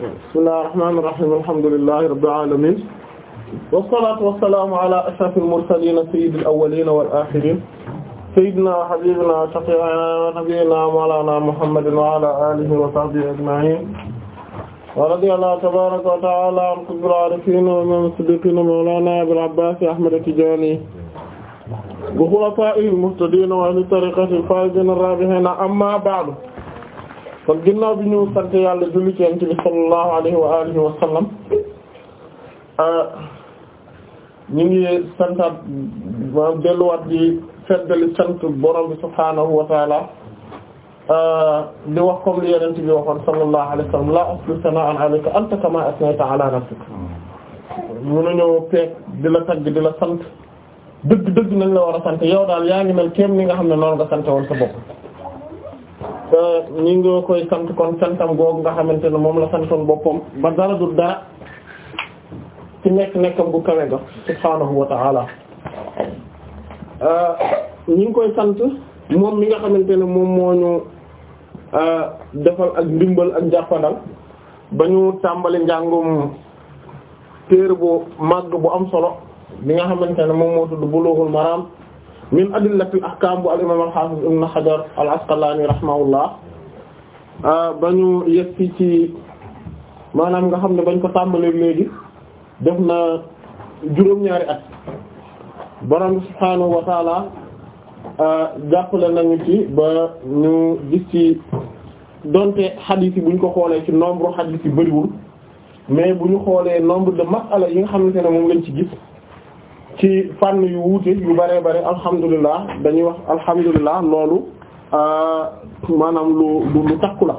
bismillahir rahmanir rahim alhamdulillahi rabbil alamin wassalatu wassalamu ala ashrafil mursalin sayyidil awwalin wal akhirin sayyidina wa habibina wa shafi'ina wa nabiyina mawlana muhammadin wa ala alihi wa sahbihi ajma'in wa radiyallahu tabaraka wa ta'ala an qutbil arifin wa imam siddiqin mawlana abil abbas ahmad at-tijani wa khulafa'il muhtadin wa li tariqatil faizin ar-rabihin amma ba'du kon ginnaaw bi ñu sant yàlla julli ci yonent bi sallallahu alayhi wa alihi wa sallam ah, ñu ngi santaat maanaam delluwaat di feddali sant borom bi subhaanahu wa taala ah, di wax comme li yonent bi waxoon sallallahu alayhi wa sallam la aslu sana'an alayka anta kama asnayta ala nafsik mënuñoo peeg di la tagg di la sant dëgg dëgg nañ la war a sant yow daal yaa ngi mel kéem ni nga xam ne noonu nga sant woon bopp Euh, ñi nga koy sant kon santam googu nga xamante ne moom la santoon boppam ba dara du dara ci nekk nekkam bu kawe ga subhaanahu wa ta'ala euh, ngi koy sant moom mi nga xamante ne moom moo ñu euh, defal ak ndimbal ak jàppandal ba ñu tàmbali njàngum téere bu màgg bu am solo bi nga xamante ne moom moo tudd Bulughul Maram min adillatil ahkam bu al imam al hafiz ibn hajar al asqalani rahimahullah ah, ba ñu yegg ci maanaam nga xam ne bañ ko tàmbalee léegi def na juróom-ñaari at borom subhaanahu wa taala ah, nañu ci ba ñu gis ci donte xadiis bu ñu ko xoolee ci nombre xadiis yi mais bu ñu xoolee nombre de ala yi nga xamante ne moom lañ ci gis ci fànn yu wuute yu bëree bëri alhamdulilah dañuy wax alhamdulilah loolu euh, maanaam lu lu takku la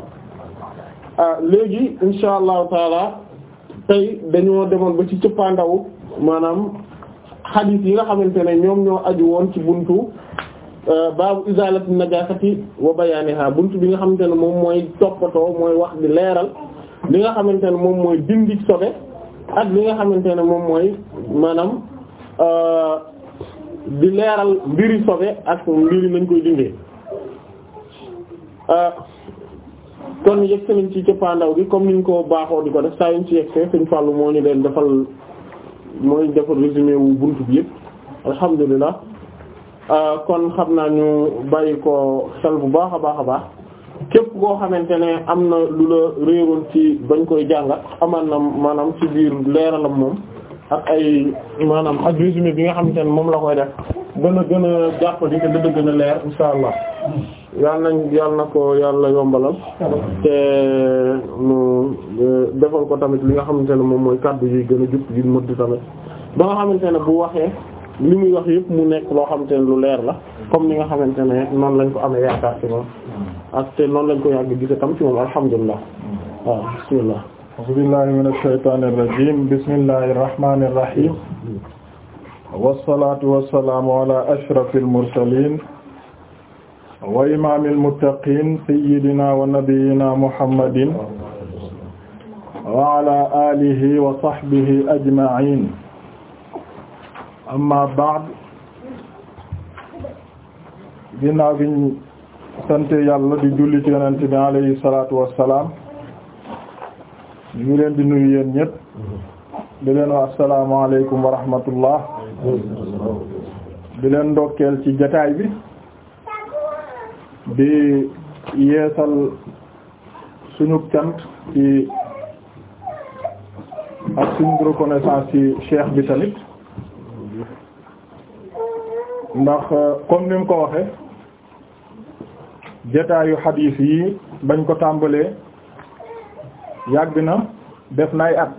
euh, léegi insha allahu taala tey dañoo demoon ba ci cëppaandaw maanaam xadiis yi nga xamante ne ñoom ñoo aju woon ci buntu euh, baabu izalati najasati wa bayaniha buntu bi nga xamante ne moom mooy toppatoo mooy wax di leeral li nga xamante ne moom mooy dindi sobe ak li nga xamante ne moom mooy maanaam di leeral mbir mbiri sobe ak mbiri nañ koy dindee ah, kon yegg si nañ ci cëppaandaw gi comme niñ ko baaxoo di ko def saa yuñ ci yegg see suñ moo ñu leen defal mooy defal résumé wu buntu bi yëpp alhamdulilah ah, kon xam naa ñu bàyyi ko xel bu baax a baax a baax képp koo xamante ne am na lu la réeroon ci bañ koy jàngat amaan na maanaam ci biir leeralam moom ak ay maanaam ak résumé bi nga xamante ne moom la koy def gën a gën a jàpp di ko dëgg gën a leer insha allah yal nañ yal na ko yàlla yombalal te nu e, defal ko tamit li nga xamante ne moom mooy kàddu yi gën a jub yi mëdd tamit ba nga xamante ne bu waxee li muy wax yëpp mu nekk loo xamante ne lu leer la comme ni nga xamante ne noonu lañ ko amee yaakaar ci moom ak te noonu lañ ko yàgg gise tam ci moom alhamdulilah waaw bismillah a'uuzu billaahi mina shaytaani rajiim bismillaahi rahmaani rahiim wassalaatu wassalaamu alaa ashrafil mursaliin wa imaamil muttaqiin sayyidinaa wa nabiyyinaa muhammadin wa alaa aalihi wa sahbihi ajma'iin amma ba'd ginnaaw bi ñu sant yàlla di julli ci yonent bi alayhi salaatu wassalaam ñu ngi leen di nuyu yéen ñëpp di leen wax asalaamaaleykum wa rahmatullah di leen ndokkeel ci jataay bi bi yeesal suñu cant ci ak suñu reconnaissance ci cheikh bi tamit ndax comme ni mu ko waxe jataayu xadiis yi bañ ko tàmbalee yàgg na def nay at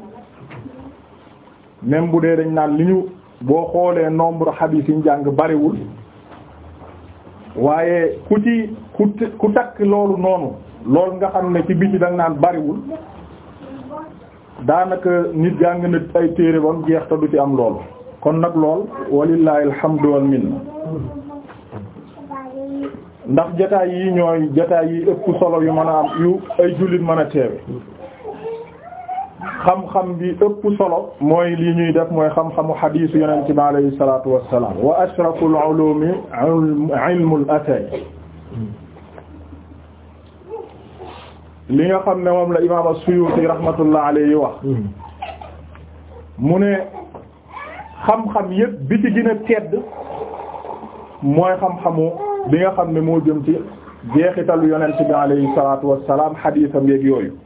même bu dee dañ naan li ñu boo xoolee nombre xadiis yi njàng bariwul waaye ku ci ku ku takk loolu noonu lool nga xam ne ci biti da nga naan bariwul daanaka nit jàng na ay téere bam jeex te du ci am loolu kon nag lool walillahi alhamdu wal minna ndax jotaay yi ñooy jotaay yi ëpp solo yu mën a am yu ay jullit mën a teewe xam-xam bi ëpp solo mooy li ñuy def mooy xam-xamu xadiisu yonente bi alayhi salaatu wassalaam wa ashraful ulumi ilmul athar li nga xam ne moom la imaam as-Suyuti rahmatullah alayhi wax mu ne xam-xam yépp bi ci gën a tedd mooy xam-xamu bi nga xam ne moo jëm ci jeexitalu yonente bi alayhi salaatu wassalaam xadiisam yeeg yooyu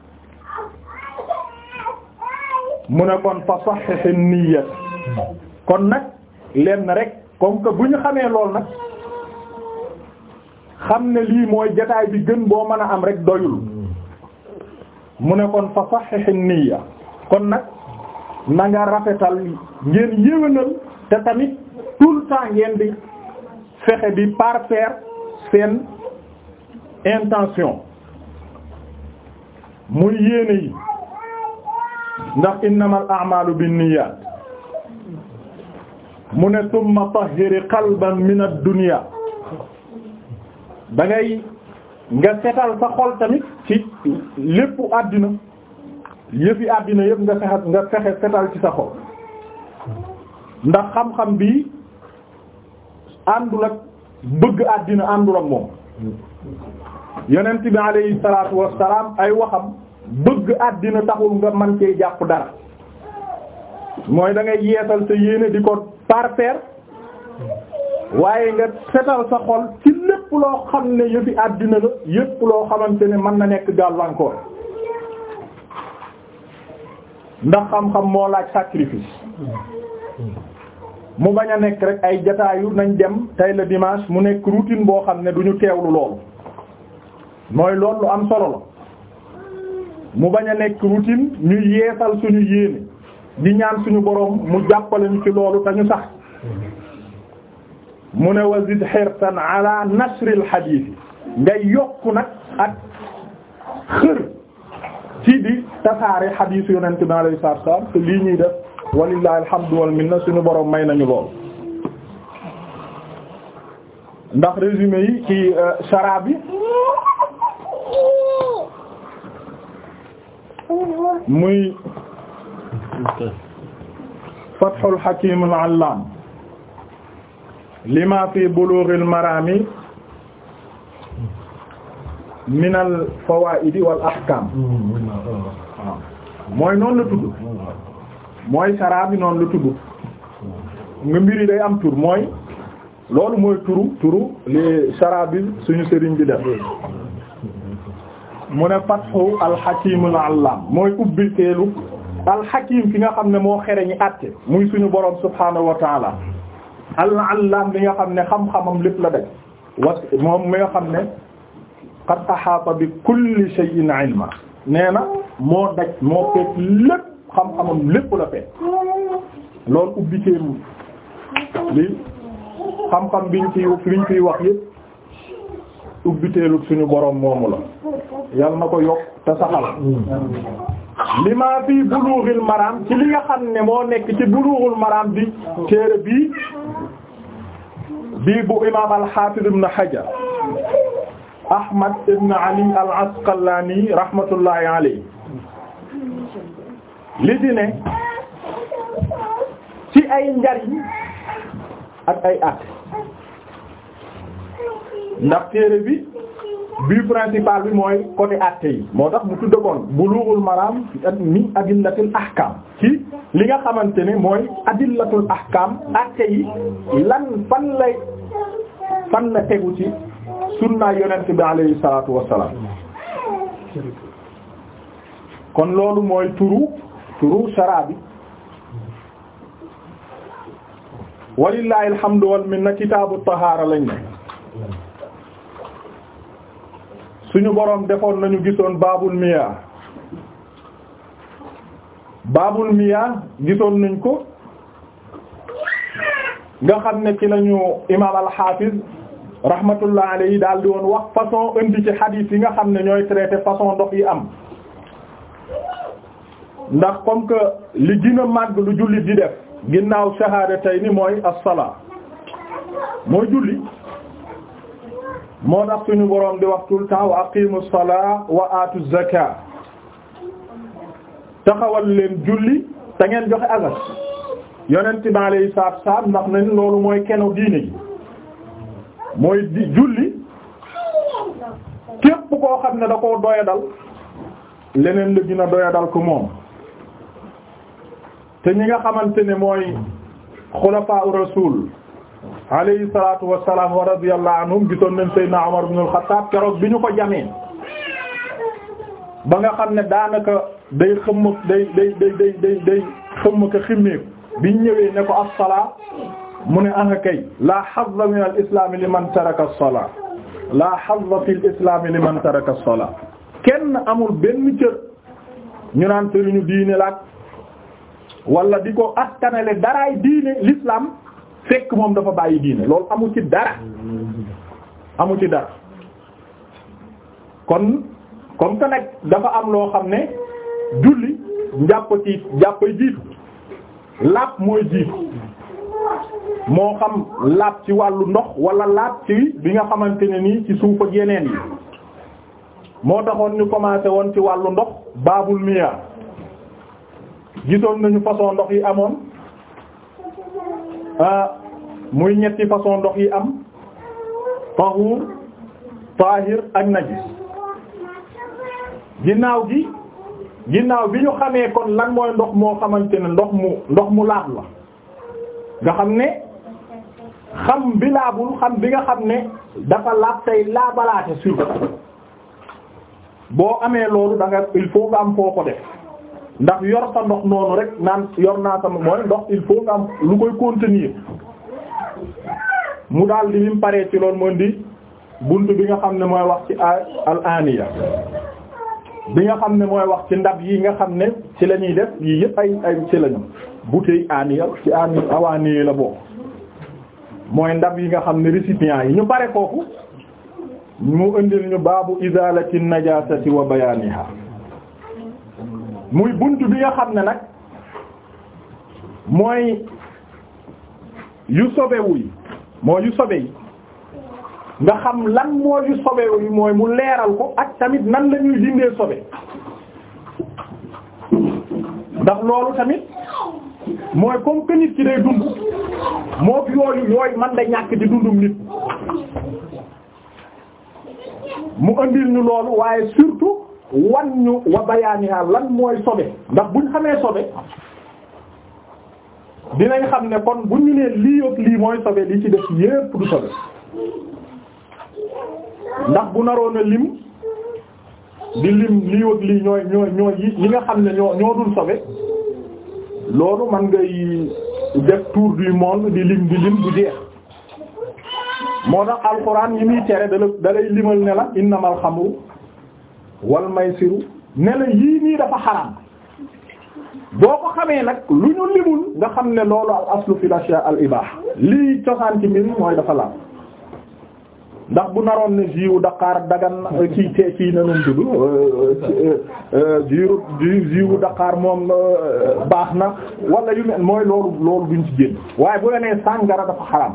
mu ne kon fa sahih an-niyyah kon nag lenn rek comme que bu ñu xamee lool nag xam ne lii mooy jotaay bi gën boo mën a am rek doyul mu ne kon fa sahih an-niyyah kon nag na nga rafetal ngeen yéwénal te tamit tout le temps ngeen di fexe di parfaire seen intention muy yéene yi. ndax innamal a'malu binniyat mu ne tumma tahhiri qalban min ad-dunya nga setal sa xol tamit ci lépp àddina yëfi àddina yëpp nga fexe nga fexe setal ci sa xol ndax xam-xam bi àndul ak bëgg àddina àndul ak moom yonent bi alayhi salaatu wassalaam ay waxam bëgg àddina taxul nga man cee jàpp dara mooy dangay ngay yeesal sa yéene di ko parfaire waaye nga setal sa xol ci lépp loo xam ne yëfi àddina la yépp loo xamante ne mën na nekk gàllankoor ndax xam-xam moo laaj sacrifice mu bañ a nekk rek ay jataayu nañ dem tey la dimanche mu nekk routine boo xam ne du ñu teewlu loolu mooy loolu lu am solo la mu bañ a nekk routine ñu yeesal suñu yéene di ñaan suñu borom mu jàppale ñu ci loolu te sax mu ne wazid xirtan ala nasril xadiis ngay yokku nag ak xër ci di tasaare xadiis yonent bi alayhi salaatu wa salaam te lii ñuy def walillahi alhamdu wal suñu boroom may nañu lool ndax résumé yi ci euh, sharab bi muy fathul hakim al allam fi bulughil marami min al fawaidi wal ahkam waaw mooy noonu la tudd mooy saraa bi la tudd nga mbiri day am tur mooy loolu mooy turu turu li saraa bi suñu sëriñ bi def mu ne fathu alxakimul allaam mooy ubbi teelu alxakim ki nga xam ne moo xere ñi àtte muy suñu borom subhaanahu wa taala allaam li nga xam ne xam-xamam lépp la daj was moom mi nga xam ne qad ahaata bi kulli shay'in ilma nee na moo daj moo fekk lépp xam-xamam lépp la fekk loolu ubbi teelu li xam-xam biñ ci liñ ciy wax yëpp ubbiteelu suñu borom moomu la yal na ko yokk te saxal hmm. li ma fii buluuxil maraam ci li nga xam ne moo nekk ci buluuxul maraam bi téere bii bii bu imaam al-Hafiz ibn Ahmad ibn Ali al-Asqalani rahmatullahi alayhi li di ne ci ay njariñ ak ay at ndax téere bi bi principal bi mooy côté àtte yi moo tax mu tuddagoon bulughul maram min adillatul ahkam ci li nga xamante ne mooy adillatul ahkam àtte yi lan fan lay fan la tegu ci sunna yonent bi alayhi salatu wassalam kon loolu mooy turu turu shara bi walillahi alhamdu minna kitaabu tahaara lañ ne suñu boroom defoon nañu gisoon baabul miyaa baabul miyaa gisoon nañ ko nga xam ne ci lañu imaam al-Hafiz rahmatullah alayhi daal di woon wax façon indi ci hadith yi nga xam ne ñooy traité façon ndox yi am ndax comme que li gën a màgg lu jullit di def ginnaaw shahadatayni mooy as-salaa mooy julli moo tax suñu boroom di wax tout le temps wa salaa wa aatu zakaa taxawal leen julli te ngeen joxe azak yonent bi alayhi salaatu salaam ndax nañ loolu mooy keno diine mooy julli képp koo xam ne da koo doyadal leneen la gën doyadal ko moom te ñi nga xamante ne mooy xulafaa rasul alayhi salaatu wassalaam wa radiyallahu anhum gisoon nañ Seydina Umar ibn al-Khattab keroog bi ñu ko jamee ba nga xam ne daanaka day xëmm day day day day day day xëmm ko ximmeeku biñ ñëwee ne ko as-salaa mu ne ah kay laa hazza min al-islaam liman taraka as-salaa laa hazza fi al-islaam liman taraka as-salaa kenn amul benn cër ñu naan sëriñu diine laak wala di ko askanale daraay diine l'islam fekk moom dafa bàyyi diine loolu amu ci dara amu ci dara kon kon que nag dafa am loo xam ne julli njàpp ci njàppay jiitu laab mooy jiitu moo xam laab ci wàllu ndox wala laab ci bi nga xamante ne nii ci suuf ak yeneen yi moo taxoon ñu commencé woon ci wàllu ndox baabul miyaa gisoon nañu façon ndox yi amoon muy ñetti façon ndox yi am tahur tahir ak najis ginnaaw gi ginnaaw bi ñu xamee kon lan mooy ndox moo xamante ne ndox mu ndox mu laab la nga xam ne xam bi laabul xam bi nga xam ne dafa laab tey laabalaate surtout boo amee loolu da nga il faut nga am foo ko def ndax yor sa ndox noonu rek naan yor naa sama mooy ndox il faut nga am lu koy contenir mu daal di mu paree ci loolu mooy di bunt bi nga xam ne mooy wax ci al bi nga xam ne mooy wax ci ndab yi nga xam ne ci lañuy def yii yëpp ay ay ci lañu bouteille aniya ci ani awaaniye la bokk mooy ndab yi nga xam ne récipients yi ñu pare foofu mu indil ñu baabu izalati najasati wa bayaniha muy bunt bi nga xam ne nag mooy yu sobewu yi moo yu sobe yi nga xam lan moo yu sobewu yi mooy mu leeral ko ak tamit nan la ñuy dindee sobe ndax loolu tamit mooy comme que ki day dund moo yooyu yooyu man da ñàkk di dundum nit mu andil ñu loolu waaye surtout wan ñu wa bayaaniha lan mooy sobe ndax buñ xamee sobe dinañ xam ne kon bu ñu nee lii yëpp lii mooy sobe li ci def yépp du sobe ndax bu naroon a lim di lim lii lii ñooy ñooy ñooy yi ñi nga xam ne ñoo ñoo dul sobe loolu man ngay def tour du monde di lim di lim bu jeex moo tax alxuraan yi muy tere da limal ne la innamal xamru wal maysiru ne la yii nii dafa xaraam boo ko xamee nag lu ñu limul nga xam ne loolu al aslu fil al ibah lii cosaan ci mbir mooy dafa laal ndax bu naroon ne jiwu Dakar dagan kii te kii na nu mu tudd euh, euh, euh, jiwu jiwu Dakar moom baax na wala yu mel mooy loolu loolu duñ ci génn waaye bu la nee sàngara dafa xaraam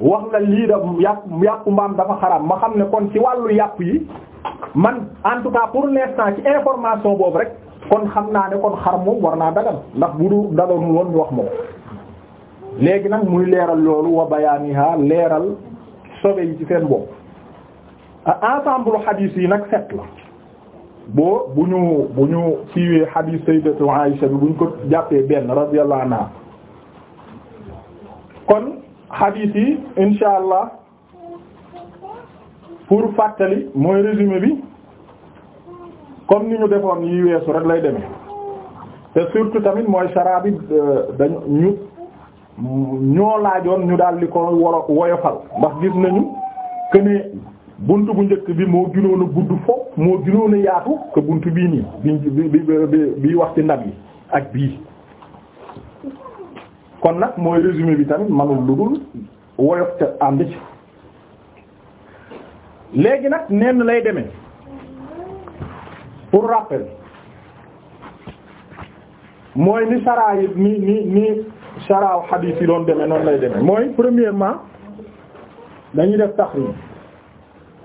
wax la lii da yàpp yàppu mbaam dafa xaraam ma xam ne kon ci wàllu yàpp yi man en tout cas pour l'instant information boobu rek kon xam naa ne kon xar moom war naa dagal ndax bu du daloonul woon ñu wax moom léegi nag muy leeral loolu wa bayaaniha leeral sobe yi ci seen bopp ah, ensemble hadith yi nag set la boo bu ñu bu ñu siiwee hadith sayyidatu Aisha bi bu ñu ko jàppee benn radiyallahu anha kon xadiis yi insha allah pour fàttali mooy résumé bi kon ni ñu defoon yi weesu rek lay demee te surtout tamit mooy sara euh, dañu ñu ñoo laajoon ñu daal ko woro woyofal ndax gis nañu que bunt bu njëkk bi moo gënoon gudd foofu moo gënoon yaatu que bunt bii nii bi bi bi bi wax ci ndab yi ak bii kon nag mooy résumé bi tamit manul lu woyof te ànd ci léegi nag nenn lay demee pour rappel mooy ni saraa yi ni ni ni saraaw xadiis yi doon demee noonu lay demee mooy premièrement dañuy def taxriij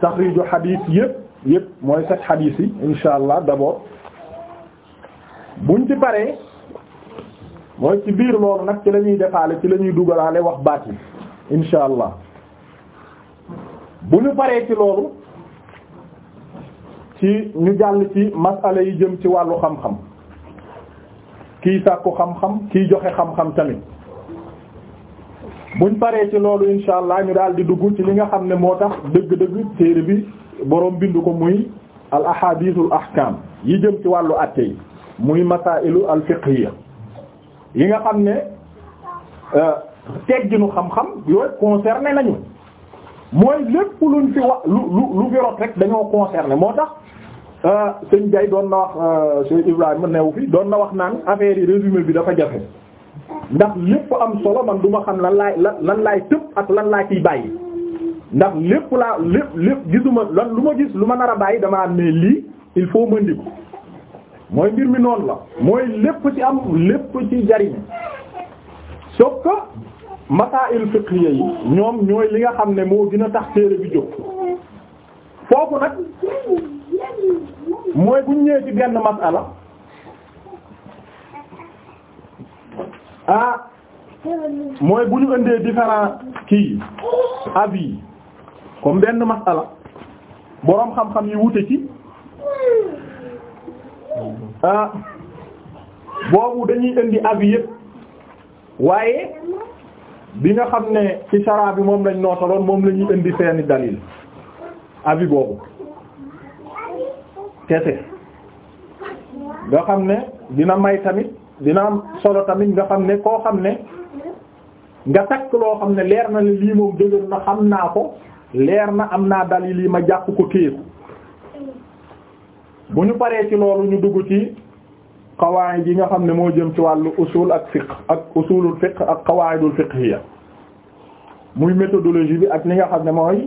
taxriiju xadiis yépp yépp mooy sax xadiis yi insha allah d'abord buñ ci paree mooy ci biir loolu nag ci lañuy ñuy defaale ci la ñuy dugalaale wax baat yi insha allah bu ñu paree ci loolu ci ñu jàll ci masala yi jëm ci wàllu xam-xam kiy sàkku xam-xam kiy joxe xam-xam tamit buñ paree ci loolu insha ñu daal di dugg ci li nga xam ne moo tax dëgg-dëgg téere bi boroom bindu ko muy al ahadithul ahkam yi jëm ci wàllu àtte yi muy masailu al yi nga xam ne euh, tegginu xam-xam yooyu concerné nañu mooy lépp luñ fi wax lu lu lu fi rot rek dañoo concerné moo tax euh, sëñ Gaye doon na wax euh, sëñ Ibrahima neew fi doon na wax naan affaire yi résumé bi dafa jafe ndax lépp am solo man du ma xam lan laay lan lan laay tëb ak lan laa ciy bàyyi ndax lépp laa lépp lépp gisuma lan lu ma gis lu ma nar a bàyyi damaa am ne lii il faut ma ndiku mooy mbir mi noonu la mooy lépp ci am lépp ci jariñ sauf que masaa'il fiqhiyya yi ñoom ñooy li nga xam ne moo gën a tax téere bi jóg foofu nag mooy bu ñëwee ci benn masala ah mooy bu ñu indee différents kii avis yi comme benn masala boroom xam-xam yi wute ci ah boobu dañuy indi avis yépp waaye bi nga xam ne ci sara bi moom lañ nootaloon moom la indi seeni dalil avis boobu kese nga xam ne dina may tamit dina am solo tamit nga xam ne koo xam ne nga takk loo xam ne leer na ne lii moom dëgër na xam naa ko leer na am naa dalil yi ma jàpp ko téyeku bu ñu paree ci loolu ñu dugg ci qawaayid yi nga xam ne moo jëm ci wàllu usul ak fiqh ak usulul fiqh ak qawaayidul fiqhiyya muy méthodologie bi ak li nga xam ne mooy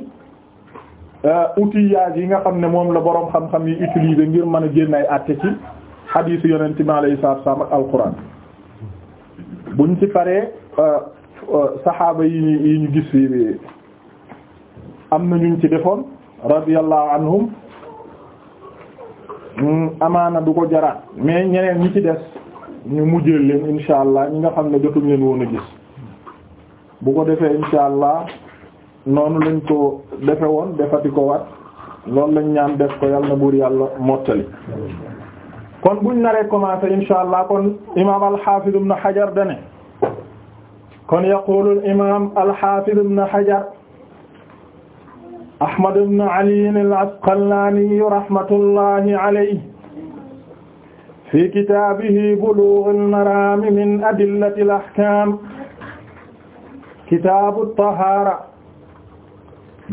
euh, outillage yi nga xam ne moom la boroom xam-xam yi utiliser ngir mën a génn ay àtte ci hadith yonent mi alayhi salaatu salaam ak alquran buñ ci paree euh, euh, saxaaba yi yi ñu gis am na ñu ci defoon radiyallahu anhum amaana du ko jaraat mais ñeneen ñi ci des ñu mujjee leen insha allah ñi nga xam ne jotuñ leen woon a gis bu ko defee insha noonu lañ ko defe woon defati ko wat loolu lañ ñaan def ko yàlla na buur yàlla mottali kon buñ naree commencer insha allah kon imaam al-Hafiz ibn Hajar dane kon yaqulu al-imaam al-Hafiz ibn Ahmad ibn Ali al-Asqalaani rahmatullahi alayhi fi kitaabihi Buluugh al-Maraam min adillati al-ahkaam kitaabu at-tahaara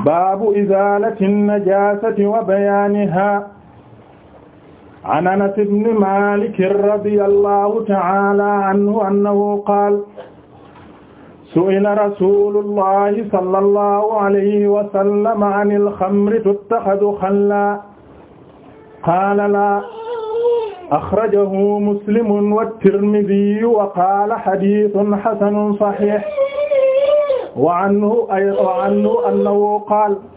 baabu izaalati an-najaasati wa bayaanihaa an Anas ibn Maalik radiyallahu ta'aalaa anhu annahu qaala su'ila rasuulullahi sallallahu alayhi wa sallam anil xamri tuttaxadu xalla qaala laa axrajahu muslimun wa tirmidiyu wa qaala xadiisun xasanun saxiix wa anhu ay wa anhu annahu qaala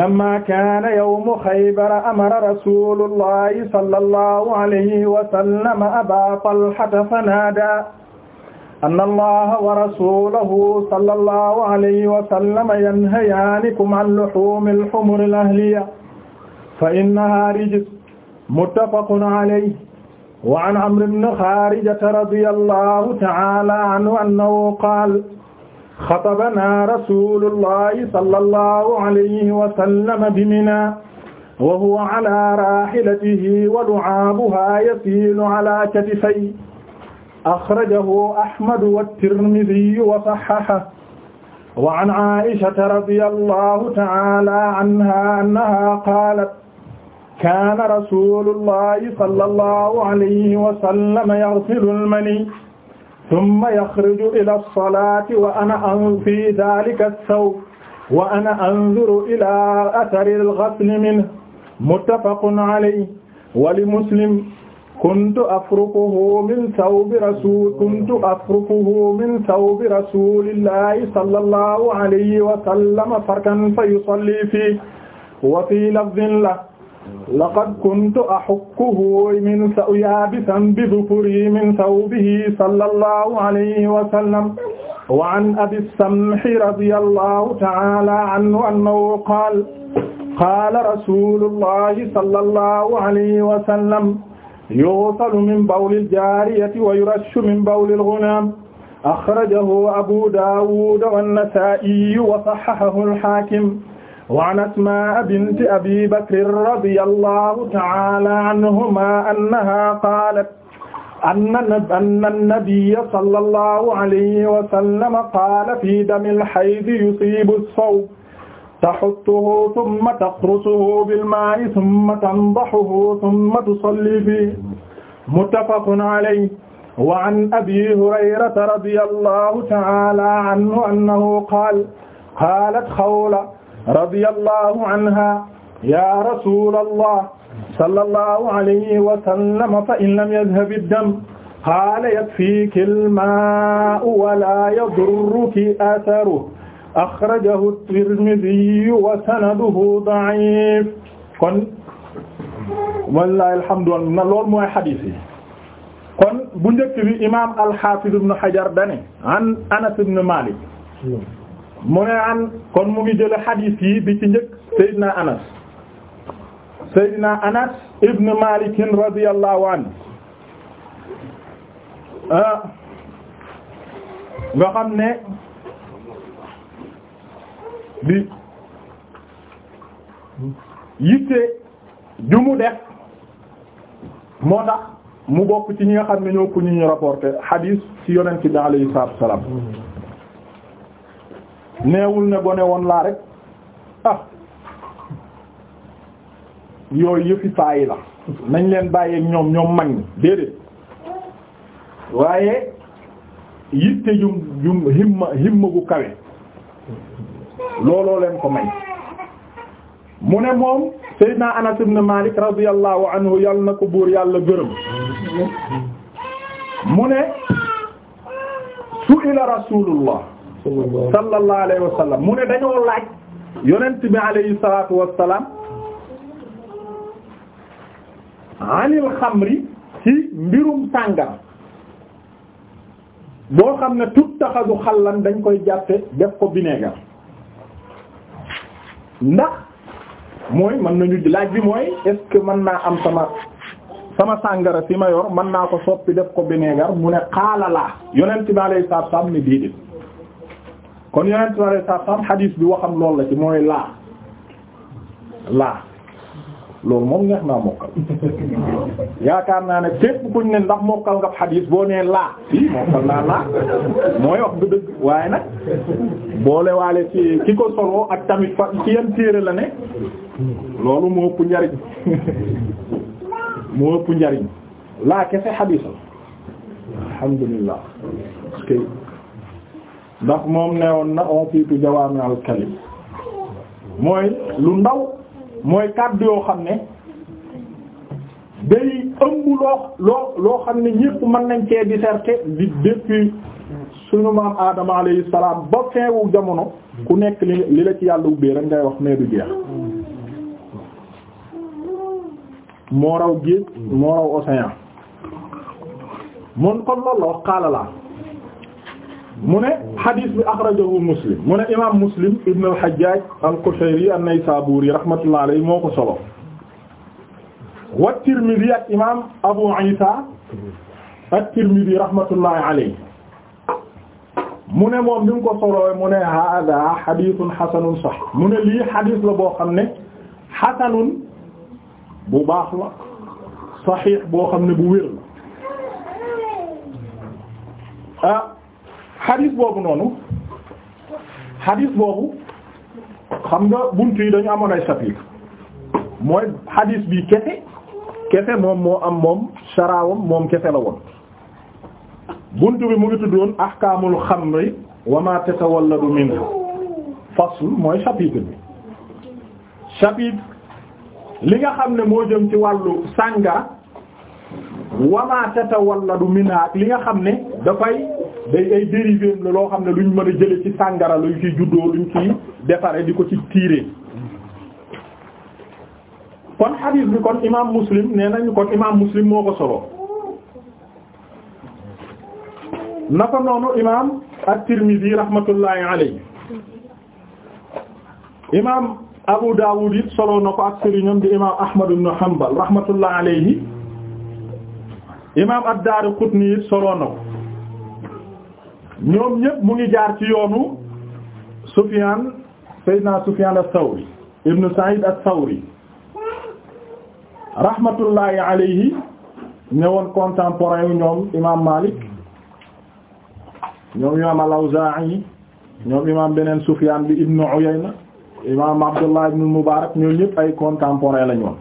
lammaa kaana yawmu xaybara amara rasuulullahi sallallahu alayhi wa sallam abaa talhata fanaadaa anna allaha wa rasulahu sallallahu alayhi wa sallam yanhayaanikum an luhumi al-humuri al-ahliya fa innaha rijs muttafaqun alayhi wa an amr ibn xaarijata radiyallahu ta'ala anhu annahu qaala xatabana rasulullahi sallallahu alayhi wa sallam bi Minaa wa huwa ala raahilatihi wa lu'aabuhaa yasiilu ala katifayhi axrajahu Ahmad wa Tirmidhi wa sahhahahu wa an Aa'ishata radiyallahu ta'ala anha annaha qaalat kaana rasuulullahi sallallahu alayhi wa sallam yaghsilu al-maniyya thumma yakhruju ila as-salaati wa ana fi dhaalika ath-thawb wa ana anzuru ila athari al-ghasli minhu muttafaqun alayhi wa li Muslim kuntu afruquhu min sawbi rasul kuntu afruquhu min sawbi rasulillahi sallallahu alayhi wa sallam farkan fa yusalli fii wa fii lafdin la laqad kuntu ahukkuhu min saw yaabisan bi dhufri min sawbihi sallallahu alayhi wa sallam wa an abi samhi radiyallahu ta'ala anhu annahu qaala qaala rasulullahi sallallahu alayhi wa sallam yughsalu min bawlil jaariyati wa yurashu min bawlil ghulaam akhrajahu abu daawud wan-nasaa'i wa sahhahahu al-haakim wa an asmaa binti abi bakr radiyallahu ta'ala anhumaa annahaa qaalat anna anna an-nabiyya sallallahu alayhi wa sallam qaala fii damil hayd yusiibu as-sawb taxuttuhu summa taxrusuhu bil maa'i summa tandahuhu summa tusalli fiihi muttafaqun alayhi wa an abii hurayrata radiyallahu ta'aalaa anhu annahu qaala qaalat xawla radiyallahu anhaa yaa rasuulallah sallallahu alayhi wa sallam fa in lam yadhabi ad-dam qaala yakfiiki al-maa'u wa laa yadurruki atharuhu axrajahu Tirmidhi wa sanaduhu da'if kon wallaahi alhamdu na loolu mooy xadiis yi kon bu njëkk bi imaam al-Hafiz ibn Hajar dane an Anas ibn Malik mu ne an kon mu ngi jële xadiis yi bi ci njëkk Seydina Anas Seydina Anas ibn Malik radiyallahu anhu ah, nga xam ne bi yitte ju mu moo tax mu bokk ci ñi nga xam ne ñoo ko ñu ñu rapporté hadis ci yonent bi alayhi salaatu salaam neewul ne gone woon laa rek ah yooyu yëfi saa la nañ leen bàyyi ñoom ñoom mag ñi déedéet waaye yitte jum jum himma himma gu kawe looloo leen ko may mu ne moom Seydina Anas ibn Malik radiyallahu anhu yal na ko buur yàlla gërëm mu ne su'ila rasulullah sallallahu alayhi wa sallam mu ne dañoo laaj yonent bi alayhi salatu wassalam anil xamri ci mbirum sàngara boo xam ne tut taxadu xallan dañ koy jàppe def ko vinaigre ndax mooy na nañu laaj bi mooy est-ce mën naa am sama sama sàngara si ma yor mën naa ko soppi def ko bineegar mu ne xaalalaa yonent bi alayhi salaatu salaam ne déedéet kon yonent bi alayhi salaatu salaam xadiis bi waxam loolu la ci mooy laa laa loolu moom neex naa mokkal yaakaar naa ne fépp kuñ ne ndax mokkal nga xadiis boo nee laa fii mokkal naa laa mooy wax du waaye nag boole waale ci ki ko solo ak tamit fa ci yan téere la ne loolu moo ëpp njariñ moo ëpp njariñ laa kese xadiis la alhamdulillah kay ndax moom nee woon na on fiitu jawaami mooy lu ndaw mooy kàddu yoo xam ne day ëmb loo loo xam ne ñépp mën nañ cee disserter di depuis suñu maam Adama alayhi salaam ba feewu jamono ku nekk li li la ci yàlla ubbee rek ngay wax mais du jeex moo raw géej moo raw océan mun kon loolu la wax xaalalaa mu ne hadith bi akhrajahu muslim mu ne imaam muslim ibn al-hajjaj al-qushayri an-naysaburi rahmatullahi alayhi moo ko solo wa tirmidhi ak imaam abu isa at-tirmidhi rahmatullahi alayhi mu ne moom ni mu ko solowee mu ne hada hadithun hasanun sahih mu ne lii hadith la boo xam ne hasanun bu baax la sahih boo xam ne bu wér la ah xadis boobu noonu xadis boobu xam nga buntu yi dañu amoon ay chapitre mooy xadis bi kese kese moom moo am moom saraawam moom kese la woon buntu bi mu ngi tuddoon ahkaamul xamri wa ma tatawalladu minha fasl mooy chapitre bi chapitre li nga xam ne moo jëm ci wàllu sàngara wa ma tatawalladu minha ak li nga xam ne dafay day ay dérivé la loo xam ne luñ mën a jële ci sàngara luñ ciy juddoo luñ ciy defare di ko ci tiiree kon hadith bi kon imam muslim nee nañu kon imam muslim moo ko solo naka noonu imam at-tirmidhi rahmatullahi alayhi imam abu dawud it solo na ko ak sëriñam di imam ahmad ibn hanbal rahmatullahi alayhi imam ad-darqutni it solo na ko ñoom ñëpp mu ngi jaar ci yoonu Sufyan Seydina Sufyan as-Sawri ibn Sa'id as-Sawri rahmatullahi alayhi ñëwoon contemporain yu ñoom imam Malik ñoom imam al-Awza'i ñoom imam beneen Sufyan bi ibn Uyayna imam Abdullah ibn Mubarak ñoo ñëpp ay contemporain lañu woon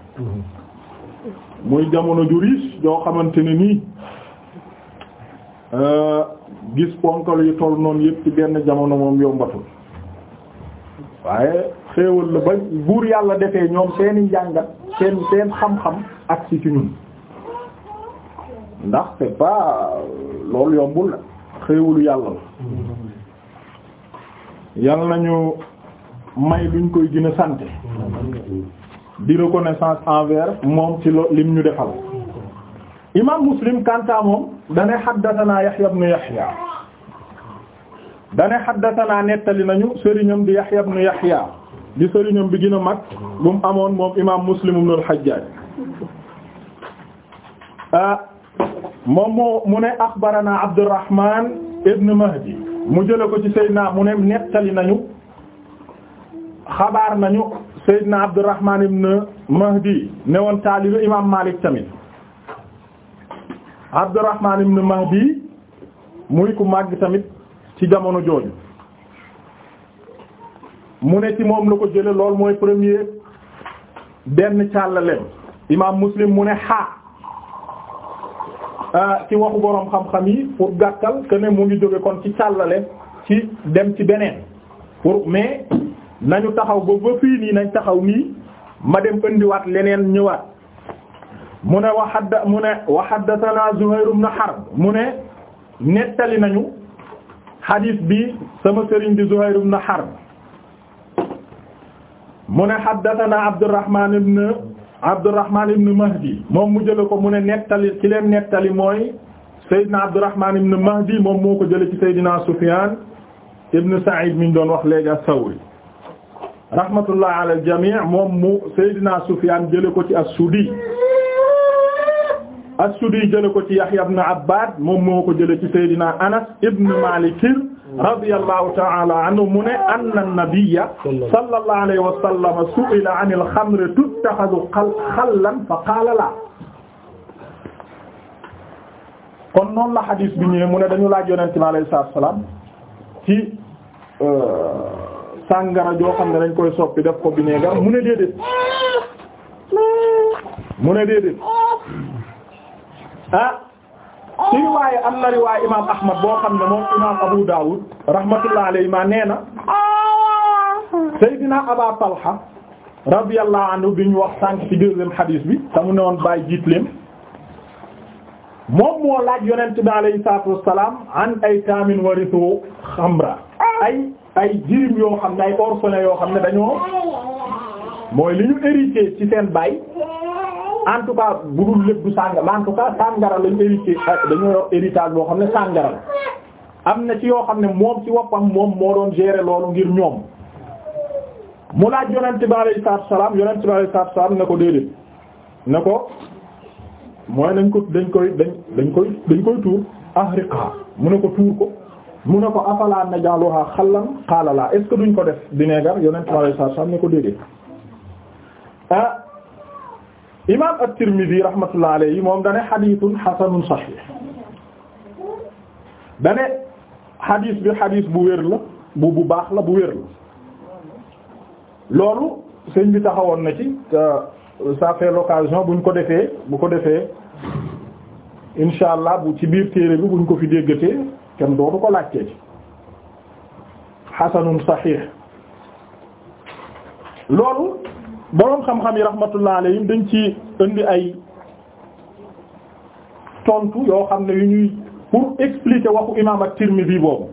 muy jamono ju riche joo xamante ne nii euh, gis ponkal yu toll noonu yëpp ci benn jamono moom yombatul waaye xéewal la ba buur yàlla defee ñoom seeni njàngat seen seen xam-xam ak ci ci ñun ndax c'est pas loolu yombul la xéewalu yàlla la yàlla nañu may luñ koy gën a sant di reconnaissance envers moom ci lo lim ñu defal imam Muslim kanta moom dane haddathana Yahya ibn Yahya dane haddathana nettali nañu sëriñam di Yahya ibn Yahya di sëriñam bi gën a mag bu mu amoon moom imaam Muslim ibn al-Hajjaj ah, moom moo mu ne akhbarana Abdurrahman ibn Mahdi mu jële ko ci Seydina mu ne nettali nañu xabaar nañu Seydina Abdurrahman ibn Mahdi ne woon taalibe imaam Malik tamit Abdurrahman ibn Mahdi muy ku màgg tamit ci jamono jooju mu ne ci moom la ko jële lool mooy premier benn càllaleem imaam Muslim mu ne xaa ah, ci waxu boroom xam-xam yi pour gàttal que ne mu ngi jóge kon ci càllale ci dem ci beneen pour mais nañu taxaw ba ba fii nii nañ taxaw nii ma dem indiwaat leneen ñëwaat mu ne waxadda mu ne waxaddathana Zuhayr ibn Harb mu ne nettali nañu xadiis bi sama sëriñ di Zuhayr ibn Harb mu ne xaddathana Abdurrahman ibn Abdurrahman ibn Mahdi moom mu jële ko mu ne nettali ci leen nettali mooy Seydina Abdurrahman ibn Mahdi moom moo ko jële ci Seydina Sufyan ibn Sa'id mi ñu doon wax léegi as-Sawri rahmatullah ala al-jami' moom mu Seydina Sufyan jële ko ci as-Sudi as-Suddi jële ko ci Yahya ibn Abbad moom moo ko jële ci Seydina Anas ibn Malik radiyallahu ta'ala anhu mu ne anna an-nabiyya alayhi wa su'ila 'an al-khamr tuttakhadhu khallan fa qala la kon noonu la xadis bi ñëwee mu ne dañu laaj yonent bi alayhi salaam ci euh, sàngara joo xam ne dañ koy soppi def ko bineegar mu ne déedéet mu ne déedéet ah ci riwaaye am na riwaaye imaam Ahmad boo xam ne moom imaam Abu Dawud rahmatullah alayhi ma nee na Seydina Aba Talha radiyallahu anhu bi ñu wax sànq ci deuxième hadith bi te ne woon bàyyi jiit leen moom moo laaj yonent bi alayhi salaatu wassalaam an ay taamin warisu xamra ay ay jirim yoo xam ne ay orphelins yoo xam ne dañoo mooy li ñu hérité ci seen baay en tout cas bu dul lépp du sàngara en tout cas sàngara lañ hérité dañoo boo xam ne sàngara la am na ci yoo xam ne moom ci woppam moom moo doon gérer loolu ngir ñoom mu laaj yonent bi alayhi salaatu salaam yonent bi alayhi salaatu salaam ne ko déedéet ne ko mooy nañ ko dañ koy dañ dañ koy dañ koy tuur ahriqa mu ne ko tuur ko mu ne ko afala naj'aluha xallan qaala laa est ce que duñ ko def vinaigre yonent bi alayhi salaatu salaam ne ko déedéet ah, imaam at-Tirmidhi rahmatullah alayhi moom dane xadiisun xasanun saxiix dane xadiis bi xadiis bu wér la bu bu baax la bu wér la loolu sëñ bi taxawoon na ci ça fait l'occasion buñ ko defee bu ko defee insha allah bu ci biir téere bi buñ ko fi déggatee kenn dootu ko laajtee xasanun saxiix loolu boroom xam-xam yi rahmatullah yi dañ ci indi ay tontu yoo xam ne yu ñuy pour expliquer waxu imaam at-Tirmidhi boobu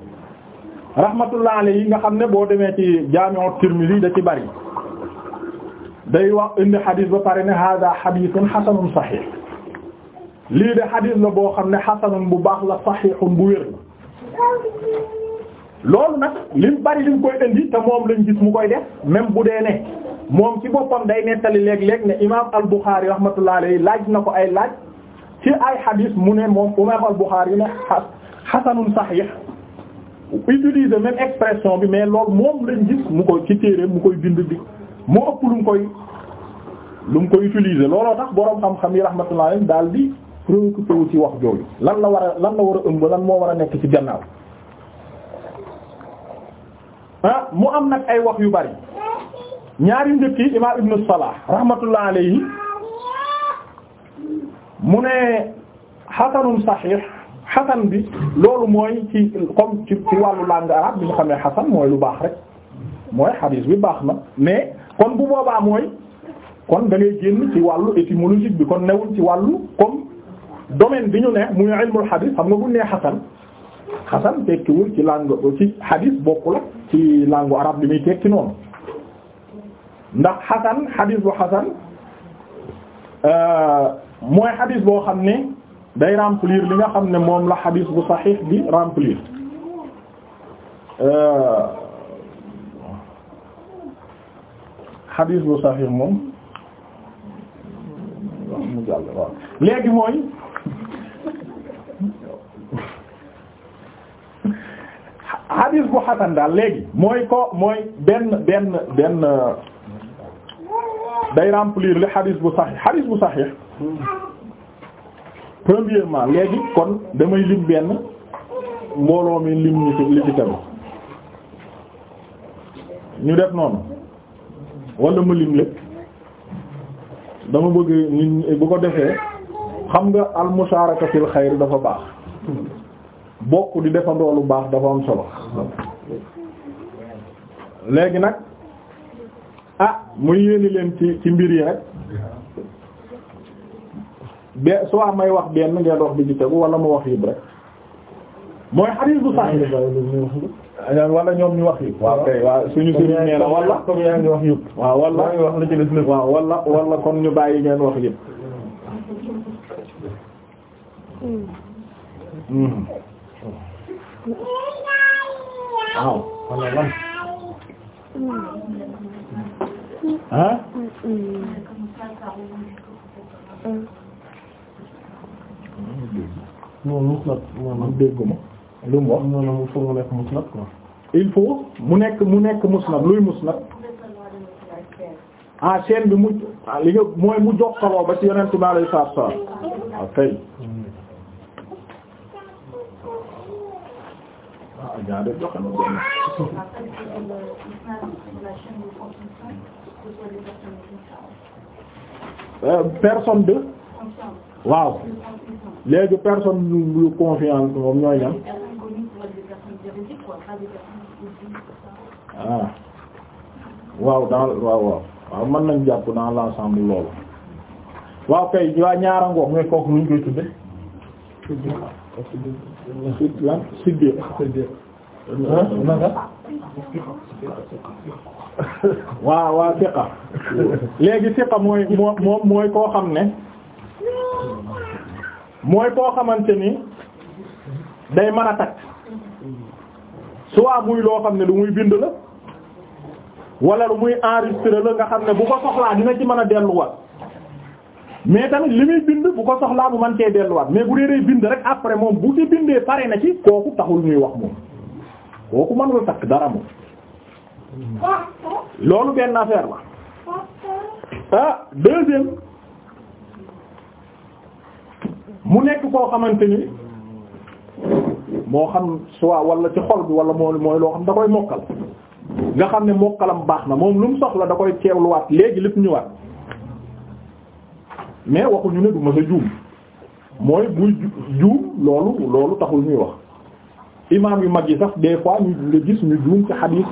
rahmatullah yi nga xam ne boo demee ci jaami'u at-Tirmidhi da ci bari day wax indi xadis ba pare ne hada xadisun xasanun saxiix lii de xadis la boo xam ne xasanun bu baax la saxiixun bu wér loolu nag lim bari lim koy indi te moom lañ gis mu koy def même bu dee ne moom ci boppam day nettali léeg-léeg ne imaam al-Bukhari rahmatullahi alayhi laaj na ko ay laaj ci ay hadith mu ne moom imaam al-Bukhari ne hasanun sahih utilise même expression bi mais loolu moom lañ gis mu ko ci téere mu koy bind bi moo ëpp lu mu koy lu mu koy looloo tax boroom xam-xam yi rahmatullahi alayhi daal di préoccupé wu ci wax jooju lan la war a lan la war a ëmb lan moo war a nekk ci gannaaw ah mu am nag ay wax yu bari ñaari njëkk yi imaam ibnu Salah rahmatullah alayhi mu ne xasanun saxiix xasan bi loolu mooy ci comme ci ci wàllu langue arabe bi ñu xamee xasan mooy lu baax rek mooy xadiis bi baax na mais kon bu boobaa mooy kon da ngay génn ci wàllu étymologique bi kon newul ci wàllu comme domaine bi ñu ne muy ilmul xadiis xam nga bu nee xasan xasan tekkiwul ci langue ci xadiis bokkul ci langue arab bi muy tekki noonu. ndax xasan xadis bu xasan euh, mooy xadis boo xam ne day remplir li nga xam ne moom la xadis bu saxiix bi remplir euh, xadis bu saxiix moom léegi mooy xadis bu xasan daal léegi mooy ko mooy benn benn benn day remplir li hadis bu saxix hadis bu saxix premièrement léegi kon damay lim benn mbooloo mi lim ñu li ci tegu ñu def noonu wala ma lim lépp dama bëgg nit bu ko defee xam nga al musharaka fil xayr dafa baax bokk di defandoo lu baax dafa am solo léegi nag ah mu yéene leen ci ci mbir yi rek be soo am may wax benn ngeen wax bi ci tegu wala mu wax yëpp rek mooy xadiis bu sax wala ñoom ñu wax yëpp waaw kay suñu suñu nee na wala comme ngi wax yëpp waaw wala wax la ci des lépp waaw kon ñu bàyyi ngeen wax yëpp hmm. Hmm. ah non mutlaq maanaam dégguma lu mu wax maanaam il faut mu nekk mutlaq quoi il faut mu nekk mu nekk musnad luy musnad ah chaîne bi mu ah, li nga mooy mu jokkaloo ba ci yonent bi alayhi salaatu wa salaam ah, ñaar def joxe na benn euh, personne de waaw léegi personne yu confiance moom ñooy ñan ah waaw dans waaw waaw waaw mën nañ jàpp dans l'ensemble loolu waaw kay waa ñaara ngoog mais kooku luñ koy tudde lan siddiq naka waaw waaw siqa léegi siqa mooy moom mooy koo xam ne mooy koo xamante ni day mën a takk soit muy loo xam ne lu muy bind la wala lu muy enregistré la nga xam ne bu ko soxlaa dina ci mën a delluwaat mais tamit li muy bind bu ko soxlaa bu mën cee delluwaat mais bu dee day bind rek après moom bu ci bindee pare na ci kooku taxul ñuy wax moom kooku mënul takk dara moom loolu benn affaire la ah deuxième mu nekk koo xamante ni moo xam soit wala ci xol bi wala moo mooy loo xam da koy mokkal nga xam ne mokkalam baax na moom lu mu soxla da koy teewluwaat léegi lépp ñëwaat mais waxuñu ne du ma sa juum mooy buy juum loolu loolu taxul ñuy wax imaam yu mag yi sax des ñu nga gis ñu juum ci xadiis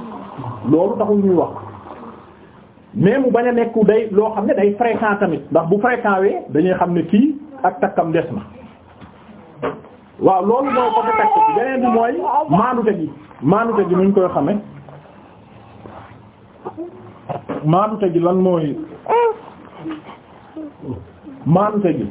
loolu taxul ñuy wax mais mu bañ a nekku day loo xam ne day fréquent tamit ndax bu fréquent wee dañuy xam ne kii ak takkam des na waaw loolu mooy ko te takk bi beneen mooy maanute gi maanute gi nuñ koy xame maanute gi lan mooy maanute gi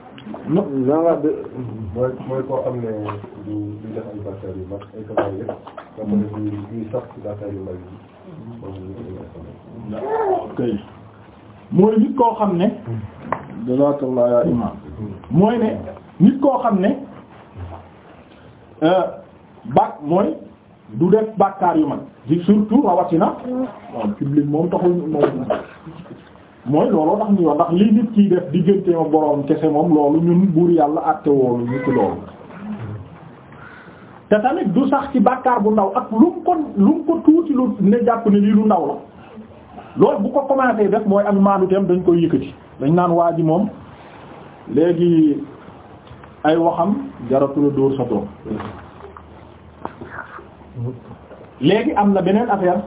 non genre de. mooy mooy koo xam ne du du def ay bàkkaar yu mag ay kabaar yëpp. nga xam ne du du sax ci bàkkaar yu mag yi. ok mooy nit koo xam ne. jazakallah ya imam mooy ne nit koo xam ne euh, bàkk mooy du def bàkkaar yu mag. di surtout rawatina. waaw public moom taxul moom mooy looloo tax li nit kiy def diggante ma boroom kese moom loolu ñun buur yàlla àtte woolu ñu ci loolu te tamit du sax ci bàkkaar bu ndaw ak lu mu ko lu mu ko tuuti lu ne jàpp ne lii lu ndaw la loolu bu ko commencé def mooy ak maanuteem dañ koy yëkkati dañ naan waa ji moom léegi ay waxam jaratula dóor sa doom léegi am na beneen affaire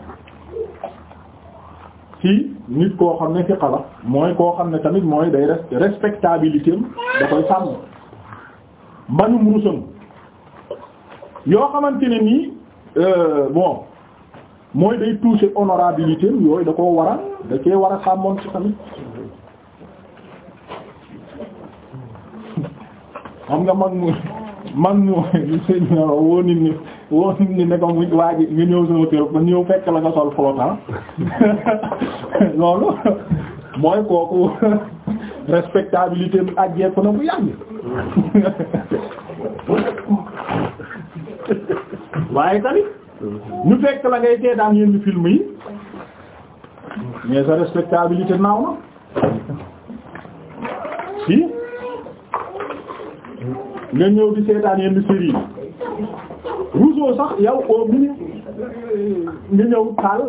ci nit koo xam ne fi xala mooy koo xam ne tamit mooy day respectabilité am da koy sàmm mbanum rusam yoo xamante ne nii euh, bon mooy day toucher honorabilité am yooyu da koo war a da cee war a sàmmoon ci tamit xam nga mag mu mag mu sëñ woo nit ñi woo ni ne ko mu waa ji nga ñëw sama kër la nga sol flottant ah. loolu mooy kooku respectabilité bi ak jeex na bu yàgg waaye tamit ñu fekk la ngay seetaan yenn film yi mais sa respectabilité naaw na si nga ñëw di seetaan yenn série yi Rousseau sax yow au minute nga ñëw taal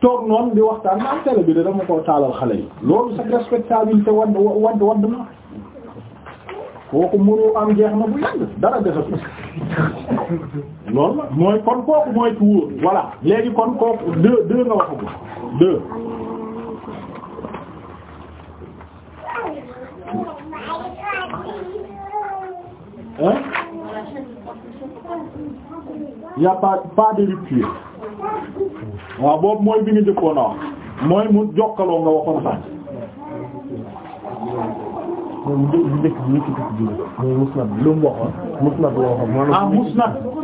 toog noonu di waxtaan ak télé bi de dama koo taalal xale yi loolu sax respectabilité wadd wadd wadd na kooku mënoo am jeex na bu yàgg dara desatu loolu mooy kon kooku mooy ku wóor voilà léegi kon kooku deux deux nga waxagul deux hein y a pas pas de rupture waaw boobu mooy bi nga jëkkoon a mooy mu jokkaloo nga waxoon sànq. moom njëkk bi ah,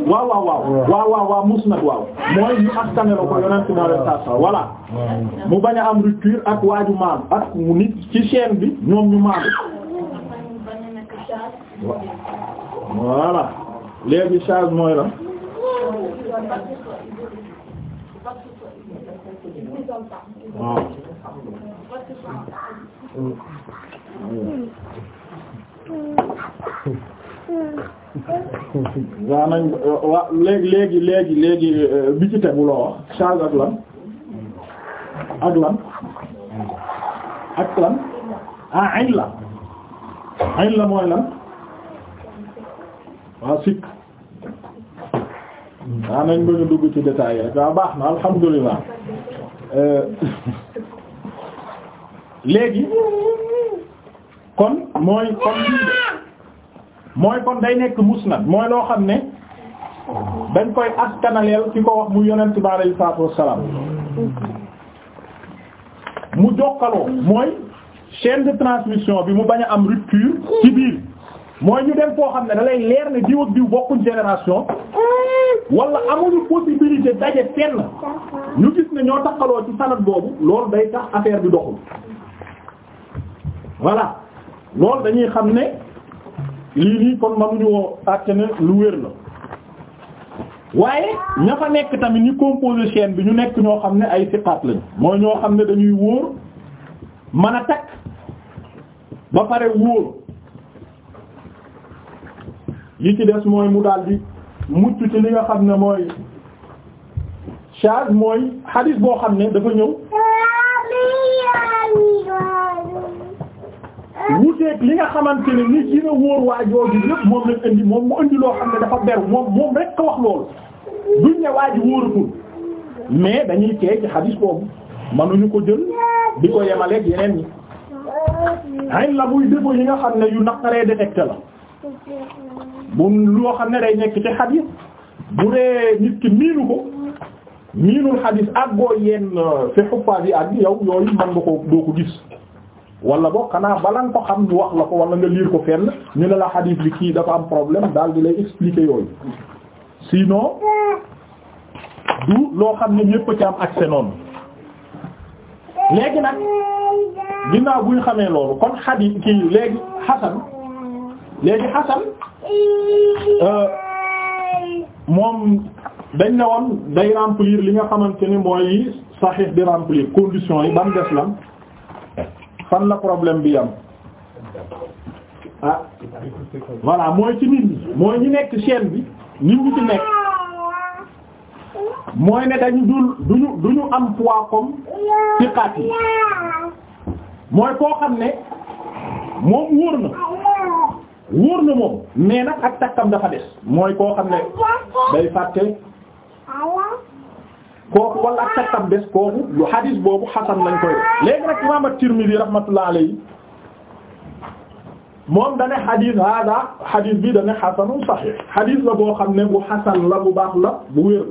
waaw waaw waaw. waaw waaw waaw musnad waaw. mooy ñu askan ko yonent bi sallallahu alayhi mu bañ a am rupture ak waaju maam ak mu ci chaîne bi ñoom ñu maam. voilà léegi charge mooy la. waaw. wa léegi léegi léegi léegi euh, euh, bi ci tegu loo wax charge ak lan ak lan ak lan ah la añ la waaw nañ bëgg dugg ci détail rek ah, baax na alhamdulilah euh, léegi kon mooy kon mooy kon day nekk musnad mooy loo xam ne dañ koy askanaleel ci ko wax mu yonent bi alayhi salaatu wassalaam mu jokkaloo mooy chaîne de transmission bi mu bañ a am rupture ci biir mooy ñu dem foo xam ne da leer ne diw ak diw bokkuñ génération wala amuñu possibilité daje fenn ñu gis ne ñoo takkaloo ci sanad boobu loolu day tax affaire bi doxul voilà loolu dañuy xam ne lii nii kon mënuñu woo àtte ne lu wér la waaye ña fa nekk tamit ñu composé chaîne bi ñu nekk ñoo xam ne ay siqaat lañ mooy ñoo xam ne dañuy wóor mën a takk ba pare wóor li ci des mooy mu daal di mucc ci li nga xam ne mooy charge mooy xadis boo xam ne dafa ñëw wuteeg li nga xamante ne nit yi na wóor waa jooju yëpp moom lañ indi moom mu indi loo xam ne dafa beru moom moom rek ko wax loolu duñ ne waa ji mais dañuy tee ci xadis boobu nañu ko jël di ko yemaleeg yeneen ñi ay la buy défaut yi nga xam ne yu naqaree détecté la bu loo xam ne day nekk ci xadis bu dee nit ki miinu ko miinul xadis ak yenn euh, fi xuppaas yi ak yow yooyu mën nga ko doo ko gis wala boo xanaa bala nga ko xam ñu wax la ko wala nga liir ko fenn ñu ne la xadis bi kii dafa am problème daal di lay expliquer yooyu sinon du loo xam ne ñépp ci am accès noonu léegi nag ginnaaw buñ xamee loolu kon xadis kii léegi xasan léegi xasan Euh, moom dañ ne woon day remplir li nga xamante ni mooy saxiix di remplir conditions yi ba mu des lan fan la problème bi yam ah voilà mooy ci nit ñi mooy ñi nekk chaîne bi nit ñi ci nekk mooy ne dañu dul duñu duñu am poids comme ci xaat yi mooy koo xam ne moom wóor na wóor na moom mais nag ak takkam dafa des mooy koo xam ne day fàtte kooku wala ak takkam des kooku lu hadis boobu xasan lañ koy def léegi nag imaam at-Tirmidhi rahmatullah alayhi moom dane hadis hada hadis bi dane xasanun sahih hadis la boo xam ne bu xasan la bu baax la bu wér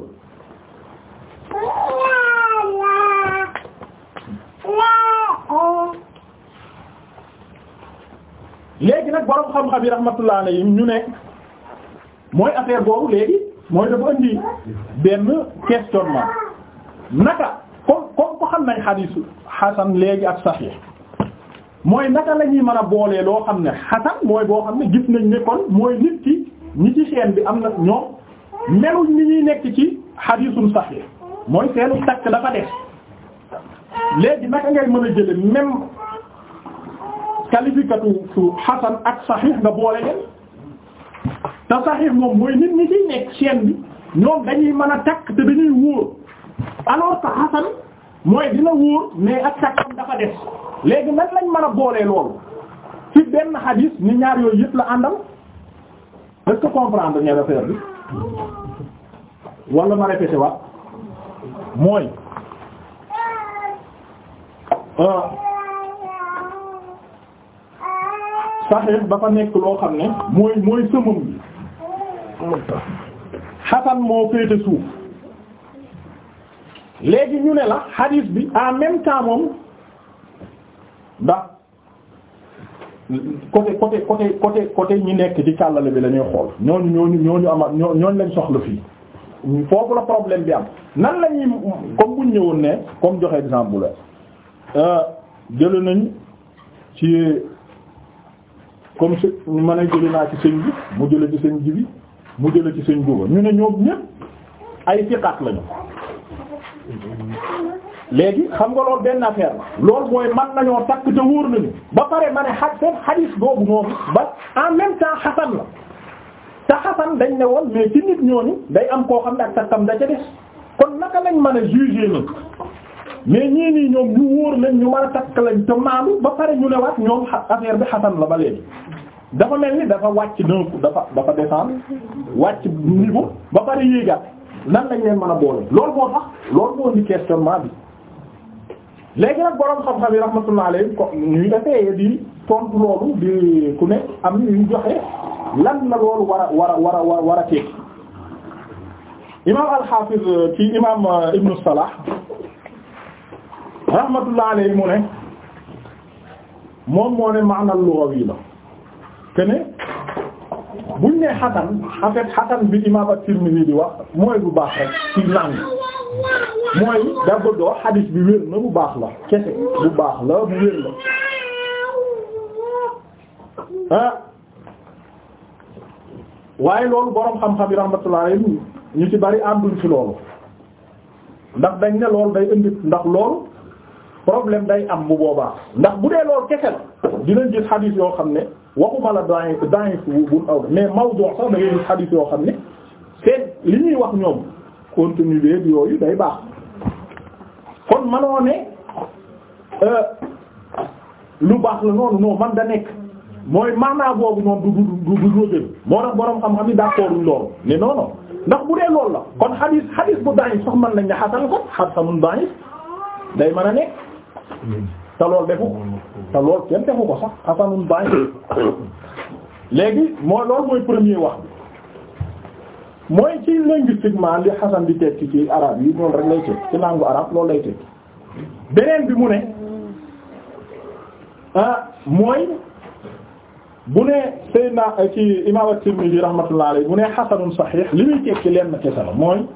la léegi nag borom xam-xam yi rahmatullah yi ñu ne mooy affaire boobu léegi mooy dafa andi benn questionnement naka comme comme ko xam nañ xadiisu xasan léegi ak saxiix mooy naka la ñuy mën a boolee loo xam ne xasan mooy boo xam ne gis nañ ne kon mooy nit ki ñi ci chaîne bi am na ñoom meluñ ni ñuy nekk ci xadiisul saxiix mooy seenu takk dafa des léegi naka ngay mën a jële mel qualificatu hasan ak sahih nga boole leen te sahih moom mooy nit ñi ciy nekk chaîne bi ñoom dañuy mën a takk te dañuy wóor alors que hasan mooy dina wóor mais ak takkam dafa des léegi nag lañ man a boolee loolu ci benn hadis ni ñaar yooyu yëpp la àndal est-ce que comprendre ngeen mooy. Euh, saxiix dafa nekk loo xam ne mooy mooy sëmam bi xasan moo féete suuf léegi ñu ne la xadiis bi en même temps moom ndax côté côté côté coté côté ñi nekk ci càllale bi lañuy ñuy xool ñooñu ñooñu ñooñu ama ñooñu lañ soxla fii foofu la problème bi am nan la ñuy comme buñ ñëwoon ne comme joxe exemple la euh, jël nañ ci comme si man a jëli naa ci sëñ bi mu jële ci sëñ bi mu jële ci sëñ buuba ñu ne ñoom ñépp ay fiqaat lañu léegi xam nga loolu benn affaire la loolu mooy man nañoo takk te wóor nañu ba pare ma ne xaj seen xadiis boobu noonu ba en même temps xasan la te xasan dañ ne woon mais ci nit ñooñu day am koo xam ne ak takkam da ca des kon naka lañ mën a juger nag mais ñii nii ñoom ñu wóor lañ ñu war a takk lañ te maanu ba pare ñu ne waat ñoom affaire bi xasan la ba léegi dafa mel ni dafa wàcc d'un coup dafa dafa descendre wàcc bu ba pare yéegaat nan lañ leen mën a boole loolu moo tax loolu moo di questionnement bi léegi nag borom xam-xam ko di tontu loolu ku ne am ñu joxe lan la loolu war a war a war a war a tekki imaam al-Hafiz imaam Ibn Salah rahmatullah alayhi mu ne moom moo ne maanal lughawi la te ne buñ ne xatan en fait xatan bi imam at-Tirmidhi di wax mooy bu baax rek ci langue mooy da ko doo xadis bi wér na bu baax la kese bu baax la bu wér la ah waaye loolu boroom xam-xam yi rahmatullah alayhi ñu ci bari ànduñ ci loolu ndax dañ ne loolu day indi ndax loolu problème day am bu boobaa ndax bu dee loolu kese la dinañ gis xadiis yoo xam ne waxuma la daañu daañu bu bu aw mais mawdu sax da yoo xam ne li ñuy wax ñoom contenu bi yooyu day baax kon manoo ne euh, lu baax la noonu non man da nekk mooy maanaa boobu noonu moo borom xam yi d'accord loolu ne ndax bu dee loolu la kon xadiis xadiis bu daañu ko xasanun daañu day mën a nekk. te lool defu te lool kenn defu ko sax xasanun baañ léegi mooy loolu mooy premier wax bi mooy ci linguistiquement li xasan di tekki ci arab yi loolu rek lay tekki ci langue arabe loolu lay tekki beneen bi mu ne ah mooy bu ne Seydina ci Imaam at-Tirmidhi rahmatullahi alayhi bu ne xasanun saxiix li muy tekki lenn kese la mooy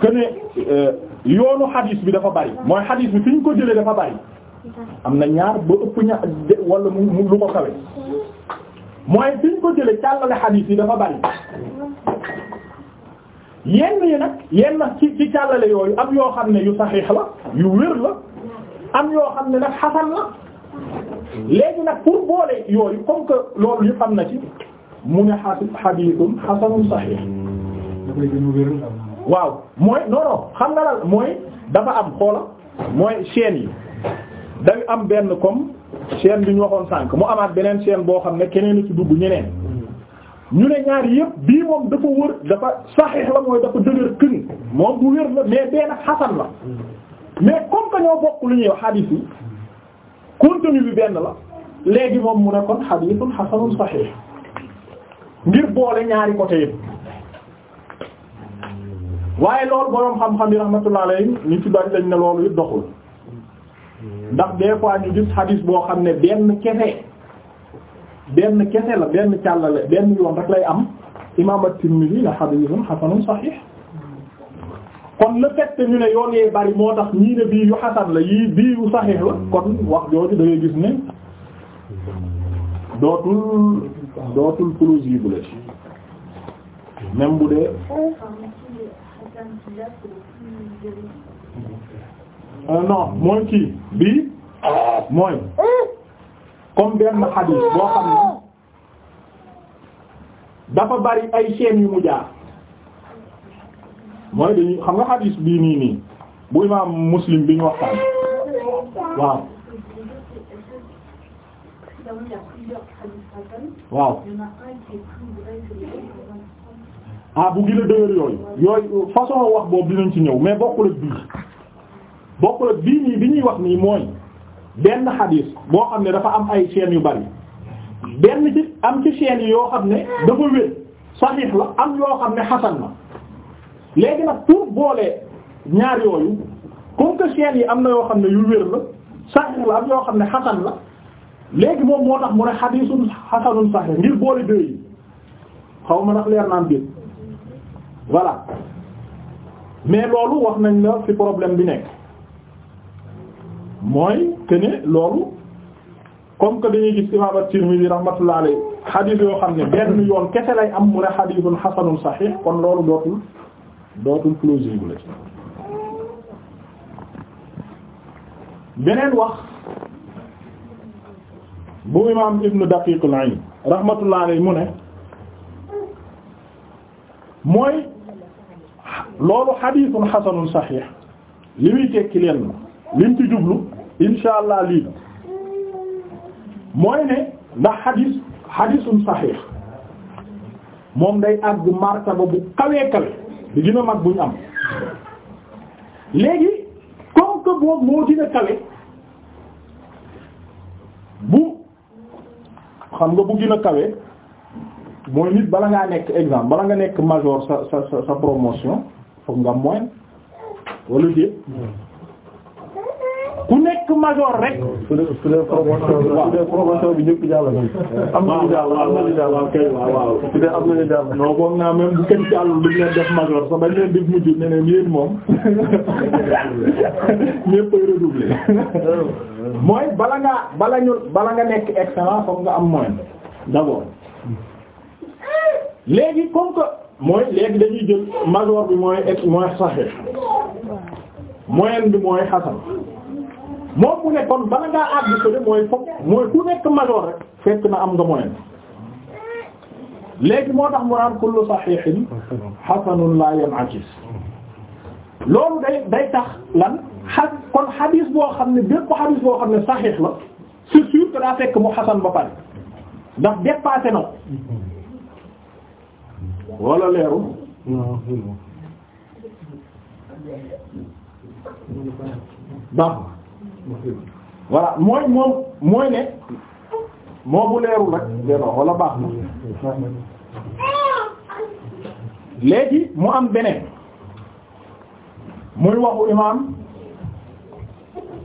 que ne euh, yoonu xadis bi dafa bari mooy xadis bi fi ñu ko jëlee dafa bari am na ñaar ba ëpp ña wala mu lu ko xawe mooy fi ñu ko jëlee càllale xadis yi dafa bari yenn yi nag yenn ci ci càllale yooyu am yoo xam ne yu saxiix la yu wér la am yoo xam ne nag xasan la léegi nag pour boole yooyu comme que loolu yëpp am na ci mu ne xadiitum xasanum saxiix waaw mooy non non xam nga lan mooy dafa am xoola mooy chaîne yi dañ am benn comme chaîne bi ñu waxoon sànq mu amaat beneen chaîne boo xam ne keneen a ci dugg ñeneen ñu ne ñaar yëpp bii moom dafa wër dafa saxiix la mooy dafa dëgër këñ moom mu wér la mais benn xasan la mais comme que ñoo bokk lu ñuy wax xadiis yi contenu bi benn la léegi moom mu ne kon xadiisun xasanun saxiix ngir boole ñaari côté yëpp. waaye loolu boroom xam-xam yi rahmatullah alayhi ñu ci bari dañ ne loolu it doxul ndax des ñu gis xadis boo xam ne benn kese benn kese la benn càllale benn yoon rek lay am imaam at-Tirmidhi la xadisun xasanun saxiix kon le fait ñu ne yoon yee bari moo tax ñii ne bii yu xasan la yii bii yu saxiix la kon wax jooju da ngay gis ne dootul dootul plausible même bu dee Euh, non mooy kii bii mooy comme benn xadiis boo xam ne dafa bari ay chaînes yu mu jaar mooy dañuy xam nga xadiis bii nii nii bu imaam muslim bi ñu waxtaan waaw waaw ah bu gën a dëgër yooyu yooyu façon wax boobu dinañ ci ñëw mais bokkul ak bii bokkul ak bii nii bi ñuy wax nii mooy benn xadiis boo xam ne dafa am ay chaînes yu bari benn ci am ci chaînes yi yoo xam ne dafa wér saxiix la am yoo xam ne xasan léegi nag boole ñaar yooyu comme yi am na yoo xam ne yu wér la saxiix yoo xam ne xasan la léegi moom moo tax mu ne xadiisun xasanun saxiix ngir boole deux yi xaw ma ndax leer naan biir voilà mais loolu wax nañ la fi problème bi nekk mooy que loolu comme que dañuy gis imam at-Tirmidhi rahmatullah alayhi xadiis yoo xam ne benn yoon kese lay am mu ne xadiisun xasanun saxiix kon loolu dootul dootul plausible beneen wax bu imam ibnu Daqiq al rahmatullah alayhi mu ne mooy loolu xadiisun xasanun saxiix li muy tekki leen lim ci jublu insha allah lii mooy ne ndax xadiis xadiisun saxiix moom day àgg martaba bu kawee kawe bi gën mag bu am léegi comme que boobu moo gën kawe bu xam nga bu gën a kawe mooy nit bala ngaa nekk exemple bala nga nekk major sa sa sa promotion foog nga moyen wala déet ku nekk major rek. su dee su dee promotion bi ñëpp jàll na am na jàll waaw kay waaw waaw su dee jàll. non mujj ne leen moom ñëpp ay redoubler. mooy bala ngaa bala ñu bala nga nekk excellent foog nga am moyen d'abord. léegi comme que mooy léegi dañuy jël major bi mooy mooy sahih moyenne bi mooy hasan moom mu ne mooy ku nekk major rek fekk na am nga moyenne léegi moo tax mu naan kullu sahihin hasanun la yanakis loolu day day tax lan xa kon xadis boo xam ne bépp xadis boo xam ne sahih la c'est sûr que daa fekk mu hasan ba pare ndax dépassé na wala leeru baax voilà mooy moom mooy ne moo bu leerul rek deno wala baax na mu am beneen muy waxu imam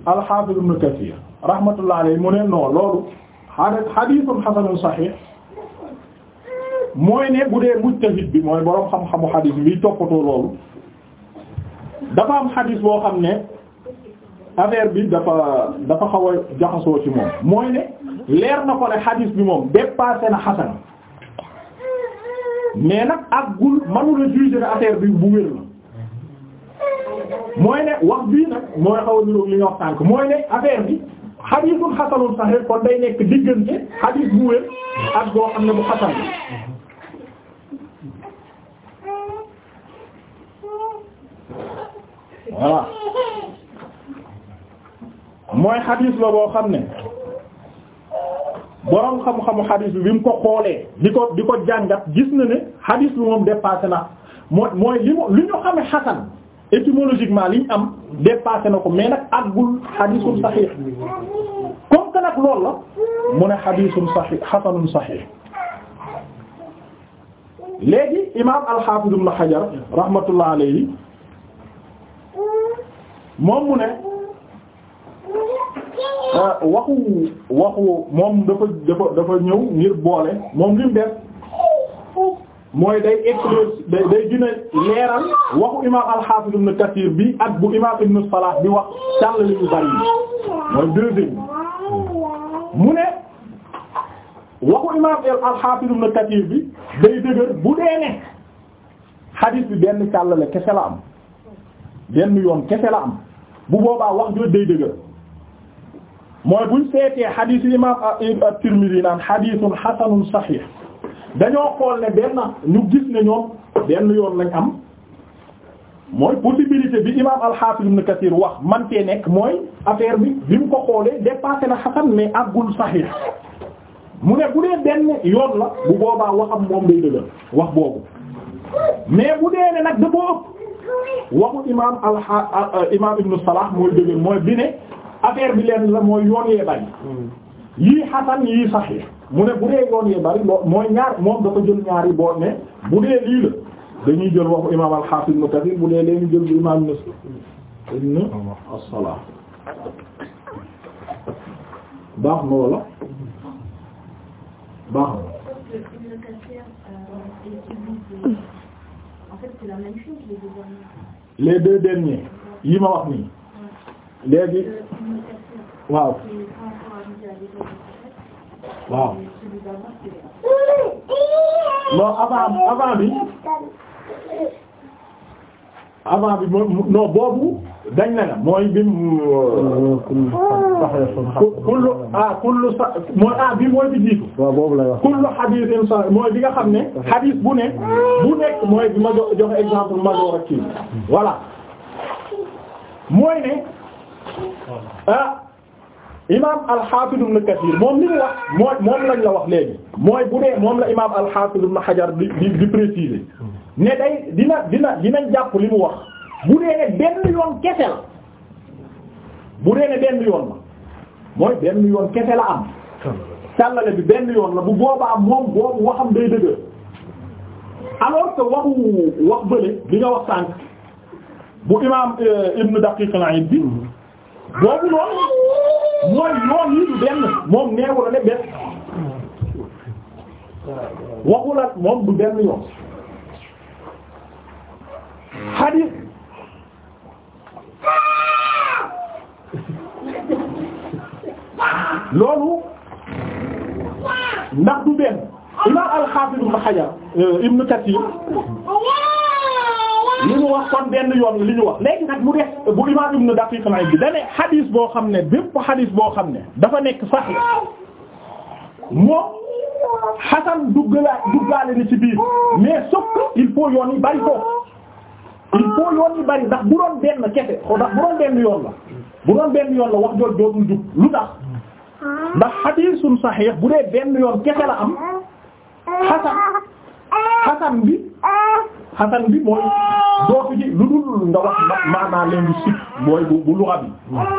al-Hafiz Ibn Kathir mu ne non loolu hadithun hasanun sahih mooy ne bu dee mujtahid bi mooy boroom xam-xamu xadis bi toppatoo loolu dafa am xadis boo xam ne affaire bi dafa dafa xaw jaxasoo ci moom mooy ne leer na ko ne xadis bi moom dépassé na xasan mais nag ak gul la juger ne affaire bi bu wér la mooy ne wax bii nag mooy xaw a niroog li nga wax tànk mooy ne affaire bi xadiisul xasanul saxiix kon day nekk diggante xadiis bu wér ak boo xam ne bu xasan voilà mooy xadiis la boo xam ne boroom xam-xamu xadiis bi bi mu ko xoolee di ko di ko jàngat gis na ne xadiis bi moom dépassé na mooy li mu li ñu xame xasan étymologiquement li ñu am dépassé na ko mais nag àggul xadiisun saxiix comme que nag loolu la mu ne xadiisun saxiix xasanun saxiix léegi imaam al-Hafiz Ibn Hajar rahmatullah alayhi moom mu ne ah, waxu waxu moom dafa dafa dafa ñëw ngir boole moom li mu mooy day éclaircir day day gën a leeral waxu imaam al-Hafiz ibn bi ak bu imaam ibn Salah bi wax càll li ñu bari yi mooy deuxième mu ne waxu imaam al-Hafiz ibn bi day dëgër bu dee xadiis bi benn càll la kese la am benn yoon kese la am bu boobaa wax jooju day dëgër mooy buñ seetee xadiis yi imaam at-Tirmidhi naan xadiisun xasanun saxiix dañoo xool ne benn ñu gis ne ñoom benn yoon lañ am mooy possibilité bi imaam al-Hafiz Ibn Kathir wax man cee nekk mooy affaire bi bi mu ko xoolee dépassé na xasan mais àggul saxiix mu ne bu dee benn yoon la bu boobaa waxam moom day dëgër wax boobu mais bu dee ne nag da ëpp. waxu imaam al imaam ibnu Salah mooy dëgër mooy bi ne affaire bi leen la mooy yoon yee bari yii xasan yii saxiix mu ne bu dee yoon yee bari loo mooy ñaar moom dafa jël ñaar yi ne bu dee lii la dañuy jël waxu imaam al ibnu Kathir bu dee leen jël bu imaam ibnu as-Salah baax na walla baax na les deux derniers yi ma wax nii léegi euh, waaw waaw non avant avant bi avant bi moom non boobu dañ na la mooy bim. Euh, kullu ah kullu sa mooy ah, bi mooy bi jiitu. kullu hadithin mooy bi nga xam ne. hadith bu ne. bu nekk mooy bi ma jox exemple ma door ak wala voilà mooy ne ah imaam al-Hafiz Ibn Kathir moom li la wax léegi. mooy bu dee moom la imaam al-Hafiz Ibn Hajar di di ne day dina dina dinañ jàpp li mu wax bu dee ne benn yoon kese la bu dee ne benn yoon mooy benn yoon kese la am sàllale bi benn yoon la bu boobaa moom boobu waxam day dëgër alors que waxu wax bële li nga wax sànq bu imaam euh, ibnu daqiq al-Id bi boobu noonu mooy yoon yi du benn moom neewu la ne benn waxu moom du benn yoon xadiis loolu ndax du benn imaam al-Hafiz Ibn euh, Ibn Kathir li ñu wax kon benn yoon li ñu wax léegi nag mu def bu imaam Ibn Daqiq al-Id da ne xadis boo xam ne bépp xadis boo xam ne dafa nekk sahih moom xasan duggalaa duggaale ni ci biir mais sauf il faut yoon yi bari foofu il faut yoon yi bari ndax bu doon benn kese ndax bu doon benn yoon la bu doon benn yoon la wax jooj dootul jub lu tax ndax xadiisun saxiix bu dee benn yoon kese la am xasan xasan bi xasan bi mooy dootu ci lu dul nga wax maanaa leen di sib mooy bu bu luxa bi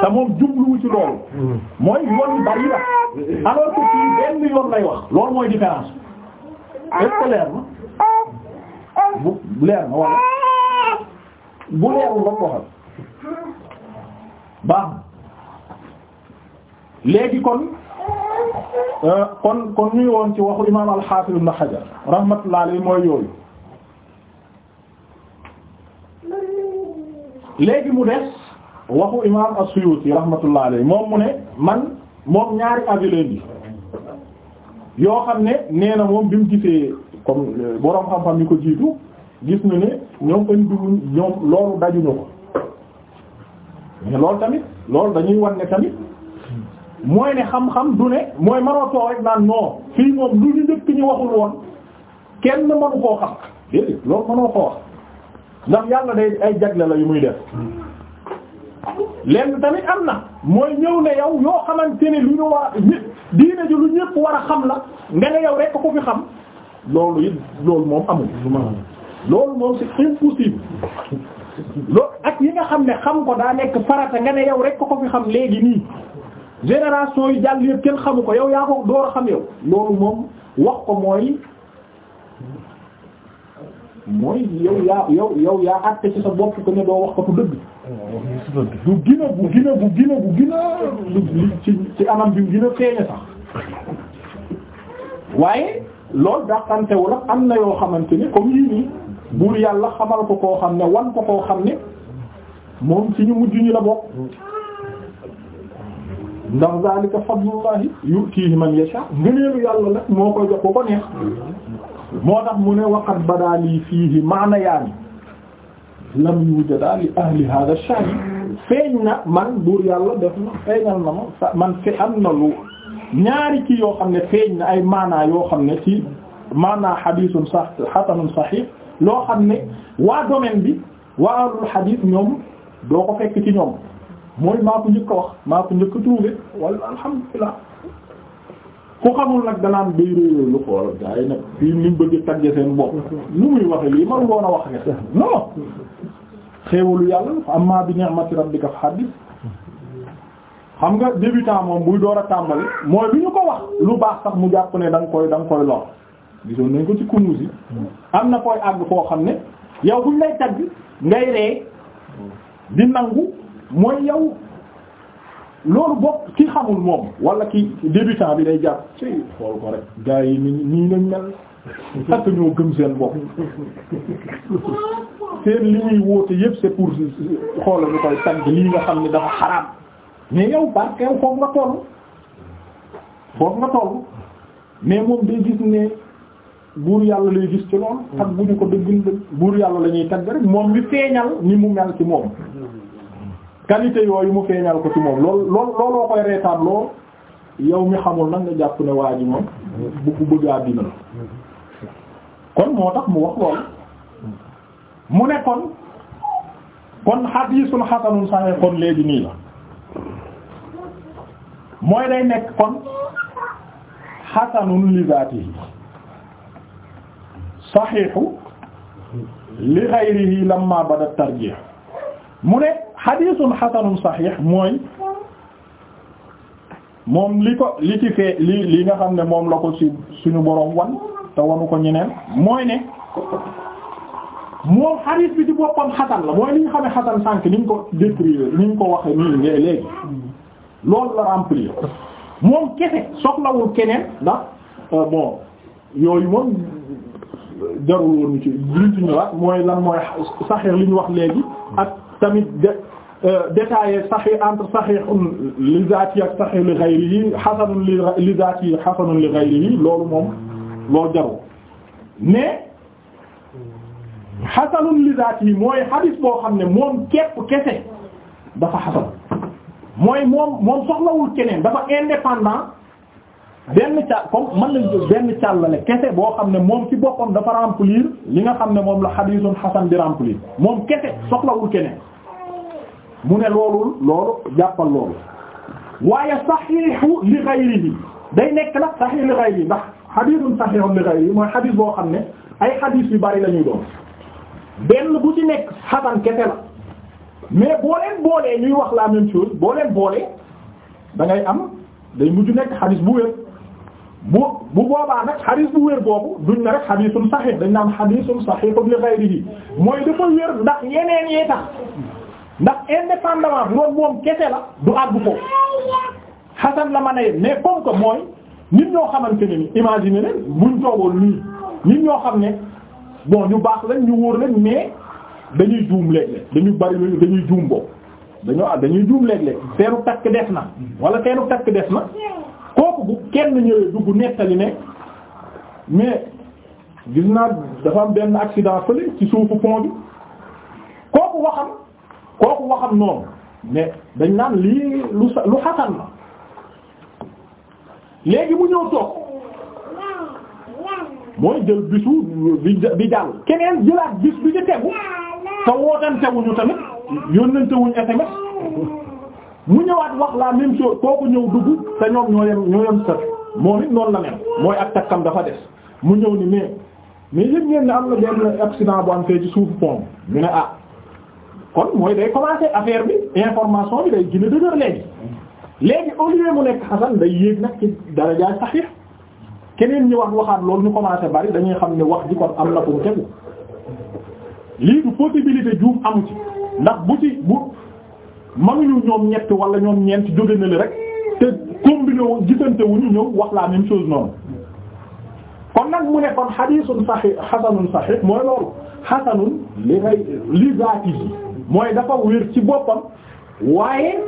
te moom jubluwu ci loolu mooy yoon yi bari la alors que fii benn yoon lay wax loolu mooy différence est-ce que leer na bu leer na walla bu leerul rek waxal baax léegi kon euh, kon kon ñuy woon ci waxu imaam al-Hafiz Ibn Hajar mooy yooyu léegi mu des waxu imaam as-Suyuti rahmatullah alayhi moom mu ne man moom ñaari avileen bi yoo xam ne nee na moom bi mu gisee comme euh, borom xam-xam yi ko jiitu gis na ne ñoom indiwuñ ñoom loolu dajuñu ko mais loolu tamit loolu dañuy wan ne tamit mooy ne xam-xam du ne mooy manoo too rek naan non fii moom lu ñu njëkk ñu waxul woon kenn mënu koo xam déedéet loolu mënoo koo wax ndax yàlla de ay jagle la yu muy def lenn tamit am na mooy ñëw ne yow yoo xamante ne lu ñu wa a diine ji lu ñëpp war a xam la nga ne yow rek ko fi xam loolu it loolu moom amul. loolu moom c'est impossible loolu ak yi nga xam ne xam ko daa nekk farata nga ne yow rek ko ko fi xam léegi nii génération yi jàll yëpp kenn xamu ko yow yaa ko door xam yow loolu moom wax ko mooy mooy yow yaa yow yow yaa àtte ci sa bopp ko ne doo wax ko tu dëgg bu gina bu gina bu gina bu gina ci ci anam bi gina feeñe sax waaye loolu daqantewul ak am na yoo xamante ni comme yii nii buur yàlla xamal ko koo xam ne wan ko koo xam ne moom ci ñu mujj ñi la bokk ndax zalika fadlullahi yu'tihi man yasha ngëneelu yàlla nag moo koy jox ko ko neex moo tax mu ne waqat badaali fiihi maana yaani lam yujada li ahli hadha shani feeñ na man buur yàlla def na feeñal na ma man fi am kii yoo xam ne feeñ na ay maanaa yoo xam ne ci maanaa hadithun sah loo xam ne waa domaine bi waa ahlul hadith ñoom doo ko fekk ci ñoom mooy maa ko njëkk wax maa njëkk a trouvé wala alhamdulilah ku xamul nag danaan béy réeréer lu xool gaa yi nag fii ni mu bëgg tagge seen bopp nu muy waxe lii maru woon a wax nga non xéewalu yàlla amma bi ni'mati rabbika fa hadith xam nga débutant moom buy door a tàmbali mooy lu ñu ko wax lu baax sax mu jàpp ne da nga koy da nga koy lor gisoon nañ ko ci kunnu si am na koy àgg foo xam ne yow buñ lay tagg ngay ree di nangu mooy yow loolu bokk ki xamul moom wala ki débutant bi day jàpp ci xool ko rek gars yi ni nii nañ mel ak ñoo gëm seen bopp seen li ñuy woote yépp c'est pour xoola ñu koy tagg lii nga xam ne dafa xaraam mais yow parce que nga tollu foofu nga tollu mais moom day gis ne buur yàlla lay gis ci loolu mm. ak bu ñu ko dëggul dëgg buur yàlla la ñuy tagg rek moom mi feeñal ni mu mel ci moom qualité yooyu mu feeñal ko ci moom lool lool looloo koy reetaan lool yow mi xamul nag nga jàpp ne waa ji moom bu ku la kon moo tax mu wax loolu mu ne kon kon hadiisul hasanun sahih kon léegi nii la mooy day nekk kon hasanun li zaatihi saxiixu li xayrihi lamma bada tarjiix mu ne xadiisun xasanun saxiix mooy moom li ko li ci fee li li nga xam ne moom la ko ci suñu boroom wan te wanu ko ñeneen mooy ne moom xadiis bi di boppoon xasan la mooy li nga xam ne xasan sànk ni ñu ko décrire ni ñu ko waxe nii léegi loolu la remplir moom kese soxlawul keneen ndax euh, bon yooyu moom jarul woon mooy lan mooy saxiix li ñu wax léegi ak tamit euh, détaillé saxiix entre saxiixun li zaati ak saxiix li ghayrihi hasanun li loolu moom loolu jarul mais hasanun li zaati mooy hadith boo xam ne moom képp kese dafa hasan mooy moom moom soxlawul keneen dafa indépendant benn ca comme man nañ jël benn càllale kese boo xam ne moom ci boppam dafa remplir li nga xam ne moom la xadiisun xasan di remplir moom kese soxlawul keneen mu ne loolul loolu jàppal loolu waaye saxiixu li xayrihi day nekk nag saxiix li xayrihi ndax xadiisun saxiixun li xayrihi mooy xadiis boo xam ne ay xadiis yu bari la ñuy doon benn bu ci nekk xasan kese la mais boo leen boolee ñuy wax la même chose boo leen boolee da ngay am day mujj nekk xadiis bu bu boobaa nag xadis bu wér boobu duñ na rek xadisun saxiix dañ naan xadisun saxiixun li ghayrihi mooy dafa wér ndax yeneen yee tax ndax indépendamment loolu moom kese la du àgg ko xasan la mën a yem mais comme que mooy nit ñoo xamante ne ni imaginer leen buñ toogoon nii nit ñoo xam ne bon ñu baax lañ ñu wóor lañ mais dañuy juum léeg-léeg dañuy bari dañuy juum boobu dañoo dañuy juum léeg-léeg seenu takk des na wala seenu takk des na kooku bu kenn ñëwee dugg nettali ne mais gis naa dafa am benn accident ci suufu pont bi kooku waxam kooku waxam noonu mais dañ naan lii lu sa lu xasan la léegi mu ñëw toog mooy jël bisu bi jàll keneen jëlaat bis bi ci tegu te wootantewuñu tamit yónnantewuñu SMS mu ñëwaat wax laa même chose kooku ñëw dugg te ñoom ñoo yem ñoo yem sëf moom it noonu la mel mooy ak takkam dafa des mu ñëw ni mais mais yëpp ngeen ne am na benn accident bu am fee ci suufu pont ñu ne ah kon mooy day commencer affaire bi information bi day gën a dëgër léegi léegi au lieu mu nekk xasan day yéeg nag ci darajaay saxiix keneen ñi wax waxaat loolu ñu commencé bari dañuy xam ne wax ji kon am na ko mu tegu lii du possibilité juum amu ci ndax bu manuñu ñoom ñett wala ñoom ñeent jóge na li rek te combiné wu gisante wu ñu ñëw wax laa même chose noonu kon nag mu ne kon xadisun saxi xasanun saxi mooy loolu xasanun li ngay li zaati yi mooy dafa wér ci boppam waaye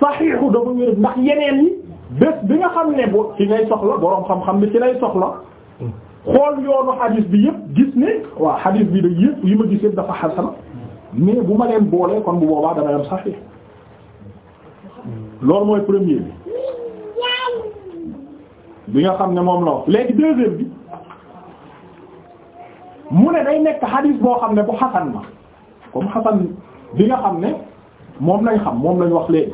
saxiixu dafa wér ndax yeneen yi bés bi nga xam ne bo ci ngay soxla boroom xam-xam bi ci lay soxla xool yoonu xadis bi yëpp gis ne waa xadis bi da yëpp yi ma gis yëpp dafa xasan mais bu ma leen boolee kon bu boobaa dama yam loolu mooy premier bi bi nga xam ne moom la wax léegi deuxième bi mu ne day nekk xadiis boo xam ne bu xasan la comme xasan bi nga xam ne moom lay xam moom lay wax léegi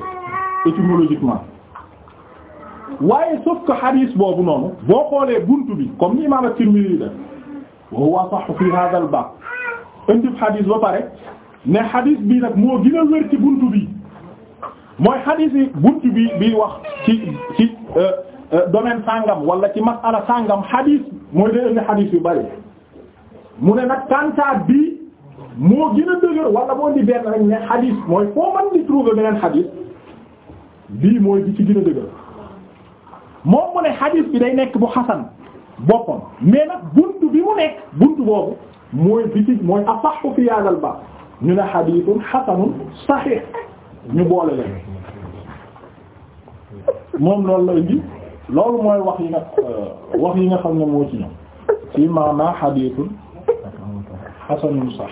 étymologiquement waaye sauf que xadiis boobu noonu boo xoolee buntu bi comme ni imaam at-Tirmidhi def wa huwa sahhu fi hadha al-bab indi xadiis ba pare ne xadiis bi nag moo gën a wér ci buntu bi mooy xadiis yi bunt bi bi wax ci ci euh, euh, domaine sàngam wala ci masala sàngam xadiis mooy day indi xadiis yu bari mu ne nag kantaat bi moo gën a dëgër wala moo di benn ne xadiis mooy foo mën di trouver beneen xadiis bii mooy bi ci gën a dëgër moom mu ne xadiis bi day nekk bu xasan boppam mais nag bunt bi mu nekk bunt boobu mooy bi ci mooy asaxu fi ba ñu ne xadiisun xasanun saxiix ñu boole leen moom loolu la indi loolu mooy wax yi nga euh, wax yi nga xam ne moo ci ñëw ci maana xadiitul xasanul sax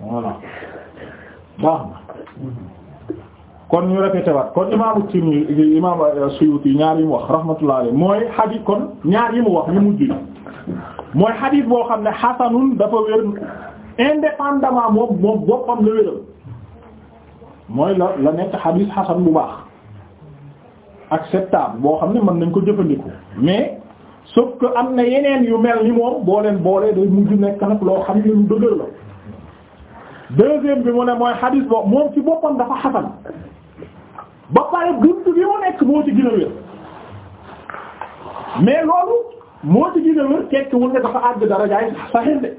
voilà baax na kon ñu répété waat kon imaamu Tirmidhi imam euh, Suyuti ñaar yi mu wax rahmatullah alayhi mooy xadiis kon ñaar yi wax ñu mujj mooy xadiis boo xam ne xasanun dafa wér indépendamment moom moom boppam la mooy la la nekk xadiis xasan bu baax acceptable boo xam ne mën nañ ko jëfandikoo mais sauf que am na yeneen yu mel ni moom boo leen boolee day mujj nekk nag loo xam ne lu dëgër la deuxième bi mu ne mooy xadiis boobu moom ci boppam dafa xasan ba pare bunt bi mu nekk moo ci gën a wér mais loolu moo ci gën a wér tekkiwul ne dafa àgg darajaay saxiix de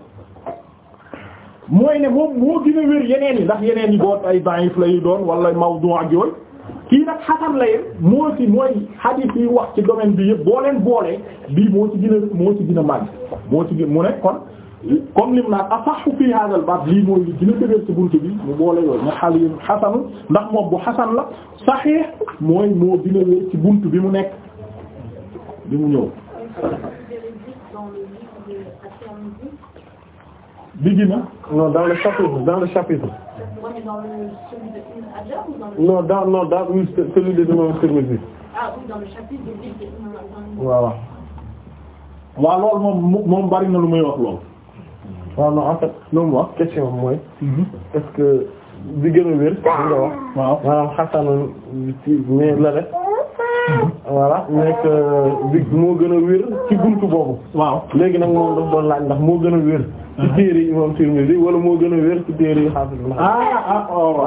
mooy ne moom moo gën a yeneen yi ndax yeneen yi doon ay da'if lay doon wala mawdu' ak yooyu kii nag xasan la yéen moo ci mooy hadith yi wax ci domaine bi yëpp boo leen boolee bii moo ci gën a moo ci gën a màgg moo ci gën mu ne kon comme lim naan asaxu fii hadal baat lii mooy li gën ci buntu bi mu boole yooyu ne xal yi xasanu ndax moom bu xasan la saxiix mooy moo gën a ci buntu bi mu nekk bi mu ñëw bi gina non dans le chapitre dans le chapitre non dans non dans celui de Imam Tirmidhi ah oui dans le chapitre de waaw na lu muy wax lool waaw non en fait loolu mu wax question mooy mhm. est-ce que bi gën a wér li nga wax voilà nekk euh, bi moo gën a wér ci buntu boobu. waaw léegi nag moom dafa doon laaj ndax moo gën a wér. ci téere yi moom Tirmidhi wala moo gën a wér ci téere yi Hafiz Ibn Hajar. Ah, ah, oh, oh.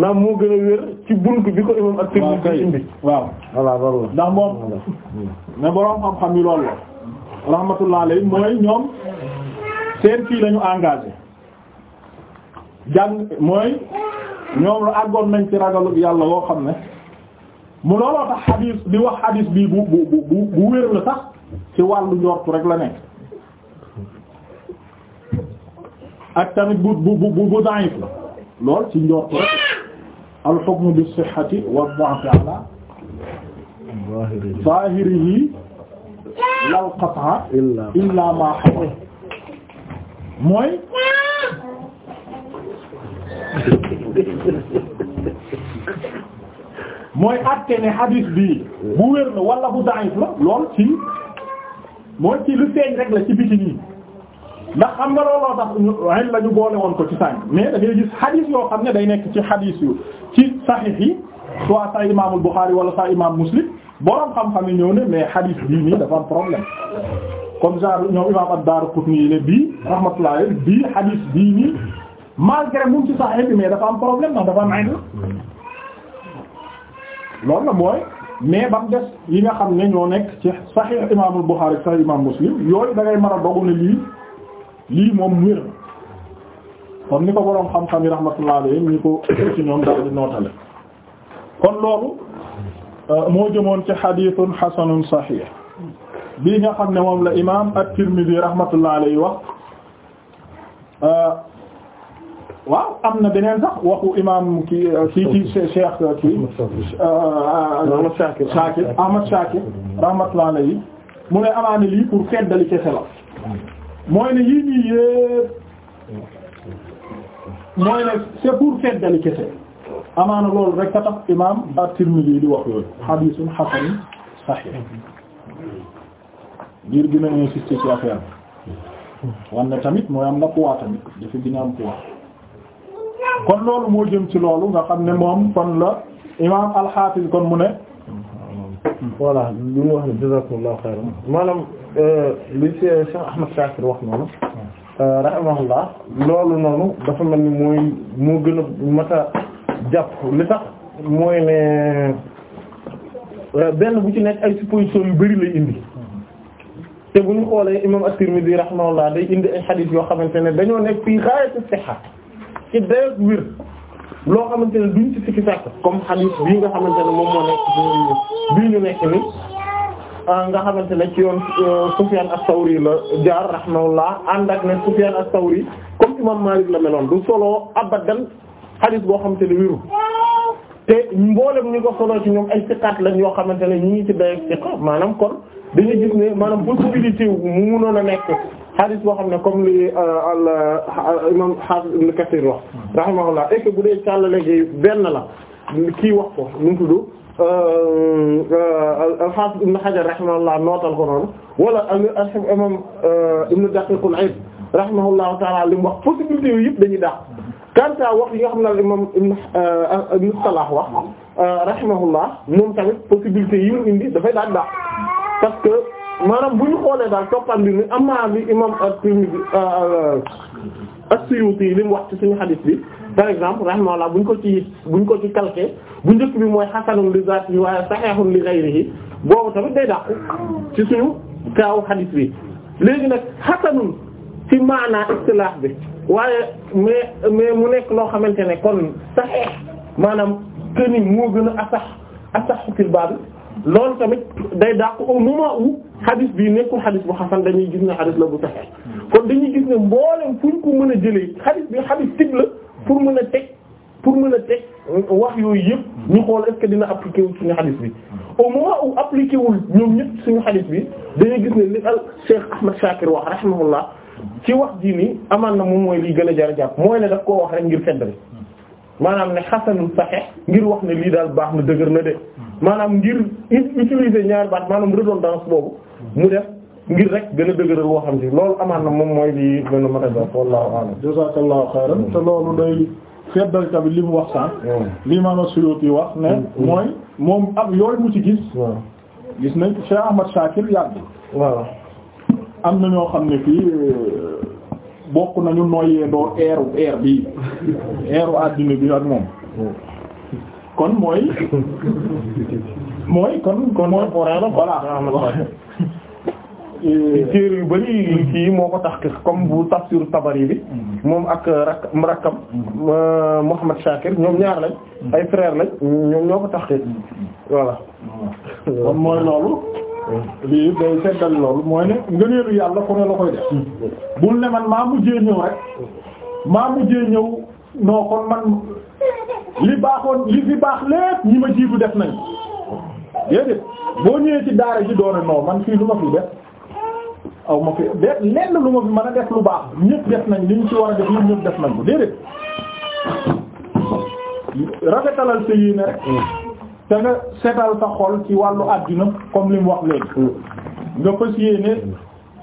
ah, moo gën a wér ci buntu bi ko imam at-Tirmidhi indi. waaw voilà loolu la. ndax moom ne borom xam-xam yi loolu la. rahmatullah alayhi mooy ñoom seen fii lañu engagé. jàng mooy ñoom lu àggoon nañ ci ragalu yàlla loo xam ne mu looloo tax xadiis di wax xadiis bii bu bu bu bu wér la sax ci wàllu njortu rek la nekk ak tamit bu bu bu bu da'if la lool ci njortu rek al hukm bi sihhati wa dha'f ala zahirihi lal qat'a illa ma xawa mooy mooy atte ne hadis bii bu wér na wala bu da'if la lool ci mooy ci lu feeñ rek la ci biti nii ndax xam nga looloo tax ñu la ñu boole woon ko ci sànq mais dafay gis hadis yoo xam ne day nekk ci hadis yu ci saxiix yi soit sa imaamul Buxaari wala sa imaam Muslim boroom xam-xam yi ñëw ne mais hadis bii nii dafa am problème comme genre ñoom imaam ne bii rahmatullahi bii hadis bii nii. malgré mu ci saxee bi mais dafa am problème ndax dafa am ay loolu la mooy mais ba mu des yi nga xam ne ñoo nekk ci Sahih imaamul Bukhari Sahih imaam Muslim yooyu da ngay a dogu ne lii lii moom wér kon ni ko boroom xam-xam yi rahmatullah alayhim ñu ko ci ñoom daal di nootale kon loolu euh, moo jëmoon ci hadithun hasanun sahih bii nga xam ne moom la imaam at-Tirmidhi rahmatullah alayhi wax euh, waaw am na beneen sax waxu imam ki kii ci euh, cheikh euh, kii euh, Shakir Ahmad Shakir rahmatullah alayhi mu ne amaana lii pour feddali kese la mooy ne yii nii yëpp mooy ne c'est pour feddali kese amaana loolu rek ka tax imam at-Tirmidhi di wax yooyu hadithun hasan sahih ngir gën a insister ci affaire bi tamit mooy am na poids tamit dafa gën a kon loolu moo jëm ci loolu nga xam ne moom kon la imaam alxaafis kon mu ne voilà li mu wax ne jazakumullahu xayran maanaam euh, li Cheikh Ahmad Shakir wax noonu euh, rahimahullah loolu noonu dafa mel ni mooy moo gën a mat a jàpp li tax mooy ne euh, benn bu ci nekk ay supposition yu bari lay indi te bu ñu xoolee imam at-Tirmidhi rahimahullah day indi ay xadiis yoo xamante ne dañoo nekk fii xaayatu sihha ci dayoog wér loo xamante ne duñ ci sikki sàkk comme hadith bii nga xamante ne moom moo nekk bii ñu nekk ni ah, nga xamante ne ci yoon euh, Sufyan as-Sawri la jaar rahimahullah ànd ak ne Sufyan as-Sawri comme imam Malik la meloon du solo abadan hadith boo xamante ne wéru te mboolem ñi ko solo ci ñoom ay siqaat lañ yoo xamante ne ñu ngi ci dayoog siqa maanaam kon dañu gis ne maanaam possibilité mu mënoon a nekk hadith boo xam ne comme li euh, al euh, imam Hafiz Ibn Kathir wax rahimahullah et bu dee càllale gi benn la kii wax ko nu mu tudd euh, al-Hafiz Ibn Hajar rahimahullah nootal ko noonu wala al imam Ibn Daqiq al-Eid rahimahullahu ta'ala li mu wax possibilité yooyu yëpp dañuy daax kanta wax yi xam ne al imam Ibn Salah wax rahimahullah moom tamit possibilité yi indi dafay daal daax maanaam bu ñu xoolee daal toppal mbir mi amaa bi imam at-Tirmidhi euh, euh, as-Suyuti li mu wax ci suñu hadith bi par exemple rahimahullah buñ ko ci buñ ko ci calqué bu njëkk bi mooy hasanun li yi waaye sahihun li ghayrihi boobu tamit day dàqu ci suñu kaaw hadith bi léegi nag hasanun ci maanaa istilaah bi waaye mais mais mu nekk loo xamante ne kon sahih maanaam këni moo gën a asax asaxu fil baab loolu tamit day dàq au moment où xadis bii nekkul xadis bu xasan dañuy gis ne xadis la bu saxee kon dañuy gis ne mboolem fu ñu ko mën a jëlee xadis bi xadis tib la pour mën a teg pour mën a teg wax yooyu yëpp ñu xool est-ce dina appliqué wul suñu xadis bi au moment où appliqué wul ñoom ñëpp suñu xadis bi dañuy gis ne li al Cheikh Ahmad Shakir wax rahimahullah ci wax ji nii amaan na moom mooy li gën a jar jàpp mooy ne daf koo wax rek ngir fedd maanaam ne xasanul saxe ngir wax ne lii daal baax na dëgër na de maanaam ngir utiliser ñaari baat maanaam redondance boobu mu def ngir rek gën a dëgëral woo xam ci loolu amaan na moom mooy li mën a mën a def wallahu a'lam jazakallahu xayran te loolu day feddal tamit li mu wax sànq hmm. li Imaam Suyuti yi wax ne hmm. Hmm. mooy moom am yooyu mu ci gis gis nañ Cheikh Ahmad Shakir yàgg waaw am na ñoo xam ne fii bokk nañu noyyee door eeru eer bii eeru àddina bi ak moom kon mooy mooy kon kon mooy poreera voilà téer yu bari kii moo ko tax comme bu tafsir Tabari moom ak rak rakkam euh, Muhammad Shakir ñoom ñaar lañ ay frère lañ ñoom ñoo ko tax voilà kon mooy loolu lii day seddal loolu mooy ne ngëneelu yàlla ku ne la koy def hmm. bul ne man maa mujjee ñëw rek maa mujjee ñëw noo kon man li baaxoon li fi baax lépp ñi ma jii bu def nañ déedéet boo ñëwee ci daara ji doone non man fii lu ma fi def aw ma fi def lenn lu ma fi mën a def lu baax ñëpp def nañ li ñu ci war a def ñun ñëpp def nañ ko déedéet rafetalal sa yéene rek hmm. te nga setal sa xol ci wàllu àddina comme li mu wax léegi nga fas yéene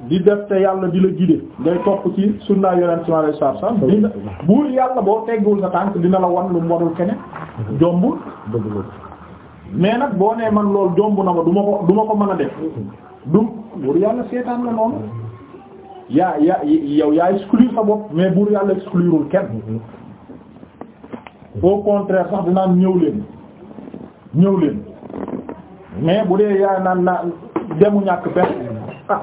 di def te yàlla di la guider ngay topp ci sunna yonent sallallahu alayhi wasallam dina buur yàlla boo tegguwul sa tànk dina la wan lu mu warul keneen jombul mais nag boo nee man loolu jomb na ma duma ko du ko mën a def du buur yàlla seetaan la noonu yaa yaa yow yaa exclure sa bopp mais buur yàlla exclureul kenn au contraire sax dinaan ñëw leen ñëw leen mais bu dee yaa naan naa demu ñàkk pexe ah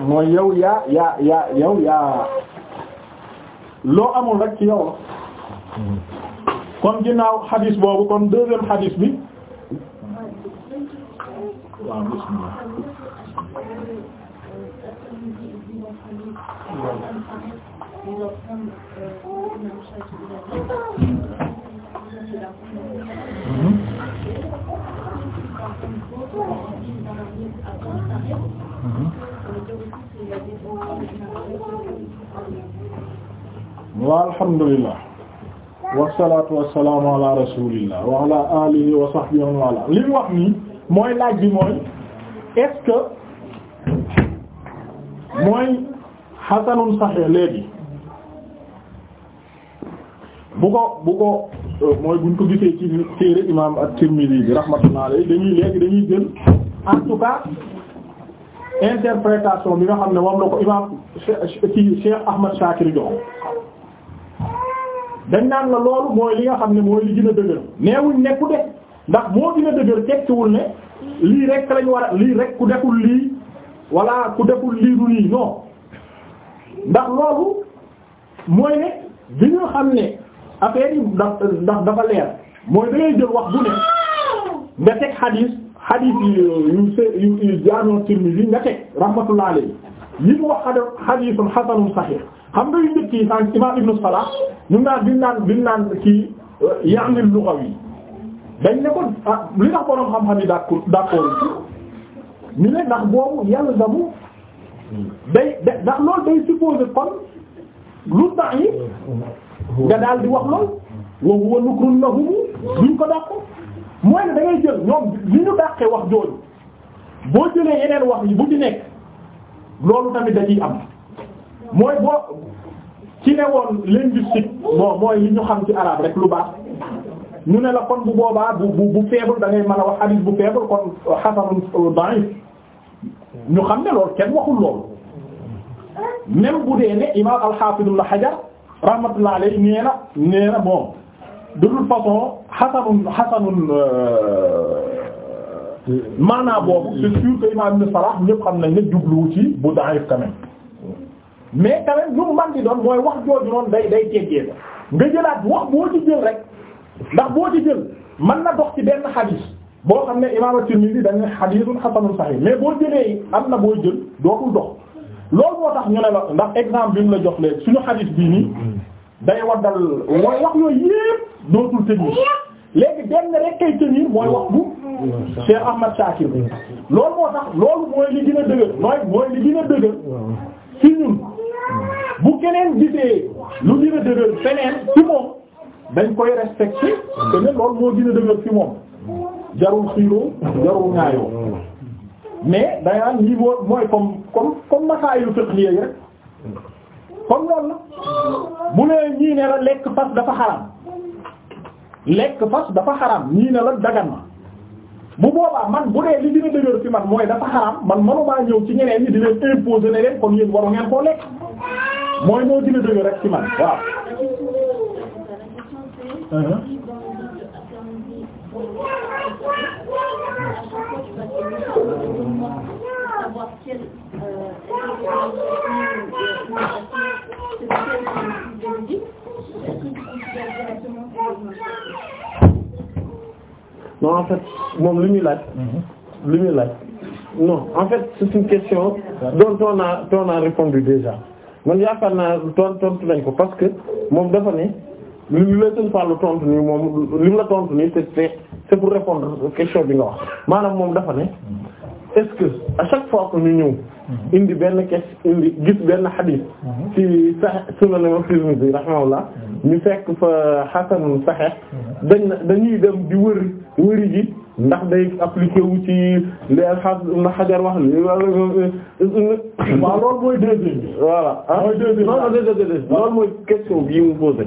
mooy yow yaa yaa yaa yow yaa loo amul rek ci yow la kon ginnaaw xadis boobu kon deuxième xadis bi waaw bismillah wa alhamdulillah wasalaatu wasalaamu ala rasulillah wa ala alihi wa sahbihi wa wax nii mooy laaj bi mooy est mooy xasanun sahih léegi bu ko bu ko euh, mooy buñ ko gisee ci téere imam at-Tirmidhi bi rahmatullah alayhi dañuy léegi dañuy jël en interprétation bi nga xam ne moom la ko imaam ci Cheikh Ahmad Shakir jox dañ naan la loolu mooy li nga xam ne mooy li gën a dëgër neewuñ ne ku ndax moo gën a dëgër tekkiwul ne lii rek lañu war a lii rek ku deful lii walla ku deful lii du lii non ndax loolu mooy ne bi nga xam ne affaire yi ndax ndax dafa leer mooy da jël wax bu ne nga teg xadiis xadiis yi yu se yu yu jaanoo Tirmidhi nga teg rahmatullah alayhi yi mu wax xadiisun xasanun saxiix xam nga yu njëkk yi sànq Ibnu Salah ñu naan biñ naan biñ naan kii euh, ya'ni lugawi dañ ne ko ah, li tax borom xam-xam yi d'accord d'accord ñu ne ndax boobu yalzamu day day ndax loolu day supposé kon lu yi nga daal di wax lool wa huwa nukrun lahum duñ ko d'accord. mooy ne da ngay jël ñoom li ñu wax jooju boo jëlee yeneen wax yi bu ci nekk loolu tamit da am mooy boo ci ne woon linguistique mooy yi ñu xam ci arabe rek lu baax ñu ne la kon bu boobaa bu bu bu faible da ngay wax a wax bu faible kon hasanun da'if ñu xam ne loolu kenn waxul loolu même bu dee ne imaam al-Hafiz Ibn Hajar rahmatullah alayhi nee na nee de toute façon xasanun xasanun euh, maanaa boobu c'est sûr que imam Ibn Salah ñëpp xam nañ ne jubluwu ci bu da'if quand mais quand même ñu mu man di doon mooy wax jooju noonu day day teggee ko nga jëlaat wax boo ci jël rek ndax boo ci jël mën na dox ci benn xadiis boo xam ne imam at-Tirmidhi dañ ne xadiisun xasanun sahih mais boo jëlee am na boo jël dootul dox loolu moo tax ñu ne la ndax exemple bi mu la jox léegi suñu xadiis bii nii day waddal mooy wax yooyu yëpp dootul tenir léegi benn rek kay tenir mooy wax bu Cheikh Ahmad Shakir loolu moo tax loolu mooy li gën a dëgër mooy mooy li gën a dëgër ci ñun bu keneen gisee lu gën a dëgër feneen ci moom dañ koy respecté te ne loolu moo gën a dëgër ci moom jarul xiiroo jarul ŋaayoo mais dañaan lii moo mooy comme comme comme masaayu fiqh yi rek kon loolu la bu nee ñii ne la lekk fas dafa xaram lek fas dafa xaram ñii ne la dagan ma bu boobaa man bu dee li dina dëgër fi man mooy dafa xaram man manumaa ñëw ci ñeneen ñi di leen imposer ne leen kon yéen waru ngeen koo lekk mooy moo dina dëgër rek ci man waaw. Uh-huh. non en fait moom li muy laaj. Mhm. li muy laaj non en fait c'est une question dont on a dont on a répondu déjà man yaakaar naa ton tontu nañ ko parce que moom dafa ne li la sëñ Fallou tontu nii moom li mu la tontu nii c'est c'est pour répondre question bi nga wax maanaam moom dafa ne est-ce que à chaque fois que ñu ñëw. Mm-hmm. indi benn kes indi gis benn xadis mm-hmm. ci sax sunan imam Tirmidhi rahimahullah mm-hmm. ñu fekk fa xasanun saxex dañ dañuy dem di wër wëri ji ndax day appliqué wu ci li Ibn Hajar wax li waaw loolu mooy deuxième bi voilà mooy ah, deuxième loolu mooy question bi mu posé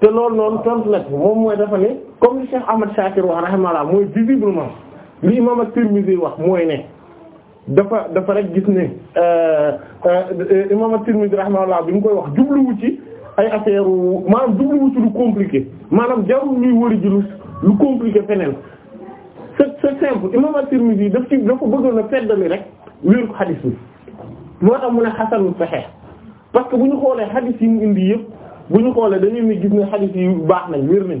te loolu noonu tontu nag moom mooy dafa ne comme li Cheikh Ahmad Shakir wax rahimahullah mooy visiblement li imam Tirmidhi wax mooy ne dafa dafa rek gis ne euh, euh, imam at-Tirmidhi rahimahullah bi mu koy wax jubluwu ci ay affaire maanaam jubluwu ci lu compliqué maanaam jarul ñuy wëri ji lu compliqué feneen c'est c'est simple imam at-Tirmidhi daf ci dafa bëggoon a feddali rek wéeru ko xadis bi moo tax mu ne xasanul saxiix parce que bu ñu xoolee xadis yi mu indi yëpp bu ñu xoolee dañuy ni gis ne xadis yi baax nañ wér nañ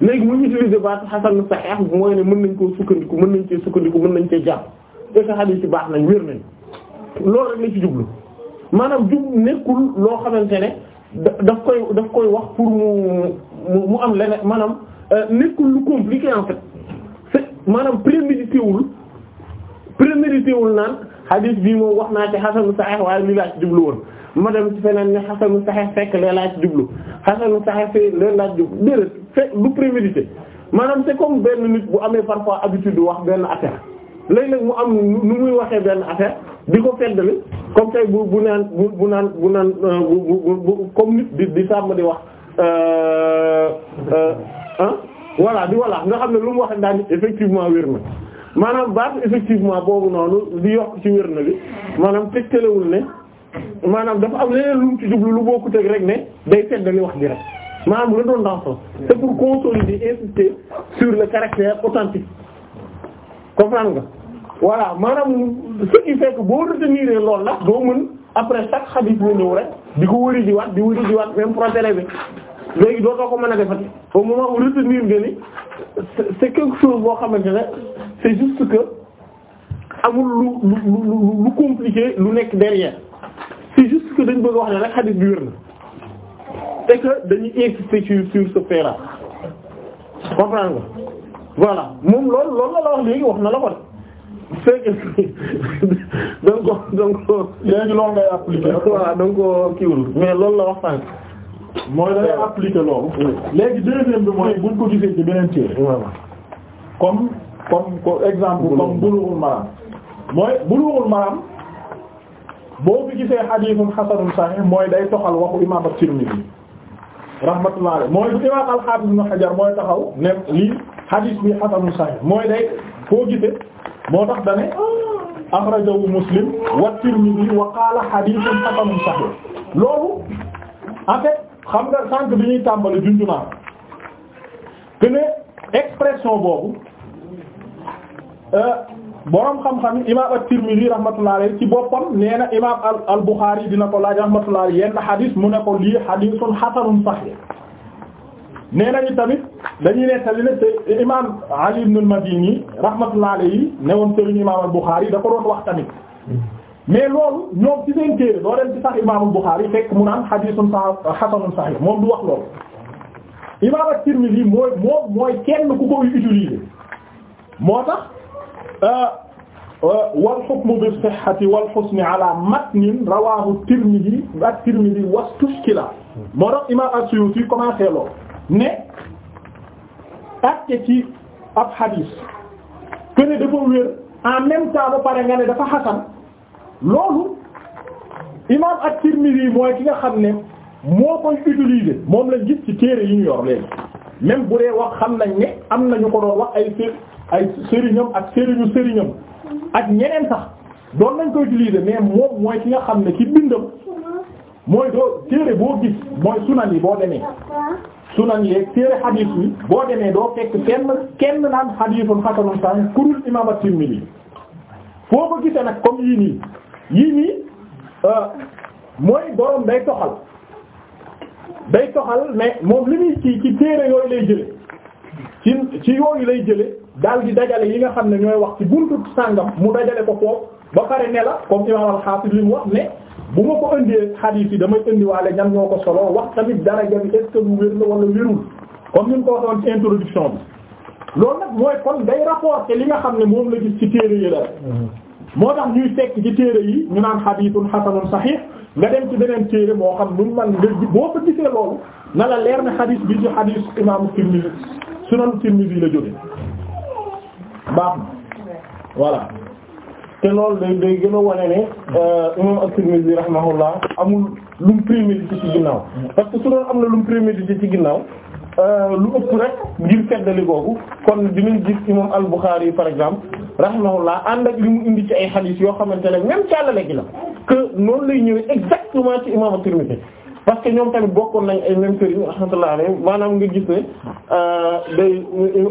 léegi mu utiliser baatu xasanul saxiix mooy ne mën nañ koo sukkandiku mën nañ cee sukkandiku mën nañ cee jàpp est-ce que xadiis yi baax nañ wér nañ loolu rek la ci jublu maanaam jublu nekkul loo xamante ne daf koy daf koy wax pour mu mu am leneen maanaam euh, nekkul lu compliqué en fait c'est maanaam prémédité wul prémédité wul naan xadiis bi moom wax naa ci xasanu saxiix waaye lii laa ci jublu woon ma dem ci feneen ne xasanu saxiix fekk lee laa ci jublu xasanu saxiix fekk lee laa ci jublu déedéet fekk lu prémédité maanaam c'est comme benn nit bu amee parfois habitude wax benn affaire léeg-léeg mu am nu muy waxee benn affaire di ko feddali comme tey bu bu naan bu bu naan bu naan euh, bu comme nit di di sàmm di wax ah voilà di voilà nga xam ne lu mu wax daal effectivement wér na maanaam baatu effectivement boobu noonu di yokk ci wér na li maanaam tegtalewul ne maanaam dafa am leneen lu mu ci jublu lu bokkut rek ne day feddali wax ji rek maanaam redondance c'est pour consolider insister sur le caractère authentique comprendre nga voilà maanaam ce qui fait que boo retenir lool la doo mën après chaque xadis bu ñëw rek di ko wëri di waat di wëri di waat même procédé bi léegi dootoo ko mën a defati au moment où retenir nga ni c'est boo xamante ne c'est juste que amul lu nekk derrière c'est juste que dañ bëgg wax ne rek xadis bi wér na c'est que dañuy insister sur sur ce fait là comprendre voilà moom loolu loolu la la wax léegi wax na la ko de donc donc. léegi loolu ngay appliquer. voilà donc kiiwul mais loolu la wax sànq. mooy da ngay appliquer loolu. léegi deuxième bi mooy buñ ko gisee ci beneen téere. comme comme comme exemple. comme Bulughul Maram. mooy Bulughul Maram boo fi gisee hadithun hasanun mooy day toxal waxu imaam at rahmatullah mooy bu imaam al-Hafiz Ibn Hajar mooy taxaw ne mooy day foo gisee. moo tax dane akhrajahu Muslim wa Tirmidhi wa qaala hadithun hasanun sahih loolu en fait xam nga sànq bi ñuy tàmbali junjunaa que ne expression boobu euh, borom xam-xam imaam at-Tirmidhi rahmatullahi alayhi ci boppam nee na imaam al al Bukhari dina ko laaj rahmatullahi yenn hadith mu ne ko lii hadithun hasanun sahih nee nañu tamit dañuy nettali ne te imaam Ali ibn al-Madini rahmatullah alayhi ne woon sëriñ imaam al-Bukhari da ko doon wax tamit mais loolu ñoom ci seen téere doo dem ci sax imaam al-Bukhari fekk mu naan hadiisun hasanun sahih moom du wax loolu. imaam at-Tirmidhi mooy moom mooy kenn ku koy utiliser moo tax euh, euh, wal hukmu bi sihhati wal husni ala matnin rawaahu at-Tirmidhi wa at-Tirmidhi wastushkila moo tax imaam commencé loolu. ne acte ci ab hadis que ne dafa wér en même temps ba pare nga ne dafa xasan loolu imam at yi mooy ki nga xam ne moo koy utiliser moom lañ gis ci téere yi ñu yor léegi même bu dee wax xam nañ ne am nañu ko doon wax ay së ay sëriñam ak sëriñu sëriñam ak ñeneen sax doon nañ ko utiliser mais moom mooy ki nga xam ne ci bindam mooy doo téere boo gis mooy sunan yi boo demee sunan yeeg téere xadiis bi boo demee doo fekk kenn kenn naan xadiisun xasanun sahih kurul imaam at-Tirmidhi foo ko gise nag comme yii nii yii nii euh, mooy borom day toxal day toxal mais moom li muy ci ci téere yooyu lay jële ci ci yooyu lay jële daal di dajale yi nga xam ne ñooy wax ci buntu sàngam mu dajale ko foofu ba pare ne la comme imaam al-Hafiz li wax ne bu ma ko indee xadiis yi damay indiwaale ñan ñoo ko solo wax tamit dara jëm est-ce que lu wér la wala wérul comme ni ko waxoon ci introduction bi loolu nag mooy kon day rapport rapporté li nga xam ne moom la gis ci téere yi la mm-hmm. moo tax ñuy tekk ci téere yi ñu naan xadiisun xasanun saxiix nga dem ci beneen téere moo xam nu man nga boo ko gisee loolu na la leer ne xadiis bi ci xadiis imaamu Tirmidhi sunan Tirmidhi la jóge baax na voilà te loolu day day gën a wane ne euh, imam at-Tirmidhi rahimahullah amul lu mu prémédité ci ginnaaw parce que su doon am na lu mu prémédité ci ginnaaw euh, lu ëpp rek ngir feddali boobu kon dinañ gis imam al-Bukhari par exemple rahimahullah ànd ak li mu indi ci ay hadith yoo xamante ne même càllale gi la que noonu lay ñëwee exactement ci imam at-Tirmidhi parce que ñoom tamit bokkoon nañ ay même sëriñ rahmatullahi alayhi maanaam nga gis ne euh, day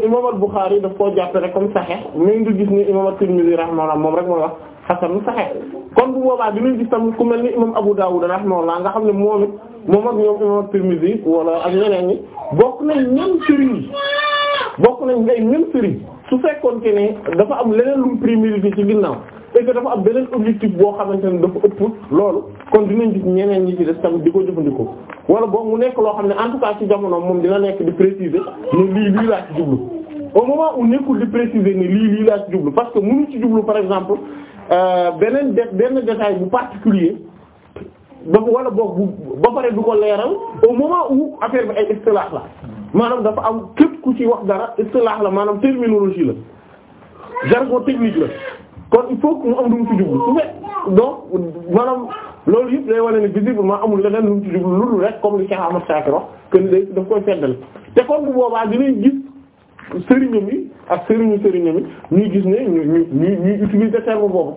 imam al-Bukhari daf koo jàppe rek comme saxe mais nga gis ne imam at-Tirmidhi rahimahullah moom rek mooy wax xasan saxe kon bu boobaa dinañ gis tamit ku mel ni imam Abu Dawud rahimahullah nga xam ne moom it moom ak ñoom imam at-Tirmidhi wala ak ñeneen ñi bokk nañ même sëriñ yi bokk nañ ay même sëriñ su fekkoon te ne dafa am leneen lu mu primérité ci ginnaaw et que dafa am beneen objectif boo xamante ne dafa ëpp loolu kon dinañ gis ñeneen ñi ci des tamit di ko jëfandikoo wala boog mu nekk loo xam ne en tout ci jamono moom dina nekk di préciser ne lii lii laa ci jublu au moment où nekkul di préciser ne lii lii laa ci jublu parce que mënu ci jublu par exemple euh, beneen dé benn détail bu particulier dafa wala boog bu ba pare du ko leeral au moment où affaire bi ay istilah la maanaam dafa am képp ku ci wax dara istilah la maanaam terminologie la jargon technique la. kon il faut que mu am lu mu ci jublu su fekk donc maanaam loolu yëpp day wane ne visiblement amul leneen lu mu ci jublu lu dul rek comme li Cheikh Ahmad Shakir wax que ni day bu boobaa dinañ gis sëriñam yi ak sëriñu sëriñam yi gis ne ñu ñu ñu ñuy utiliser terme boobu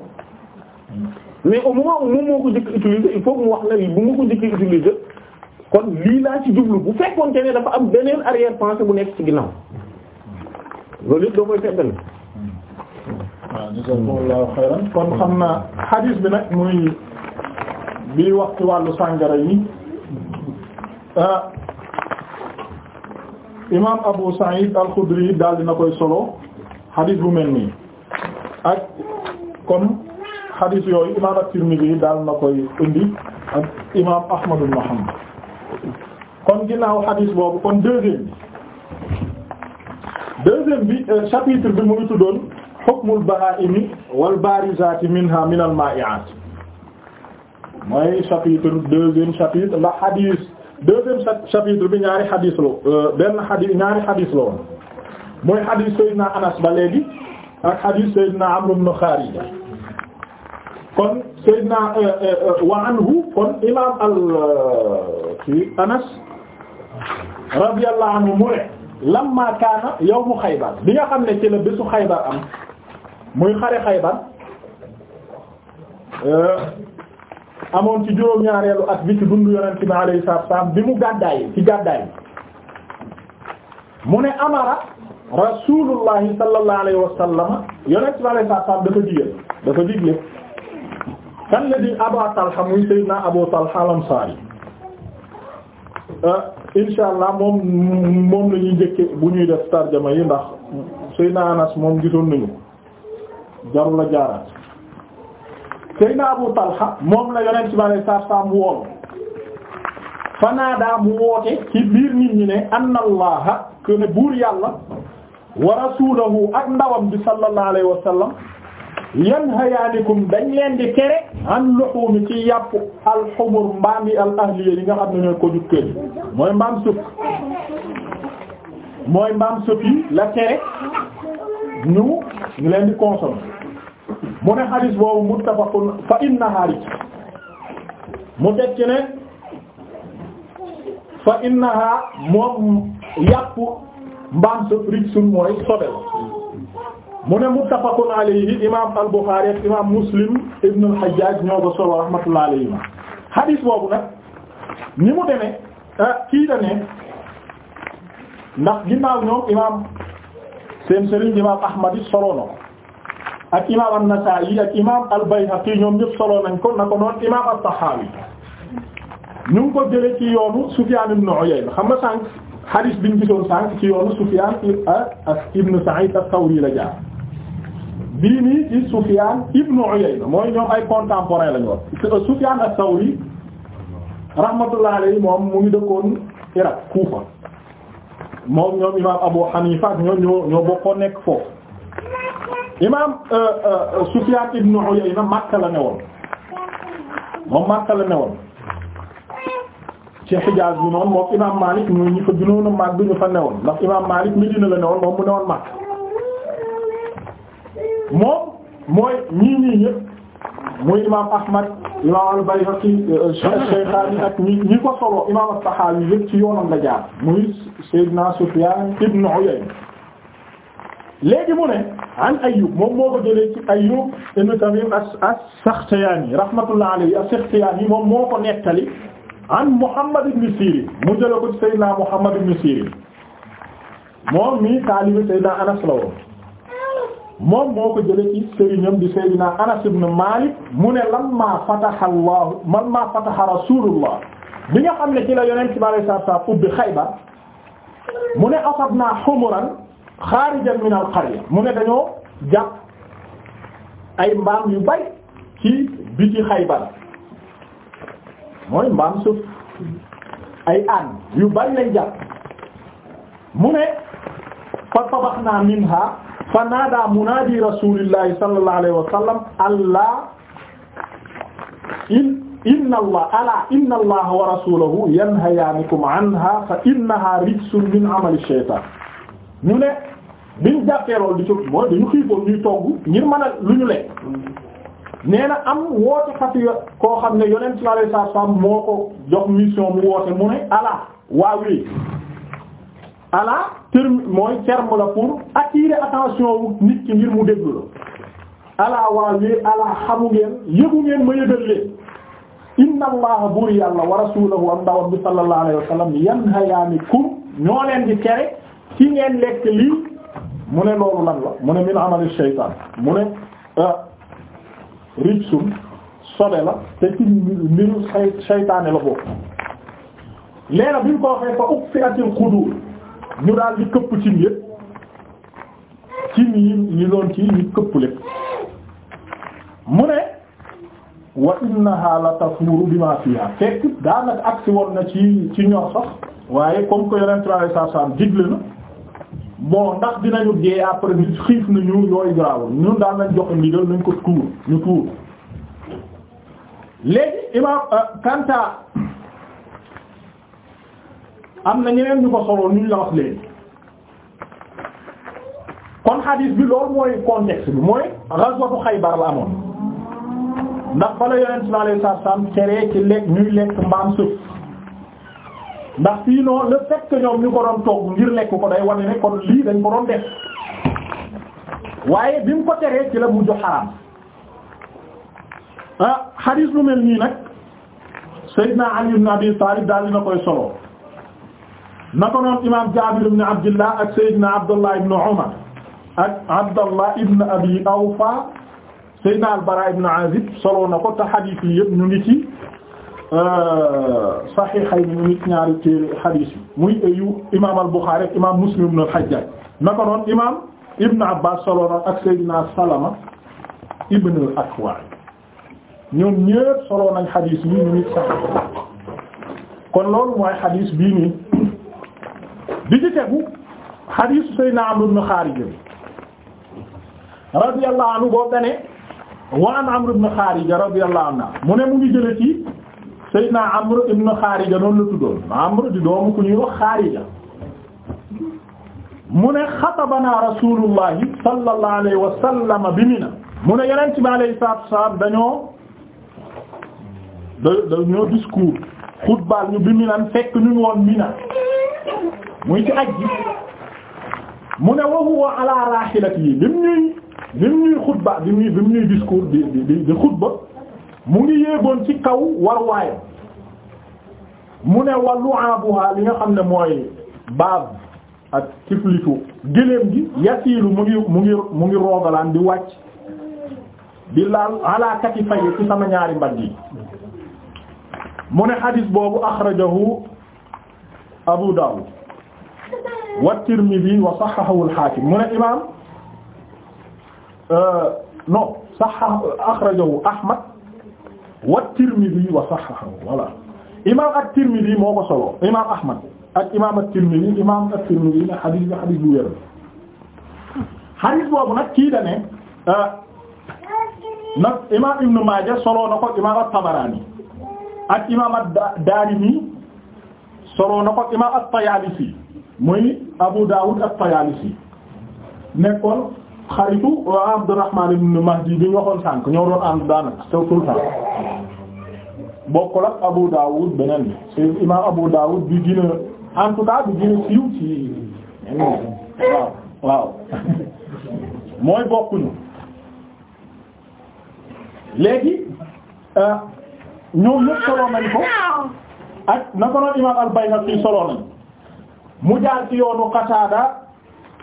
mais au moment où moom jëkk utiliser il wax ne bu ma ko jëkk utiliser kon lii laa ci jublu bu fekkoonte ne dafa am beneen arrière pensée bu nekk ci ginnaaw loolu yëpp doo koy feddal jazakumullahu xayran kon xam naa hadis bi nag muy bi wax ci wàllu sàngara yi ah, imam Abu Sa'id al-Khudri daal dina koy solo hadis bu mel nii ak kon hadis yooyu imam at-Tirmidhi daal na koy indi ak imam Ahmad ibn Hanbal kon ginnaaw hadis boobu kon deuxième bi deuxième bi euh, chapitre bi mu ngi tuddoon hukmul bahaa'imi wal baarizaati minha min al maa'i'aat mooy chapitre deuxième chapitre la hadith deuxième chapitre bi ñaari hadith la euh, benn hadith ñaari hadith la woon mooy hadith Seydina Anas ba léegi ak hadith Seydina Amr ibn Kharija kon Seydina euh, euh, wa anhu kon imaam al ci Anas radiyallahu anhu mu ne lamma kaana yawmu Xaybar bi nga xam ne ci la bésu Xaybar am. muy xare Xaybar euh, amoon ci juróom-ñaareelu at bi ci dund yonent bi alayhi salaatu bi mu gàddaay ci gàddaay mu ne amara rasulullahi sallallahu alayhi wa sallam yonent bi alayhi dafa digal dafa digle kan di Aba Talha muy Seydina Abu Talha al-Ansari euh, moom moom la ñuy bu ñuy def tarjama yi ndax Seydina Anas moom gisoon nañu jarul a jaaraat Seydina Abu Talha moom la yonent bi alayhi salaatu salaam woon fanaadaa mu woote ci biir nit ñi ne anna Allaha buur yàlla wa rasuulahu ak ndawam bi sallallahu alayhi wa sallam yanhayaanikum dañ leen di tere an luxuumi ci yàpp alxumur mbaam yi al ahliya yi nga xam ne ñooy ko du kër mooy mbaam sëf mooy mbaam sëf yi la tere ñu ñu leen di consommer mu ne xadis boobu muttafaqun fa innahaa mu tekki ne fa innahaa moom yàpp mbaam sëf rijsun mooy sobe mu ne muttafaqun alayhi imaam al-Bukhari imaam Muslim ibn al-Hajjaj ñoo ko solo rahmatullah alayhi xadis boobu nag ni mu demee ah, kii da ne ndax ginnaaw ñoom imaam seen sëriñ imaam Ahmad solo ak imaam an-Nasaa'i ak imaam al-Bayhaqi ñoom ñëpp solo nañ ko na ko noon imaam at-Tahawi ñu ko jëlee ci yoonu Sufyaan ibn Uyayna xam nga sànq xadiis bi ñu gisoon ci yoonu Sufyaan ah, ak ibn Sa'iid at la jaar bii nii ci Sufyaan ibn Uyayna mooy ñoom ay contemporain lañu woon Sufyaan at-Thawri rahmatullahi moom mu ngi dëkkoon Irak Kuufa moom ñoom imaam Abu Hanifa ak ñoom ñoo ñoo bokkoon nekk foofu. imaam euh, euh, Sufyaan ibn Uyayna Makka la newoon moom Makka la newoon ci Hijaaz bi noonu moom imaam Maalik ñoo ñu fa gënoon a mag bi ñu fa newoon ndax imaam Maalik Medina la newoon moom mu newoon Makka moom mooy ñii ñii ñëpp muy imaam Ahmad imaam al-Bayhaqi euh, Shaykhaani ak ñi ñi ko solo imaam as-Saxaawi yëpp ci yoonam la jaar muy Seydina Sufyaan ibn Uyayna léegi mu ne an Ayyub moom moo ko jëlee ci Ayyub ibn Tamim as-Saxtiyaani rahmatullah alayhi as-Saxtiyaani moom moo ko nettali an Muhammad ibn Sirin mu jëlee ko ci Seydina Muhammad ibn Sirin moom mii taalibe Seydina Anas la woon moom moo ko jëlee ci sëriñam di Seydina Anas ibn Malik mu ne lamma fataha Allah lamma fataha Rasulullah bi nga xam ne ci la Yonent bi sallallahu alayhi wa sallam ubbi Xaybar mu ne asabna humuran xaarijan min al qarya mu ne dañoo jàpp ay mbaam yu bay ci biti Xaybar mooy mbaam suuf ay aan yu bari lañ jàpp mu ne fa tabaxna minha fa naada munaadi rasulillahi sallallahu alayhi wa sallam allah in inna allah ala inna allaha wa rasuluhu yanhayaanikum anha fa innaha rijsun min amali shaytaan mu ne biñ jàppee loolu di ci mooy dañu xiifoon ñuy togg ngir mën a lu ñu lekk nee am woote fati koo xam ne yonent sallallahu alayhi wasallam moo ko jox mission mu woote mu ne ala waawee ala terme mooy terme la pour nit ki ngir mu déglu la ala waawee ala xamu ngeen yëgu ngeen ma yëgal leen inna allaha buur yàlla wa rasulahu am ndawam bi sallallahu alayhi wasallam yanhayaanikum ñoo leen di tere ci ngeen lekk lii mu ne loolu lan la mu ne min amali shaytaan mu ne euh, rijsun sobe la te ci mbiru shaytaane la bokk leena bi ñu ko waxee fa uqfiatil qudur ñu daal di këpp cin yëpp cin yi ñu ci ñu këpp lépp mu ne wa innaha la tafuuru bima fiha fekk daanaka agsi woon na ci ci ñor sax waaye comme que yonent bi sallallahu alayhi wasallam na bon ndax dinañu dee après bi xiif nañu yooyu garaawul ñun daal nañ joxe ndigal nañ ko tuur ñu tuur léegi imam euh, kanta am na ñeneen ñu ko solo ñu la wax léegi kon xadiis bi loolu mooy contexte bi mooy ghazwatu Xaybar la amoon ndax bala yonent bi sallallahu alayhi wasallam ci lekk ñuy lekk mbaam sëf ndax fii noonu le fait que ko doon togg ngir lekk ko day wane ne kon lii dañ ko doon def waaye bi mu ko teree ci la mujj xaraam lu ah mel nii nag Seydina Ali ibn Abi Talib daal dina koy solo na ko noon imaam Jaabir ibn Abdillah ak Seydina Abdullah ibn Umar ak Abdullah ibn Abi Awfa Seydina al-Bara ibn Azib solo na ko te xadiis yi yëpp ñu ngi ci Euh, saxiixay ni ñu nit ñaari téere xadiis muy ayu imaam al-Buxaari ak imaam Muslim ibn al-Hajjaaj naka noon imaam Ibn Abbaas soloona ak Seydina Salama ibn al-Akwa ñoom ñépp soloo nañ xadiis yi nit sax kon loolu mooy xadiis bii nii bi ci tegu xadiisu Seydina Amr ibn Xaarija radiyallahu anhu boo gane wa an Amr ibn Xaarija radiyallahu anhu mu ne mu ngi jële ci Seydina Amr ibn Xaarija noonu la tuddoon Amr di doomu ku ñuy wax Xaarija mu ne xatabanaa Rasuulullahi sallallahu alayhi wa sallam bi Mina mu ne Yonent bi alayhi salaatu wa salaam dañoo dañoo discours xutbaal ñu bi Mina fekk ñu ngi woon Mina muy ci ajji mu ne wa huwa ala raahilatihi bi mu ñuy bi mu ñuy xutba bi mu ñuy discours di di di xutba mu ngi yéegoon ci kaw war waayam mu ne wàllu abuha li nga xam ne mooy baab ak kiflitu géléem gi yasiilu mu ngi mu ngi mu ngi roogalaan di wàcc di laal ala katifay ci sama ñaari mbagg yi mu ne xadis boobu axrajahu Abu Dawud wa Tirmidhi wa saxxahu al-Hakim mu ne imaam euh, non saxxahu axrajahu Ahmad wa Tirmidhi wa sahhahu voilà imaam at-Tirmidhi at-Tirmidhi imaam at-Tirmidhi ne xadis bi xadis bu wér xadis boobu nag kii ne euh, nag Ibn Maaja solo na ko imaam at-Tabarani ak imaam ad-Daarimi solo na ko imaam at-Tayaalisi muy Abu Daawud at-Tayaalisi nekkoon. xaritu Abdurrahman ibn Mahdi bi ñu waxoon sànk ñoo doon ànd daanaka te tout le temps Abu Dawud beneen bi c'est imam Abu Dawud bi gën a bi gën a siiw ci waaw mooy bokkuñu léegi euh, ñoom ñëpp solo nañ ko ak na imam al-Bayhaqi mu jaar ci yoonu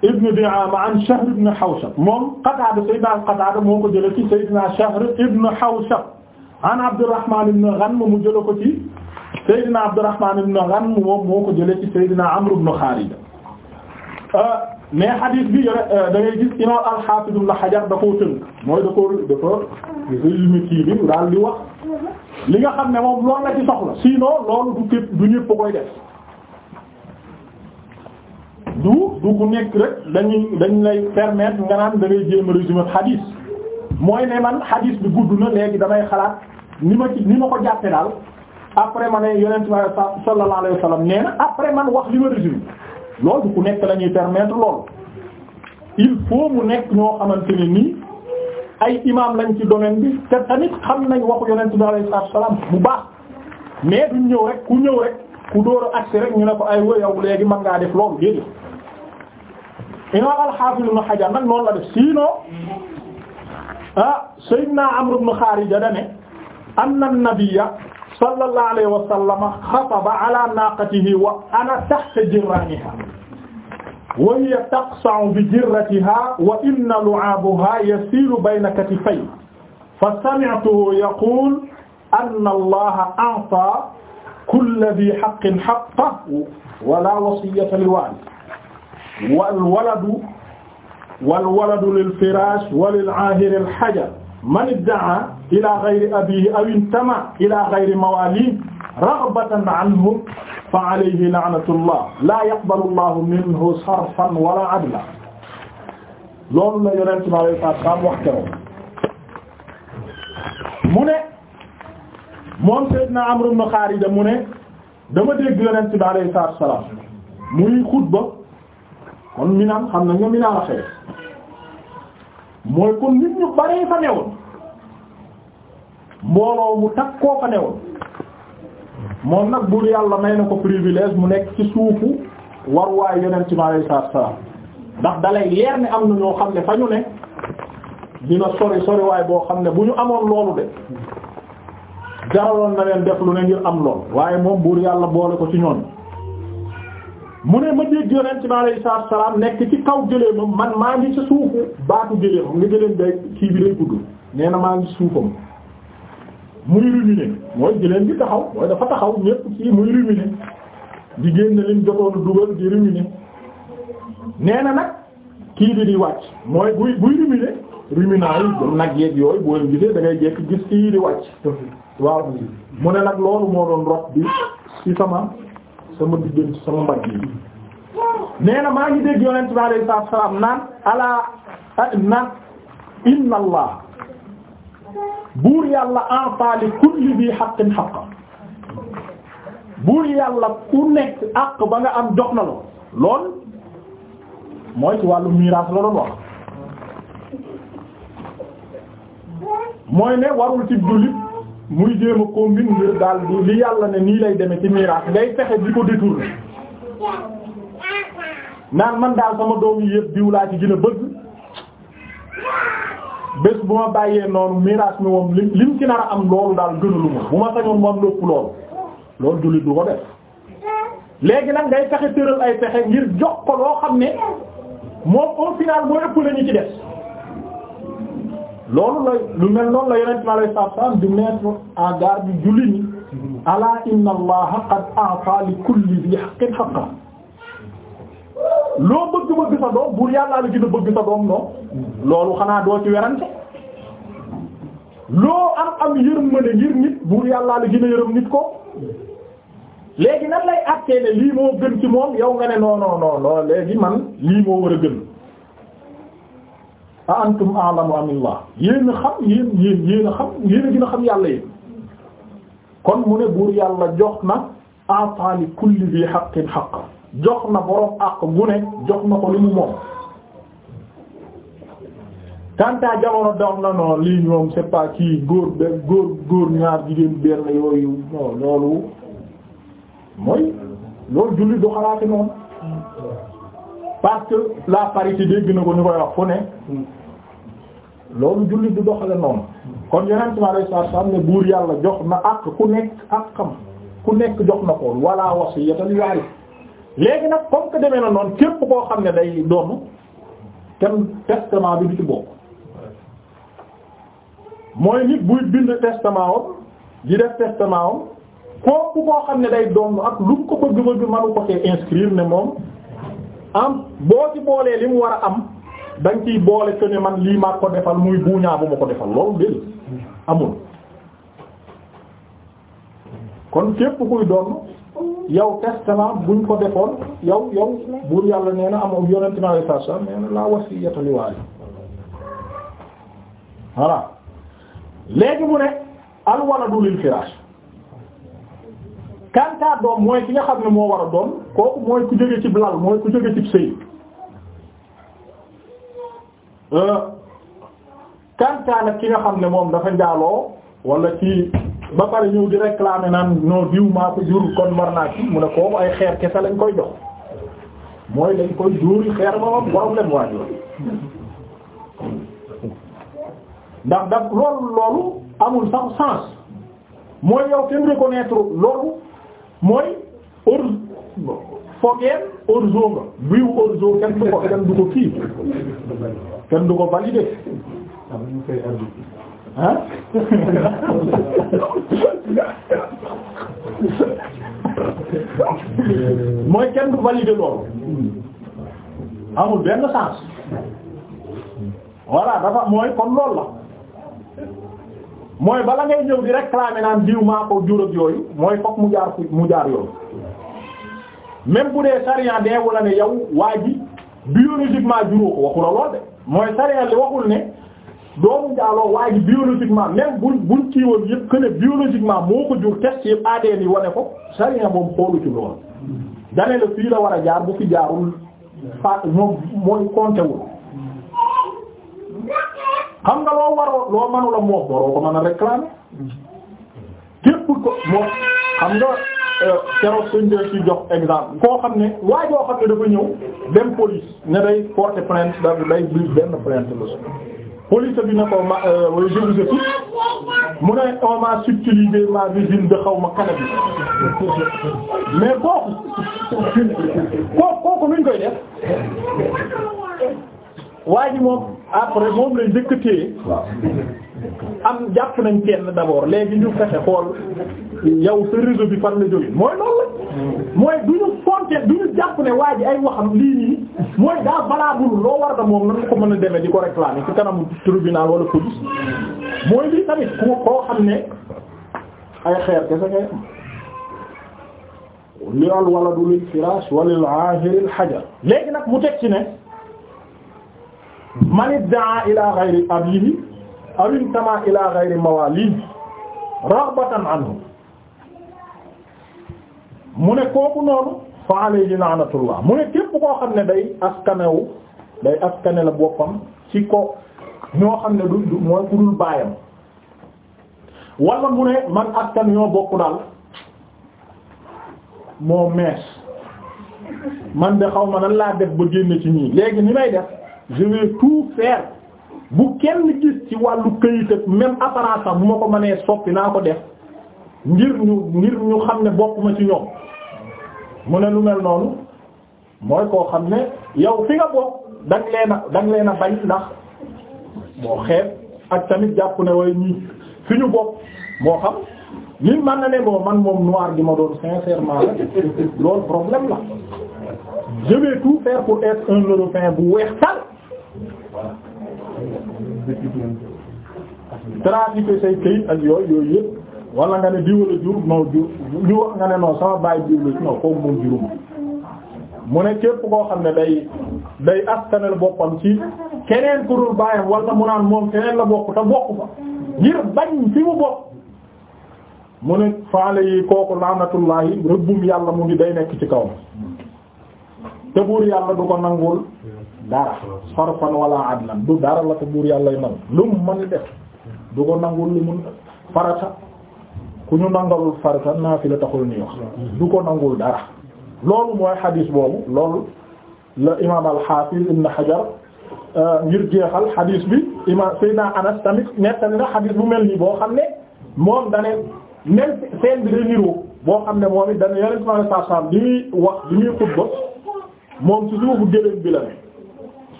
ibn Di'ama an Shahr ibn Hawshab moom Qataada moo ko jëlee ci Shahr ibn Hawshab an Abdurrahman ibn Ghanm mu jëlee ko ci Sayyidina moo ko jëlee ci Sayyidina Amr ibn Kharija euh, mais hadith bi yore euh, al-Hafiz Ibn Hajar da koo tënk mooy da koo dafa di wax li nga xam ne moom loolu du du ku nekk rek dañuy dañ lay permettre nga naan da ngay jéem a résumé xadiis mooy ne man xadiis bi gudd na léegi damay xalaat ni ma ci ni ma ko jàppe daal après ma ne yonent bi sallallahu alayhi wa sallam nee na après man wax li ma résumé loolu du ku nekk lañuy ñuy permettre loolu il faut mu nekk ñoo xamante ne nii ay imam lañ ci domaine bi te tamit xam nañ waxu yonent bi alayhi salaam bu baax mais duñ ñëw rek ku ñëw rek ku door a rek ñu ne ko ay woyaw léegi mën ngaa def loolu déedéet imaam al-Hafiz Ibn Hajar nag noonu la def sinon ah Seydina Amr ibn Kharija da ne anna an-nabiyya sallallahu alayhi wa sallam xataba ala naqatihi wa ana tahta jirraniha wa hiya taqsa'u bi jirratiha wa inna lu'abuha yasilu bayna katifay fa sami'tuhu yaqulu anna allaha a'ta kulla dhi haqqin haqqahu wa la wasiyyata li warith wal waladu wal waladu lil firaash wa lil aahiri al hajar man idda'a ila ghayri abiihi aw intama ila ghayri mawaaliihi raghbatan anhu fa alayhi la'natullah la yaqbalu llahu minhu sarfan wala adla loolu la yonent bi alayhi salaatu salaam wax keroog mu ne moom Seydina Amr ibn Xaarija mu ne dama dégg yonent bi alayhi salaatu salaam muy xutba kon minaan xam na nga minaan a xeex mooy kon nit ñu baree fa newoon mbooloo mu takkoo fa newoon moom nag buur yàlla may na ko privilège mu nekk ci suufu waruwaay yonent mi alayhi salaatu salaam ndax dalay leer ne am na ñoo xam ne fa ñu ne dina sori soriwaay boo xam ne bu ñu amoon loolu de jaraloon na leen def lu ne ngir am lool waaye moom buur yàlla boole ko ci ñoon mu ne ma dégg yonent bi alayhi salaatu nekk ci kaw gëléemam man maa ngi ci suufu baatu gëléemam nga gëléem day kii bi day gudd nee na maa ngi suufam muy ruminer mooy gëléem bi taxaw mooy dafa taxaw ñépp ci muy ruminer di génn lim jotoonu dugal gi ruminer nee na nag kii bi di wàcc mooy buy buy ruminer ruminant yi nag yeeg yooyu boo leen gisee da gis kii di wàcc waaw mu loolu moo doon rot bi ci sama sama diggante sama mbagg yi maa ngi dégg yonent bi alayhi salaatu wa salaam eh, inna allah buur yàlla a'taa li kulli bi haqqin haqqa buur yàlla ku nekk àq ba nga am jox na lool lool mooy ci wàllu miraas la doon wax mooy ne warul ci jullit muy jéem a combiner daal di li yàlla ne nii lay demee ci miraas ngay pexe bi ko détourné naan man daal sama doom yi yëpp diw ci gën bëgg bés bu ma bàyyee noonu miraas mi moom li li ci nar a am loolu daal gënalu ma bu ma sañoon moom lépp loolu loolu jullit du ko def léegi nag ngay fexe tëral ay pexe ngir jox ko loo xam ne moom au final moo ëpp la ñu ci def. loolu lay lu mel noonu la yonent bi alayhi salaam di mettre en garde jullit ñi alaa inna allaha qad a'ta li kulli dhi haqqin haqqahu loo bëgg bëgg sa doom buur yàllaa la gën bëgg sa doom noonu loolu xanaa doo ci werante loo am am yërmande ngir nit buur yàllaa la gën a yërëm nit ko léegi nan lay àttee ne lii moo gën ci moom yow nga ne non léegi man lii moo war a gën a antum a'lamu amillah yéen a xam yéen yéen yéen xam yàlla yéen kon mu ne buur yàlla jox na ataali kulli bi haqqin haqqa jox na borom àq bu jox na ko li mu moom kantaa jamono doom na non lii ñoom c'est pas góor benn góor góor ñaar jigéen benn yooyu loolu mooy loolu julli du xalaati noonu parce que la dégg na ko ñu koy wax fu loolu jullit du doxale noonu kon yeneen ci wàllu saa ne buur yàlla jox na ak ku nekk ak xam ku nekk jox na ko wala wasiyatan waaye léegi nag comme que demee na noonu képp koo xam ne day doon tem testament bi du ci bokk mooy nit buy bind testament om di def testament om kooku koo xam ne day doon ak lu ko ko bëgg mënu ko cee inscrire ne moom am boo ci boolee li mu war a am. da nga boole que ne man lii maa ko defal muy buuñaa bu ma ko defal loolu déedéet amul kon képp koy doon yow testament buñ ko defoon yow yow buur yàlla nee na am yonente na alei satu nee na laa wasiyata li waali voilà léegi mu ne al waladu lil firaas kanta doom mooy ki nga xam ne moo war a doon kooku mooy ku jóge ci mooy ku jóge ci Euh, kantaan nag ki nga xam ne moom dafa njaaloo wala ci ba pare ñëw di réclamer naan non diw maa ko jur kon war naa ci mu ne kooku ay xeer kese lañ koy jox mooy dañ koy duuri xeer ba am problème waa jiw ndax daf loolu loolu amul sax sens mooy yow kenn reconnaître loolu mooy or. foogeen orzo nga biiw orzo kenn du ko kenn du ko kii kenn du ko validé ah mooy kenn du validé loolu amul benn sens voilà dafa mooy la mooy bala ngay ñëw di réclamer naan diw maa ko jur ak yooyu mooy fokk mu jaar mu jaar même bu dee sariya deewu la ne yow waa ji biologiquement juróo ko waxu lool de mooy sariya li waxul ne doomu jaaloo waa ji biologiquement même buñ buñ kii woon yëpp que ne biologiquement moo ko jur test yëpp ADN yi wane ko sariya moom xoolu ci lool dane la fii war a jaar bu fi jaarul pa moom mooy compter wul xam nga loo waroo loo mënula moof waroo ko mën a réclamer képp ko moom xam nga Euh, keroog suñ dee jox exemple koo xam ne waaye boo xam ne dafa ñëw dem police ne day porter plainte da day biir benn plainte la su police bi ne ko ma euh, je vous écoute mu ne on m'a subtilisé ma visite de xaw ma kanam bi mais kooku kooku kooku nuñ koy def waa ji moom après moom lay njëkkatee am jàpp nañ kenn d'abord léegi ñu fexe xool yow sa réseau bi fan la jógee mooy loolu la mooy du ñu fonte du ñu jàpp ne waa ji ay waxam lii nii mooy daa valable loo war da moom nan ko mën a demee di ko réclamer ci kanamu tribunal wala police mooy lii tamit ku koo xam ne ay xeer kese kay li al waladu lil firash wa lil aahiri al hajar léegi nag mu tek ci ne man iddaa ila ghayri abihi aw intama ila ghayri mawalihi raghbatan anhu mu ne kooku noonu fa alayhi la'natullah mu ne képp koo xam ne day askanewu day askane la boppam ci ko ñoo xam ne du mooy ku dul baayam wala mu ne man askan ñoo bokk daal moo mees man de xaw ma nan laa def ba génn ci ñii léegi ni may def je vais tout faire bu kenn gis ci wàllu këyit ak même bu ma ko manee soppi naa ko def ngir ñu ngir ñu xam ne bokk ma ci ñoom mu ne lu mel noonu mooy koo xam ne yow fi nga bokk dang leen a dang a bañ ndax moo xeet ak tamit jàpp ne way ñi fi ñu bokk moo xam nit man na ne boo man moom noir gi ma doon sincèrement la loolu problème la je tout faire pour être un européen bu weex tal trafiqué say këyit ak yooyu yooyu yëpp wala nga ne diwala jur noo jur ñu wax nga ne non sama baay diwla ci moom jurum mu ne képp koo xam ne day day askanel boppam ci keneen ku dul baayam wala mu naan moom keneen la bokk te bokk fa ngir bañ fi mu bokk mu ne faale yi kooku laanatullaahi rëbbum yàlla mu ngi day nekk ci kaw te buur yàlla du ko nangul dara sarfan wala adlan du dara la ko buur yàlla yi nangu lu mu mën def du ko nangul lu farata ku ñu nangalul farata naafila taxul ni wax du ko nangul dara loolu mooy xadiis boobu loolu la imaam al-Hafiz ibn euh, ngir jeexal xadiis bi imaam Seydina Anas tamit nettali na xadiis bu mel nii boo xam ne moom dane même seen bi da niroo boo xam ne moom it dane yonent bi sallallahu alayhi wasallam muy wax li muy xutba moom ci suufu gëléem bi la ne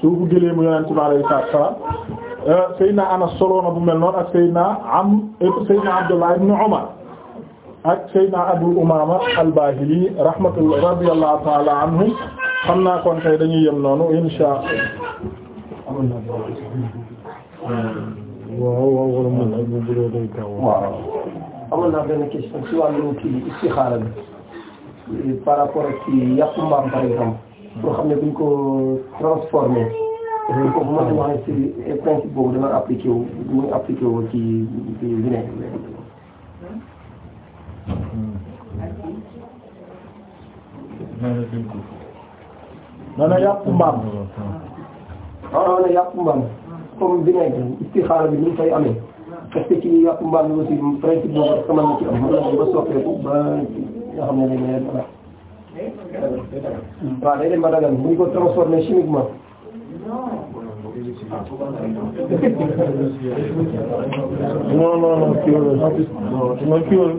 suufu gëléemu yonent bi alayhi salaatu wa salaam euh, Seydina Anas solo na bu mel noonu ak Seydina am Seydina Abdullah ibn Umar ak Seydina Abu Umaama al-Baahili rahmatullah radiyallahu ta'ala anhu xam naa kon tey dañuy yem noonu insha Allah amoon naa benn question ci wàllu kii istixaara bi par rapport ak ci yàpp mbaam par exemple boo xam ne buñ ko transformé dañ ko mën a wax ci principe boobu dana appliqué wu muy appliqué wu ci ci vinaigre dana yàpp mbaam waaw ah, dana yàpp mbaam comme vinaigre istixaara bi ñu fay amee parce que ci yàpp mbaam aussi principe boobu rek mën na ci am mën na ba soppeeku ba nga xam ne dañ waaw day dem ba dagal bu ñu ko transformé chimiquement. non non non kii wala non kii wala kii wala.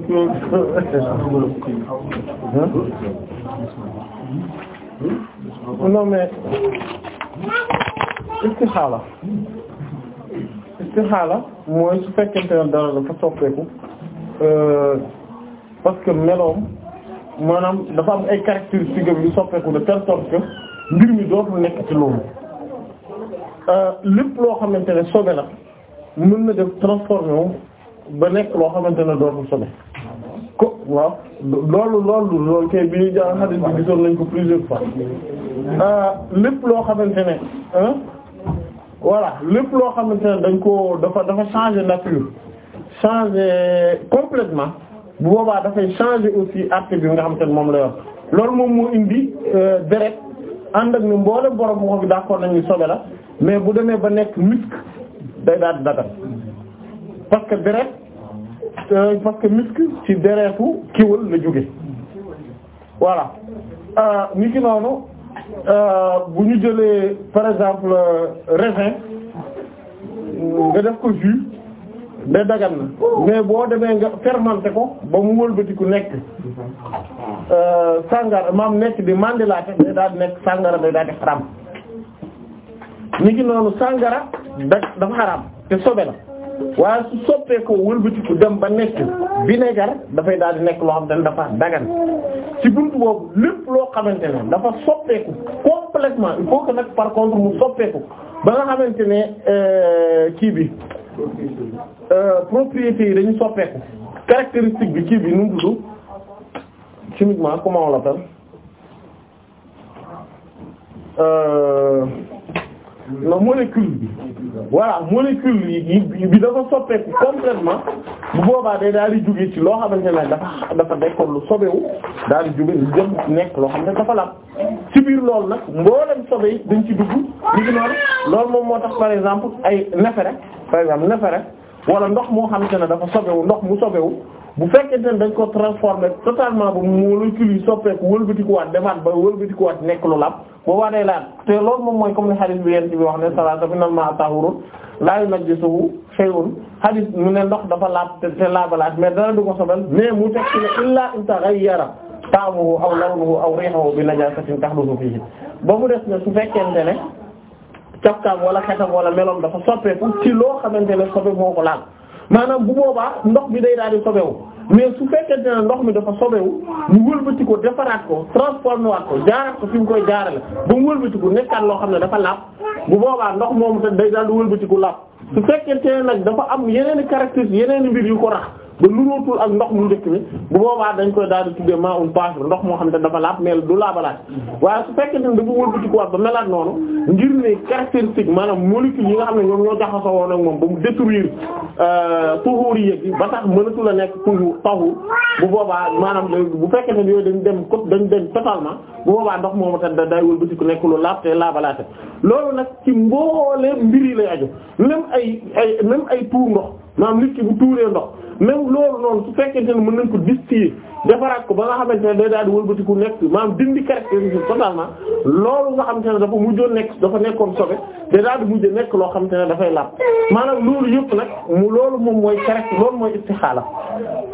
non mais istixaala istixaala mooy su fekkente ne dara dafa que meloom. maanaam dafa am ay caractéristiques yu soppeeku de telle sorte que mbir mi dootul nekk ci loolu euh, lépp loo xamante ne sobe la mën na def transformé ba nekk loo xamante ne dootul sobe ko waaw loolu loolu loolu kay bi ñuy jàng hadith bi gisoon nañ ko plusieurs fois euh, lépp loo xamante ne voilà lépp loo xamante ne dañ ko dafa dafa changer nature changer complètement bu boobaa dafay changer aussi acte bi nga xam te ne moom la yor loolu moom moo indi euh, deret ànd ak ni mboolem borom moo fi d'accord nañu sobe la mais bu demee ba nekk misk day daal di dagal que deret euh, parce que misk ci deretu kiwul la jóge voilà euh, ni ki bu ñu jëlee par exemple raisin nga def ko jus day dagan na mais boo demee nga fermenté ko ba mu wëlbatiku nekk euh, sàngara maam nekk di mandilaate day daal di nekk sàngara day daal di xaram ni ki noonu sàngara da dafa xaram te sobe la waaye su soppee ko wëlbatiku dem ba nekk vinaigre dafay daal di nekk loo xam ne dafa dagan ci buntu boobu lépp loo xamante ne dafa soppeeku complètement il faut que nag par contre mu soppeeku ba nga xamante ne euh, kii bi Euh, propriété yi dañu soppeeku caractéristique bi kii bi nu mu tudd chimiquement comment on l'appelle euh, la bi voilà molécule yi bi dafa soppeeku complètement bu boobaa de daal di jóge ci loo xam ne dafa dafa nekkoon lu sobewu daal di jóge lu jëm nekk loo xam ne dafa laal ci biir lool nag mboolem sobe yi dañ ci dugg li lool moom moo tax par exemple ay neefere. par exemple nefere wala ndox moo xamante ne dafa sobewu ndox mu sobewu bu fekkente ne dañ ko transformer totalement ba molécule yi soppeeku wëlbatikuwaat defaat ba wëlbatikuwaat nekk lu laab boobaa day laal te loolu moom mooy comme ni xadis bi yent bi wax ne salaata finalement tahurun laa yunajjisuhu shay'un xadis mu ne ndox dafa laab te ne cafkaam wala xetam wala meloom dafa soppeeku ci loo xamante ne sobe moo ko laal maanaam bu boobaa ndox mi day daal di sobewu mais su fekkente ne ndox mi dafa sobewu mu wëlbati ko defaraat ko transformé waat ko jaaraat ko fi mu koy jaarale ba mu wëlbati ko nekkaat loo xam ne dafa laab bu boobaa ndox moomu day daal di wëlbati ko laab su fekkente ne nag dafa am yeneen i caractères yeneen i mbir yu ko rax. ba nurootul ak ndox mu njëkk bi bu boobaa dañ koy daal di tuddee maa un paas ndox moo xam ne dafa laab mel du laabalaat waaye su fekkee ne dafa wëlbatiku waat ba melaat noonu ngir ne caractéristique maanaam molécule yi nga xam ne ñoom ñoo jaxasoo woon ak moom ba mu détruire euh, tuhuur bi ba tax mënatu a nekk toujours taxul bu boobaa maanaam bu fekkee ne yooyu dañ dem côté dañ dem totalement bu boobaa ndox moomu tamit day wëlbatiku nekk lu laab te laabalaate loolu nag ci mboolee mbir yi lay aju même ay ay même ay tuur ndox. maanaam nit ki bu tuuree ndox même loolu noonu su fekkente ne mën nañ ko distiller defaraat ko ba nga xamante ne day daal di wëlbatiku nekk maanaam dindi caractéristique totalement loolu nga xamante ne dafa mujjoon nekk dafa nekkoon sobe day daal di mujj nekk loo xamante ne dafay laab maanaam loolu yëpp nag mu loolu moom mooy caract loolu mooy istixaala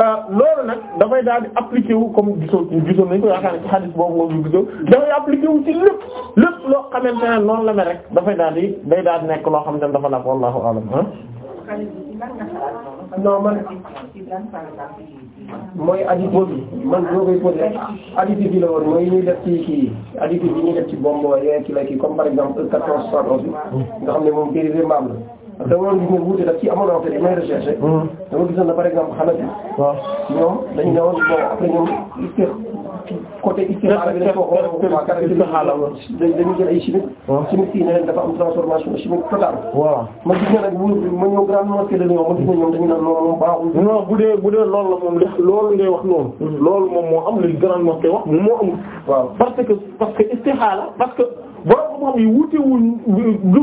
euh, loolu nag dafay daal di appliqué wu comme gisoo gisoon nañ ko yaakaar ne ci xadis boobu moom ñu gisoo dafay appliqué ci lépp lépp loo xamante ne noonu la mel rek dafay daal di day daal di nekk loo xamante ne dafa laab wallahu a'lam non man mooy additif bi man boo koy posé additif bi la woon mooy ñuy def ci kii additif bi ñuy def ci bombo yeeg ki la kii comme par exemple 1471 e bi nga xam ne moom période mbaam la dama gis ne wuute daf ci amoon na peut-être may recherché. Hmm. dama gisoon na par exemple xanafi. waaw ñoom dañu ne woon bon après ñoom isteex côté isteex bi dañu ko xool waa kàddu gi dañu jël ay chimique. chimique yi ne leen dafa am transformation chimique totale. waaw ma gis ne nag bu ma ñëw grande mosquée de Lyon ma gis ne ñoom dañu naan loolu moom baaxul. non bu dee bu dee loolu la moom loolu wax noonu. Hmm. loolu moom moo am li grande mosquée wax moom moo amul. waaw parce que parce que isteex la parce que. borom moom yi wute wuñ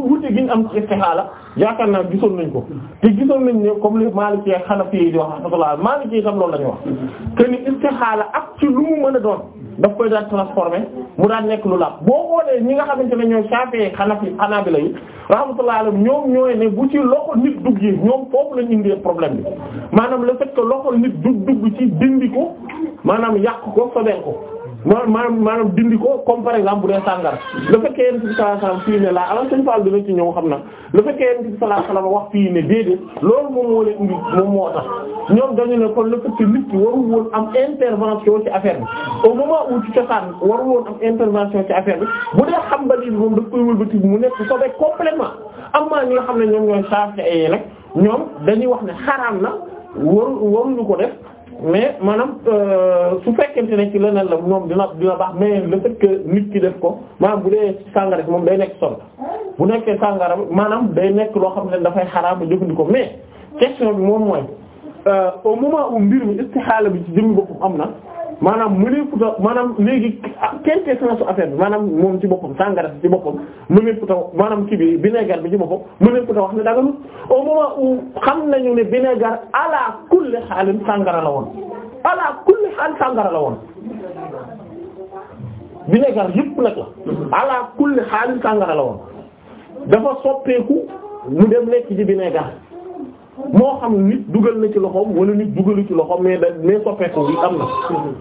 wute gi am am istihaala yaakaar naa gisoon nañ ko te gisoon nañ ne comme li Maliki ak Hanafi yi di wax rahmatullah Maliki yi tam loolu la ñu wax que istihaala ak ci lu mu mën a doon daf koy daan transformé mu daan nekk lu laa boo xoolee ñi nga xamante ne ñooy Shafi'i Hanafi Hanabila yi rahmatullah alayhim ñoom ñooy ne bu ci loxo nit dugg yi ñoom foofu lañ indee problème bi maanaam le fait que loxo nit dugg dug ci dindi ko maanaam yàq ko sobeel ko maanaam maanaam dindi ko comme par exemple bu dee sàngara le fait que Yonent bi sallallahu alayhi wasallam fii ne laa alors Sëriñ Fall dina ci ñëw xam na le fait que Yonent bi sallallahu alayhi wasallam wax loolu moom moo leen indi moom moo tax ñoom dañu ne kon le fait que nit ki warul woon am intervention ci affaire bi au moment où ci cosaan intervention ci affaire bi bu dee xam ba léegi moom daf koy wëlbati mu nekk sobe complètement am na ñi nga xam ne ñoom ñooy Shafi'i nag ñoom dañuy wax ne xaraam na waru waruñu ko def. mais maanaam euh, su fekkente ne ci leneen la moom dina dina baax mais le fait que nit ki def ko maanaam bu dee sàngara moom day nekk sol bu nekkee sàngara maanaam day nekk loo xam ne dafay xaraam ko mais question bi moom mooy euh, au moment où mbir mi istixaala bi ci jëm boppam am na. maanaam mëneefu ta maanaam léegi quintessence affaire bi maanaam moom ci boppam sàngara ci boppam mëneefu ta maanaam kii bi vinaigre bi ci boppam mëneefu ta wax ne daganul au moment où xam nañu ne vinaigre ala kulli xaalin sàngara la woon ala kulli xaal sàngara la woon vinaigre yëpp nag la ala kulli xaalin sàngara la woon dafa soppeeku mu dem nekk ci vinaigre moo xam nit dugal na ci loxoom wala nit dugalu ci loxoom mais da mais soppeeku bi am na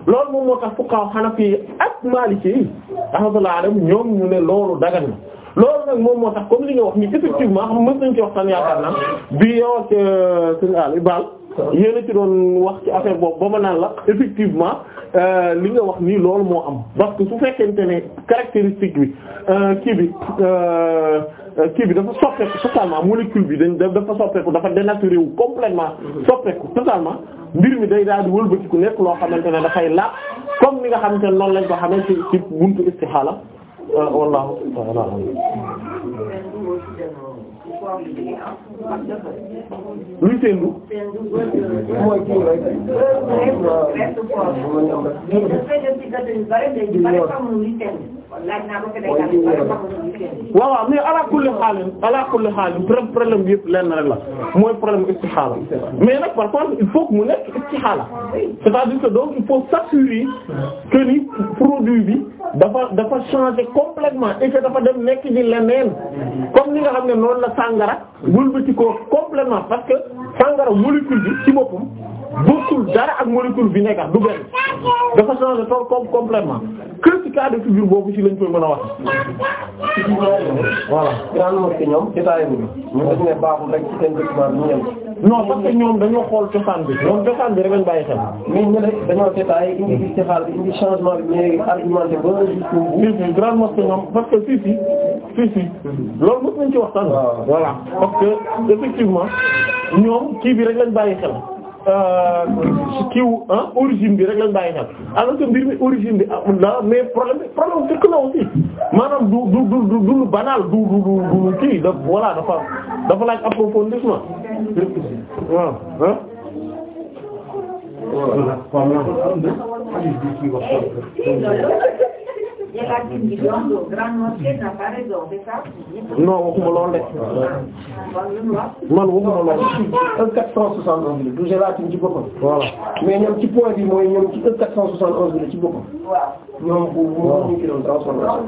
loolu moom moo tax fuqaha Hanafi ak Maliki yi rahmatullahi alayhim ñoom ñu ne loolu dagan na loolu nag moom moo tax comme li nga wax ni effectivement xam mën nañ ci waxtaan yaakaar naa bi yow ak euh, sëñ Aliou Ibal yéen a ci doon wax ci affaire boobu ba ma naan la effectivement euh, li nga wax nii loolu moo am parce que su fekkente ne caractéristique bi euh, kii bi Euh, kii bi dafa soppeeku totalement molécule bi dañ dafa soppeeku dafa dénaturé wu complètement mhm. soppeeku totalement mbir mi day daal di wëlbatiku nekk loo xamante ne dafay laaj comme ni nga xamante ne noonu lañ ko xamee ci ci buntu istixaala euh, wallahu ta'ala waaw waaw mais ala kulli xaalin ala kulli xaalin problème bi yëpp lenn rek la mooy problème istixaala mais nag par contre il faut que mu nekk istixaala c'est-à-dire que donc il faut s'assurer que ni produit bi dafa dafa changer complètement et que dafa dem nekk di leneen comme ni nga xam ne noonu la sàngara wëlbati ko complètement parce que sàngara molécule bi ci boppam bokkul dara ak molécule bi nekkat du benn dafa changer tool comme complètement que ci cas de boobu ci lañ koy mën a wax. voilà gannaaw na ci ñoom détaillé bi. ñu def ne baaxul rek ci seen ñoom dañoo xool cosaan bi ñoom cosaan bi rek lañ bàyyi xel. mais ñu ne dañoo détaillé indi gis ci xaal bi indi changement bi mais argumenté ba gis nga. grand mos que ñoom parce que fii fii fii fii loolu mos nañ ci waxtaan. voilà parce que effectivement ñoom kii bi rek lañ bàyyi xel. Euh, kiiw origine bi rek lañ bàyyi xel alors que mbir mi origine bi la mais problème problème dëkk la aussi maanaam du du du du lu banal du du du du kii da voilà dafa dafa laaj approfondissement waaw ah. voilà. jëlaat ci million do grand mosquée n'a pas raison c'est ça. non waxuma lool de. man waxuma lool. 471 bi du gélatine ci boppam. voilà mais ñoom ci point bi mooy ñoom ci 471 bi ci boppam. waaw ñoom bu bu ñu ci doon transformation.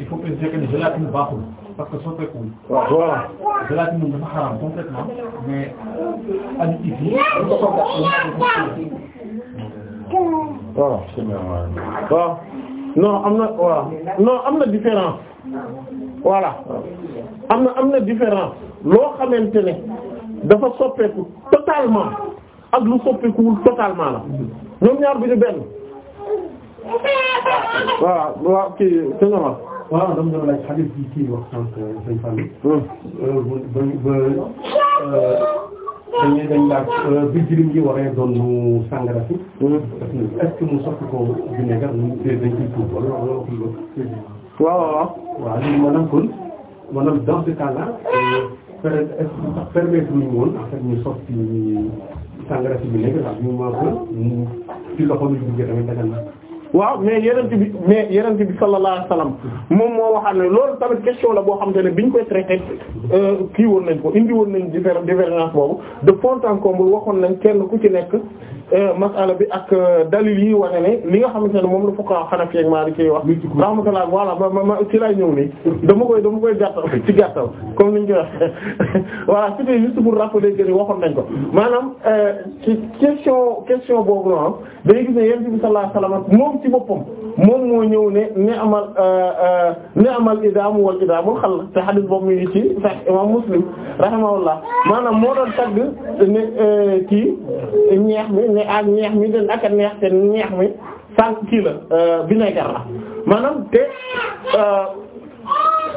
il faut que je gélatine baaxul parce que soppeeku. waaw voilà. gélatine moom dafa xaraam complètement mais additif yi dañ ko soxla. voilà. waaw. non am na voilà non am na différence voilà am na am na différence loo xamante ne dafa soppeeku totalement ak lu soppeekuwul totalement la ñoom ñaar bu ñu benn voilà waaw kii te normal waaw dama doon laaj xalis bi kii wax sant euh, Sëñ Fall hmm. euh, ba ba euh, dañuy dañ laa euh, bi jëriñ ji waree doon sàngara si. Hmm. est mu soppi ko vinaigre mu dañ ciy tuub wala wala waaw waaw waaw li maanaam kon maanaam dans ce cas là permettre ñu woon en fait ñu soppi sàngara si vinaigre ndax ñu maa ko ci loxo mi duggee tamit dagan na waaw mais yeneen bi mais yeneen bi sallallahu alayhi wa sallam moom moo waxaat ne loolu tamit question la boo xamante ne biñ koy traité euh, kii woon nañ ko indi woon nañ différence différence boobu de fond en comble waxoon nañ kenn ku ci nekk euh, masala bi ak euh, dalil yi wane ne li nga xamante ne moom la fuqaha Hanafi ak Maliki wax rahmatullah voilà ma ma ci lay ñëw nii dama koy dama koy gàttal ci gàttal comme niñ koy wax voilà c'était juste pour rappeler que waxoon nañ ko maanaam ci question question boobu noonu moom ci boppam moom moo ñëw ne ni'mal euh, euh, ni'mal idaamu wal idaamul xal te xadis boobu mi ngi ci sax imam muslim rahimahullah maanaam moo doon tagg ne euh, kii ñeex mi ne ak ñeex mi den ak neex te ñeex mi sànq kii la vinaigre la maanaam te.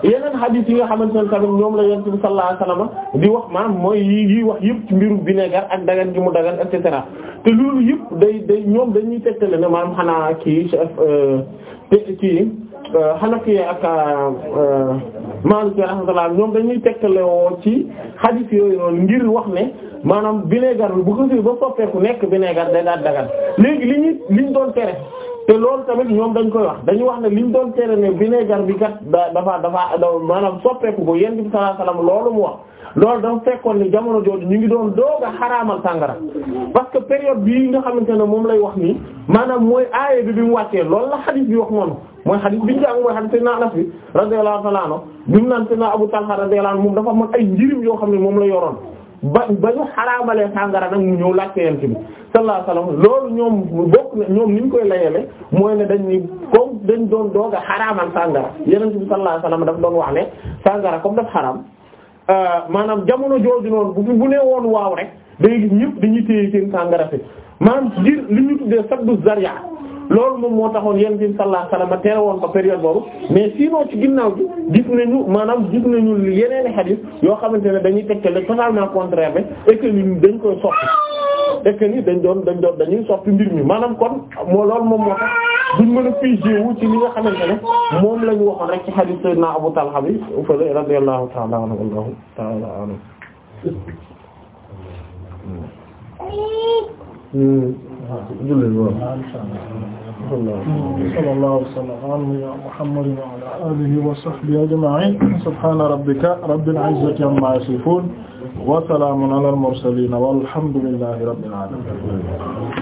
yeneen xadiis yi nga xamante ne tamit ñoom la yonent bi sallallahu alayhi wasallam di wax maam mooy yi yi wax yëpp ci mbirum vinaigre ak dagan gi mu dagan et cetera te loolu yëpp day day ñoom dañuy tegtale na maanaam xanaa kii chef euh, kii euh, Hanafi ak euh, Maliki rahmatullah ñoom dañuy tekkale woo ci xadiis yooyu noonu ngir wax ne maanaam vinaigre bi bu ko si ba soppeeku nekk vinaigre day daal dagan léegi li ñuy li ñu doon tere. te loolu tamit ñoom dañ koy wax dañu wax ne liñ doon tere ne vinaigre bi kat dafa dafa maanaam soppeeku ko yéen bi sallallahu alayhi wasallam loolu mu wax loolu dafa fekkoon ni jamono jooju ñu ngi doon doog a xaraamal sàngara parce que période bii nga xamante ne moom lay wax nii maanaam mooy aaye bi bi mu wàccee loolu la xadis bi wax noonu mooy xadis bi ñu jàng mooy xadis Seydina Anas bi radiyallahu ta'ala anhu bi mu naan Seydina Abu Talha radiyallahu anhu moom dafa amoon ay njirim yoo xam ne moom la yoroon ba ba ñu xaraamalee sàngara nag mu ñëw laajte yent bi sallallahu alayhi wasallam loolu ñoom bokk na ñoom ni ñu koy layele mooy ne dañ ni comme dañ doon doog a xaraamal sàngara yonent bi sallallahu alayhi wasallam daf doon wax ne sàngara comme daf xaraam euh, maanaam jamono jooju noonu bu bu nee woon waaw rek day gis ñëpp dañuy téye seen sàngara fi maanaam ngir li ñu tuddee saddu zaria loolu moom moo taxoon yéen bi sallallahu alayhi ma tere woon ko période boobu mais sinon ci ginnaaw bi gis nañu maanaam gis nañu yeneen xadiis yoo xamante ne dañuy tegtale totalement contraire bi et que ni dañ koy soppi et que ni dañ doon dañ doon dañuy soppi mbir mi maanaam kon moo loolu moom moo tax duñ mën a figé wu ci li nga xamante ne moom la ñu waxoon rek ci xadiis naa Abu Talha bi fële radiyallahu ta'ala anhu wallahu ta'ala anhu jullit hmm. waaw hmm. صلى الله وسلم على محمد وعلى آله وصحبه أجمعين سبحان ربك رب العزة عما يصفون وسلام على المرسلين والحمد لله رب العالمين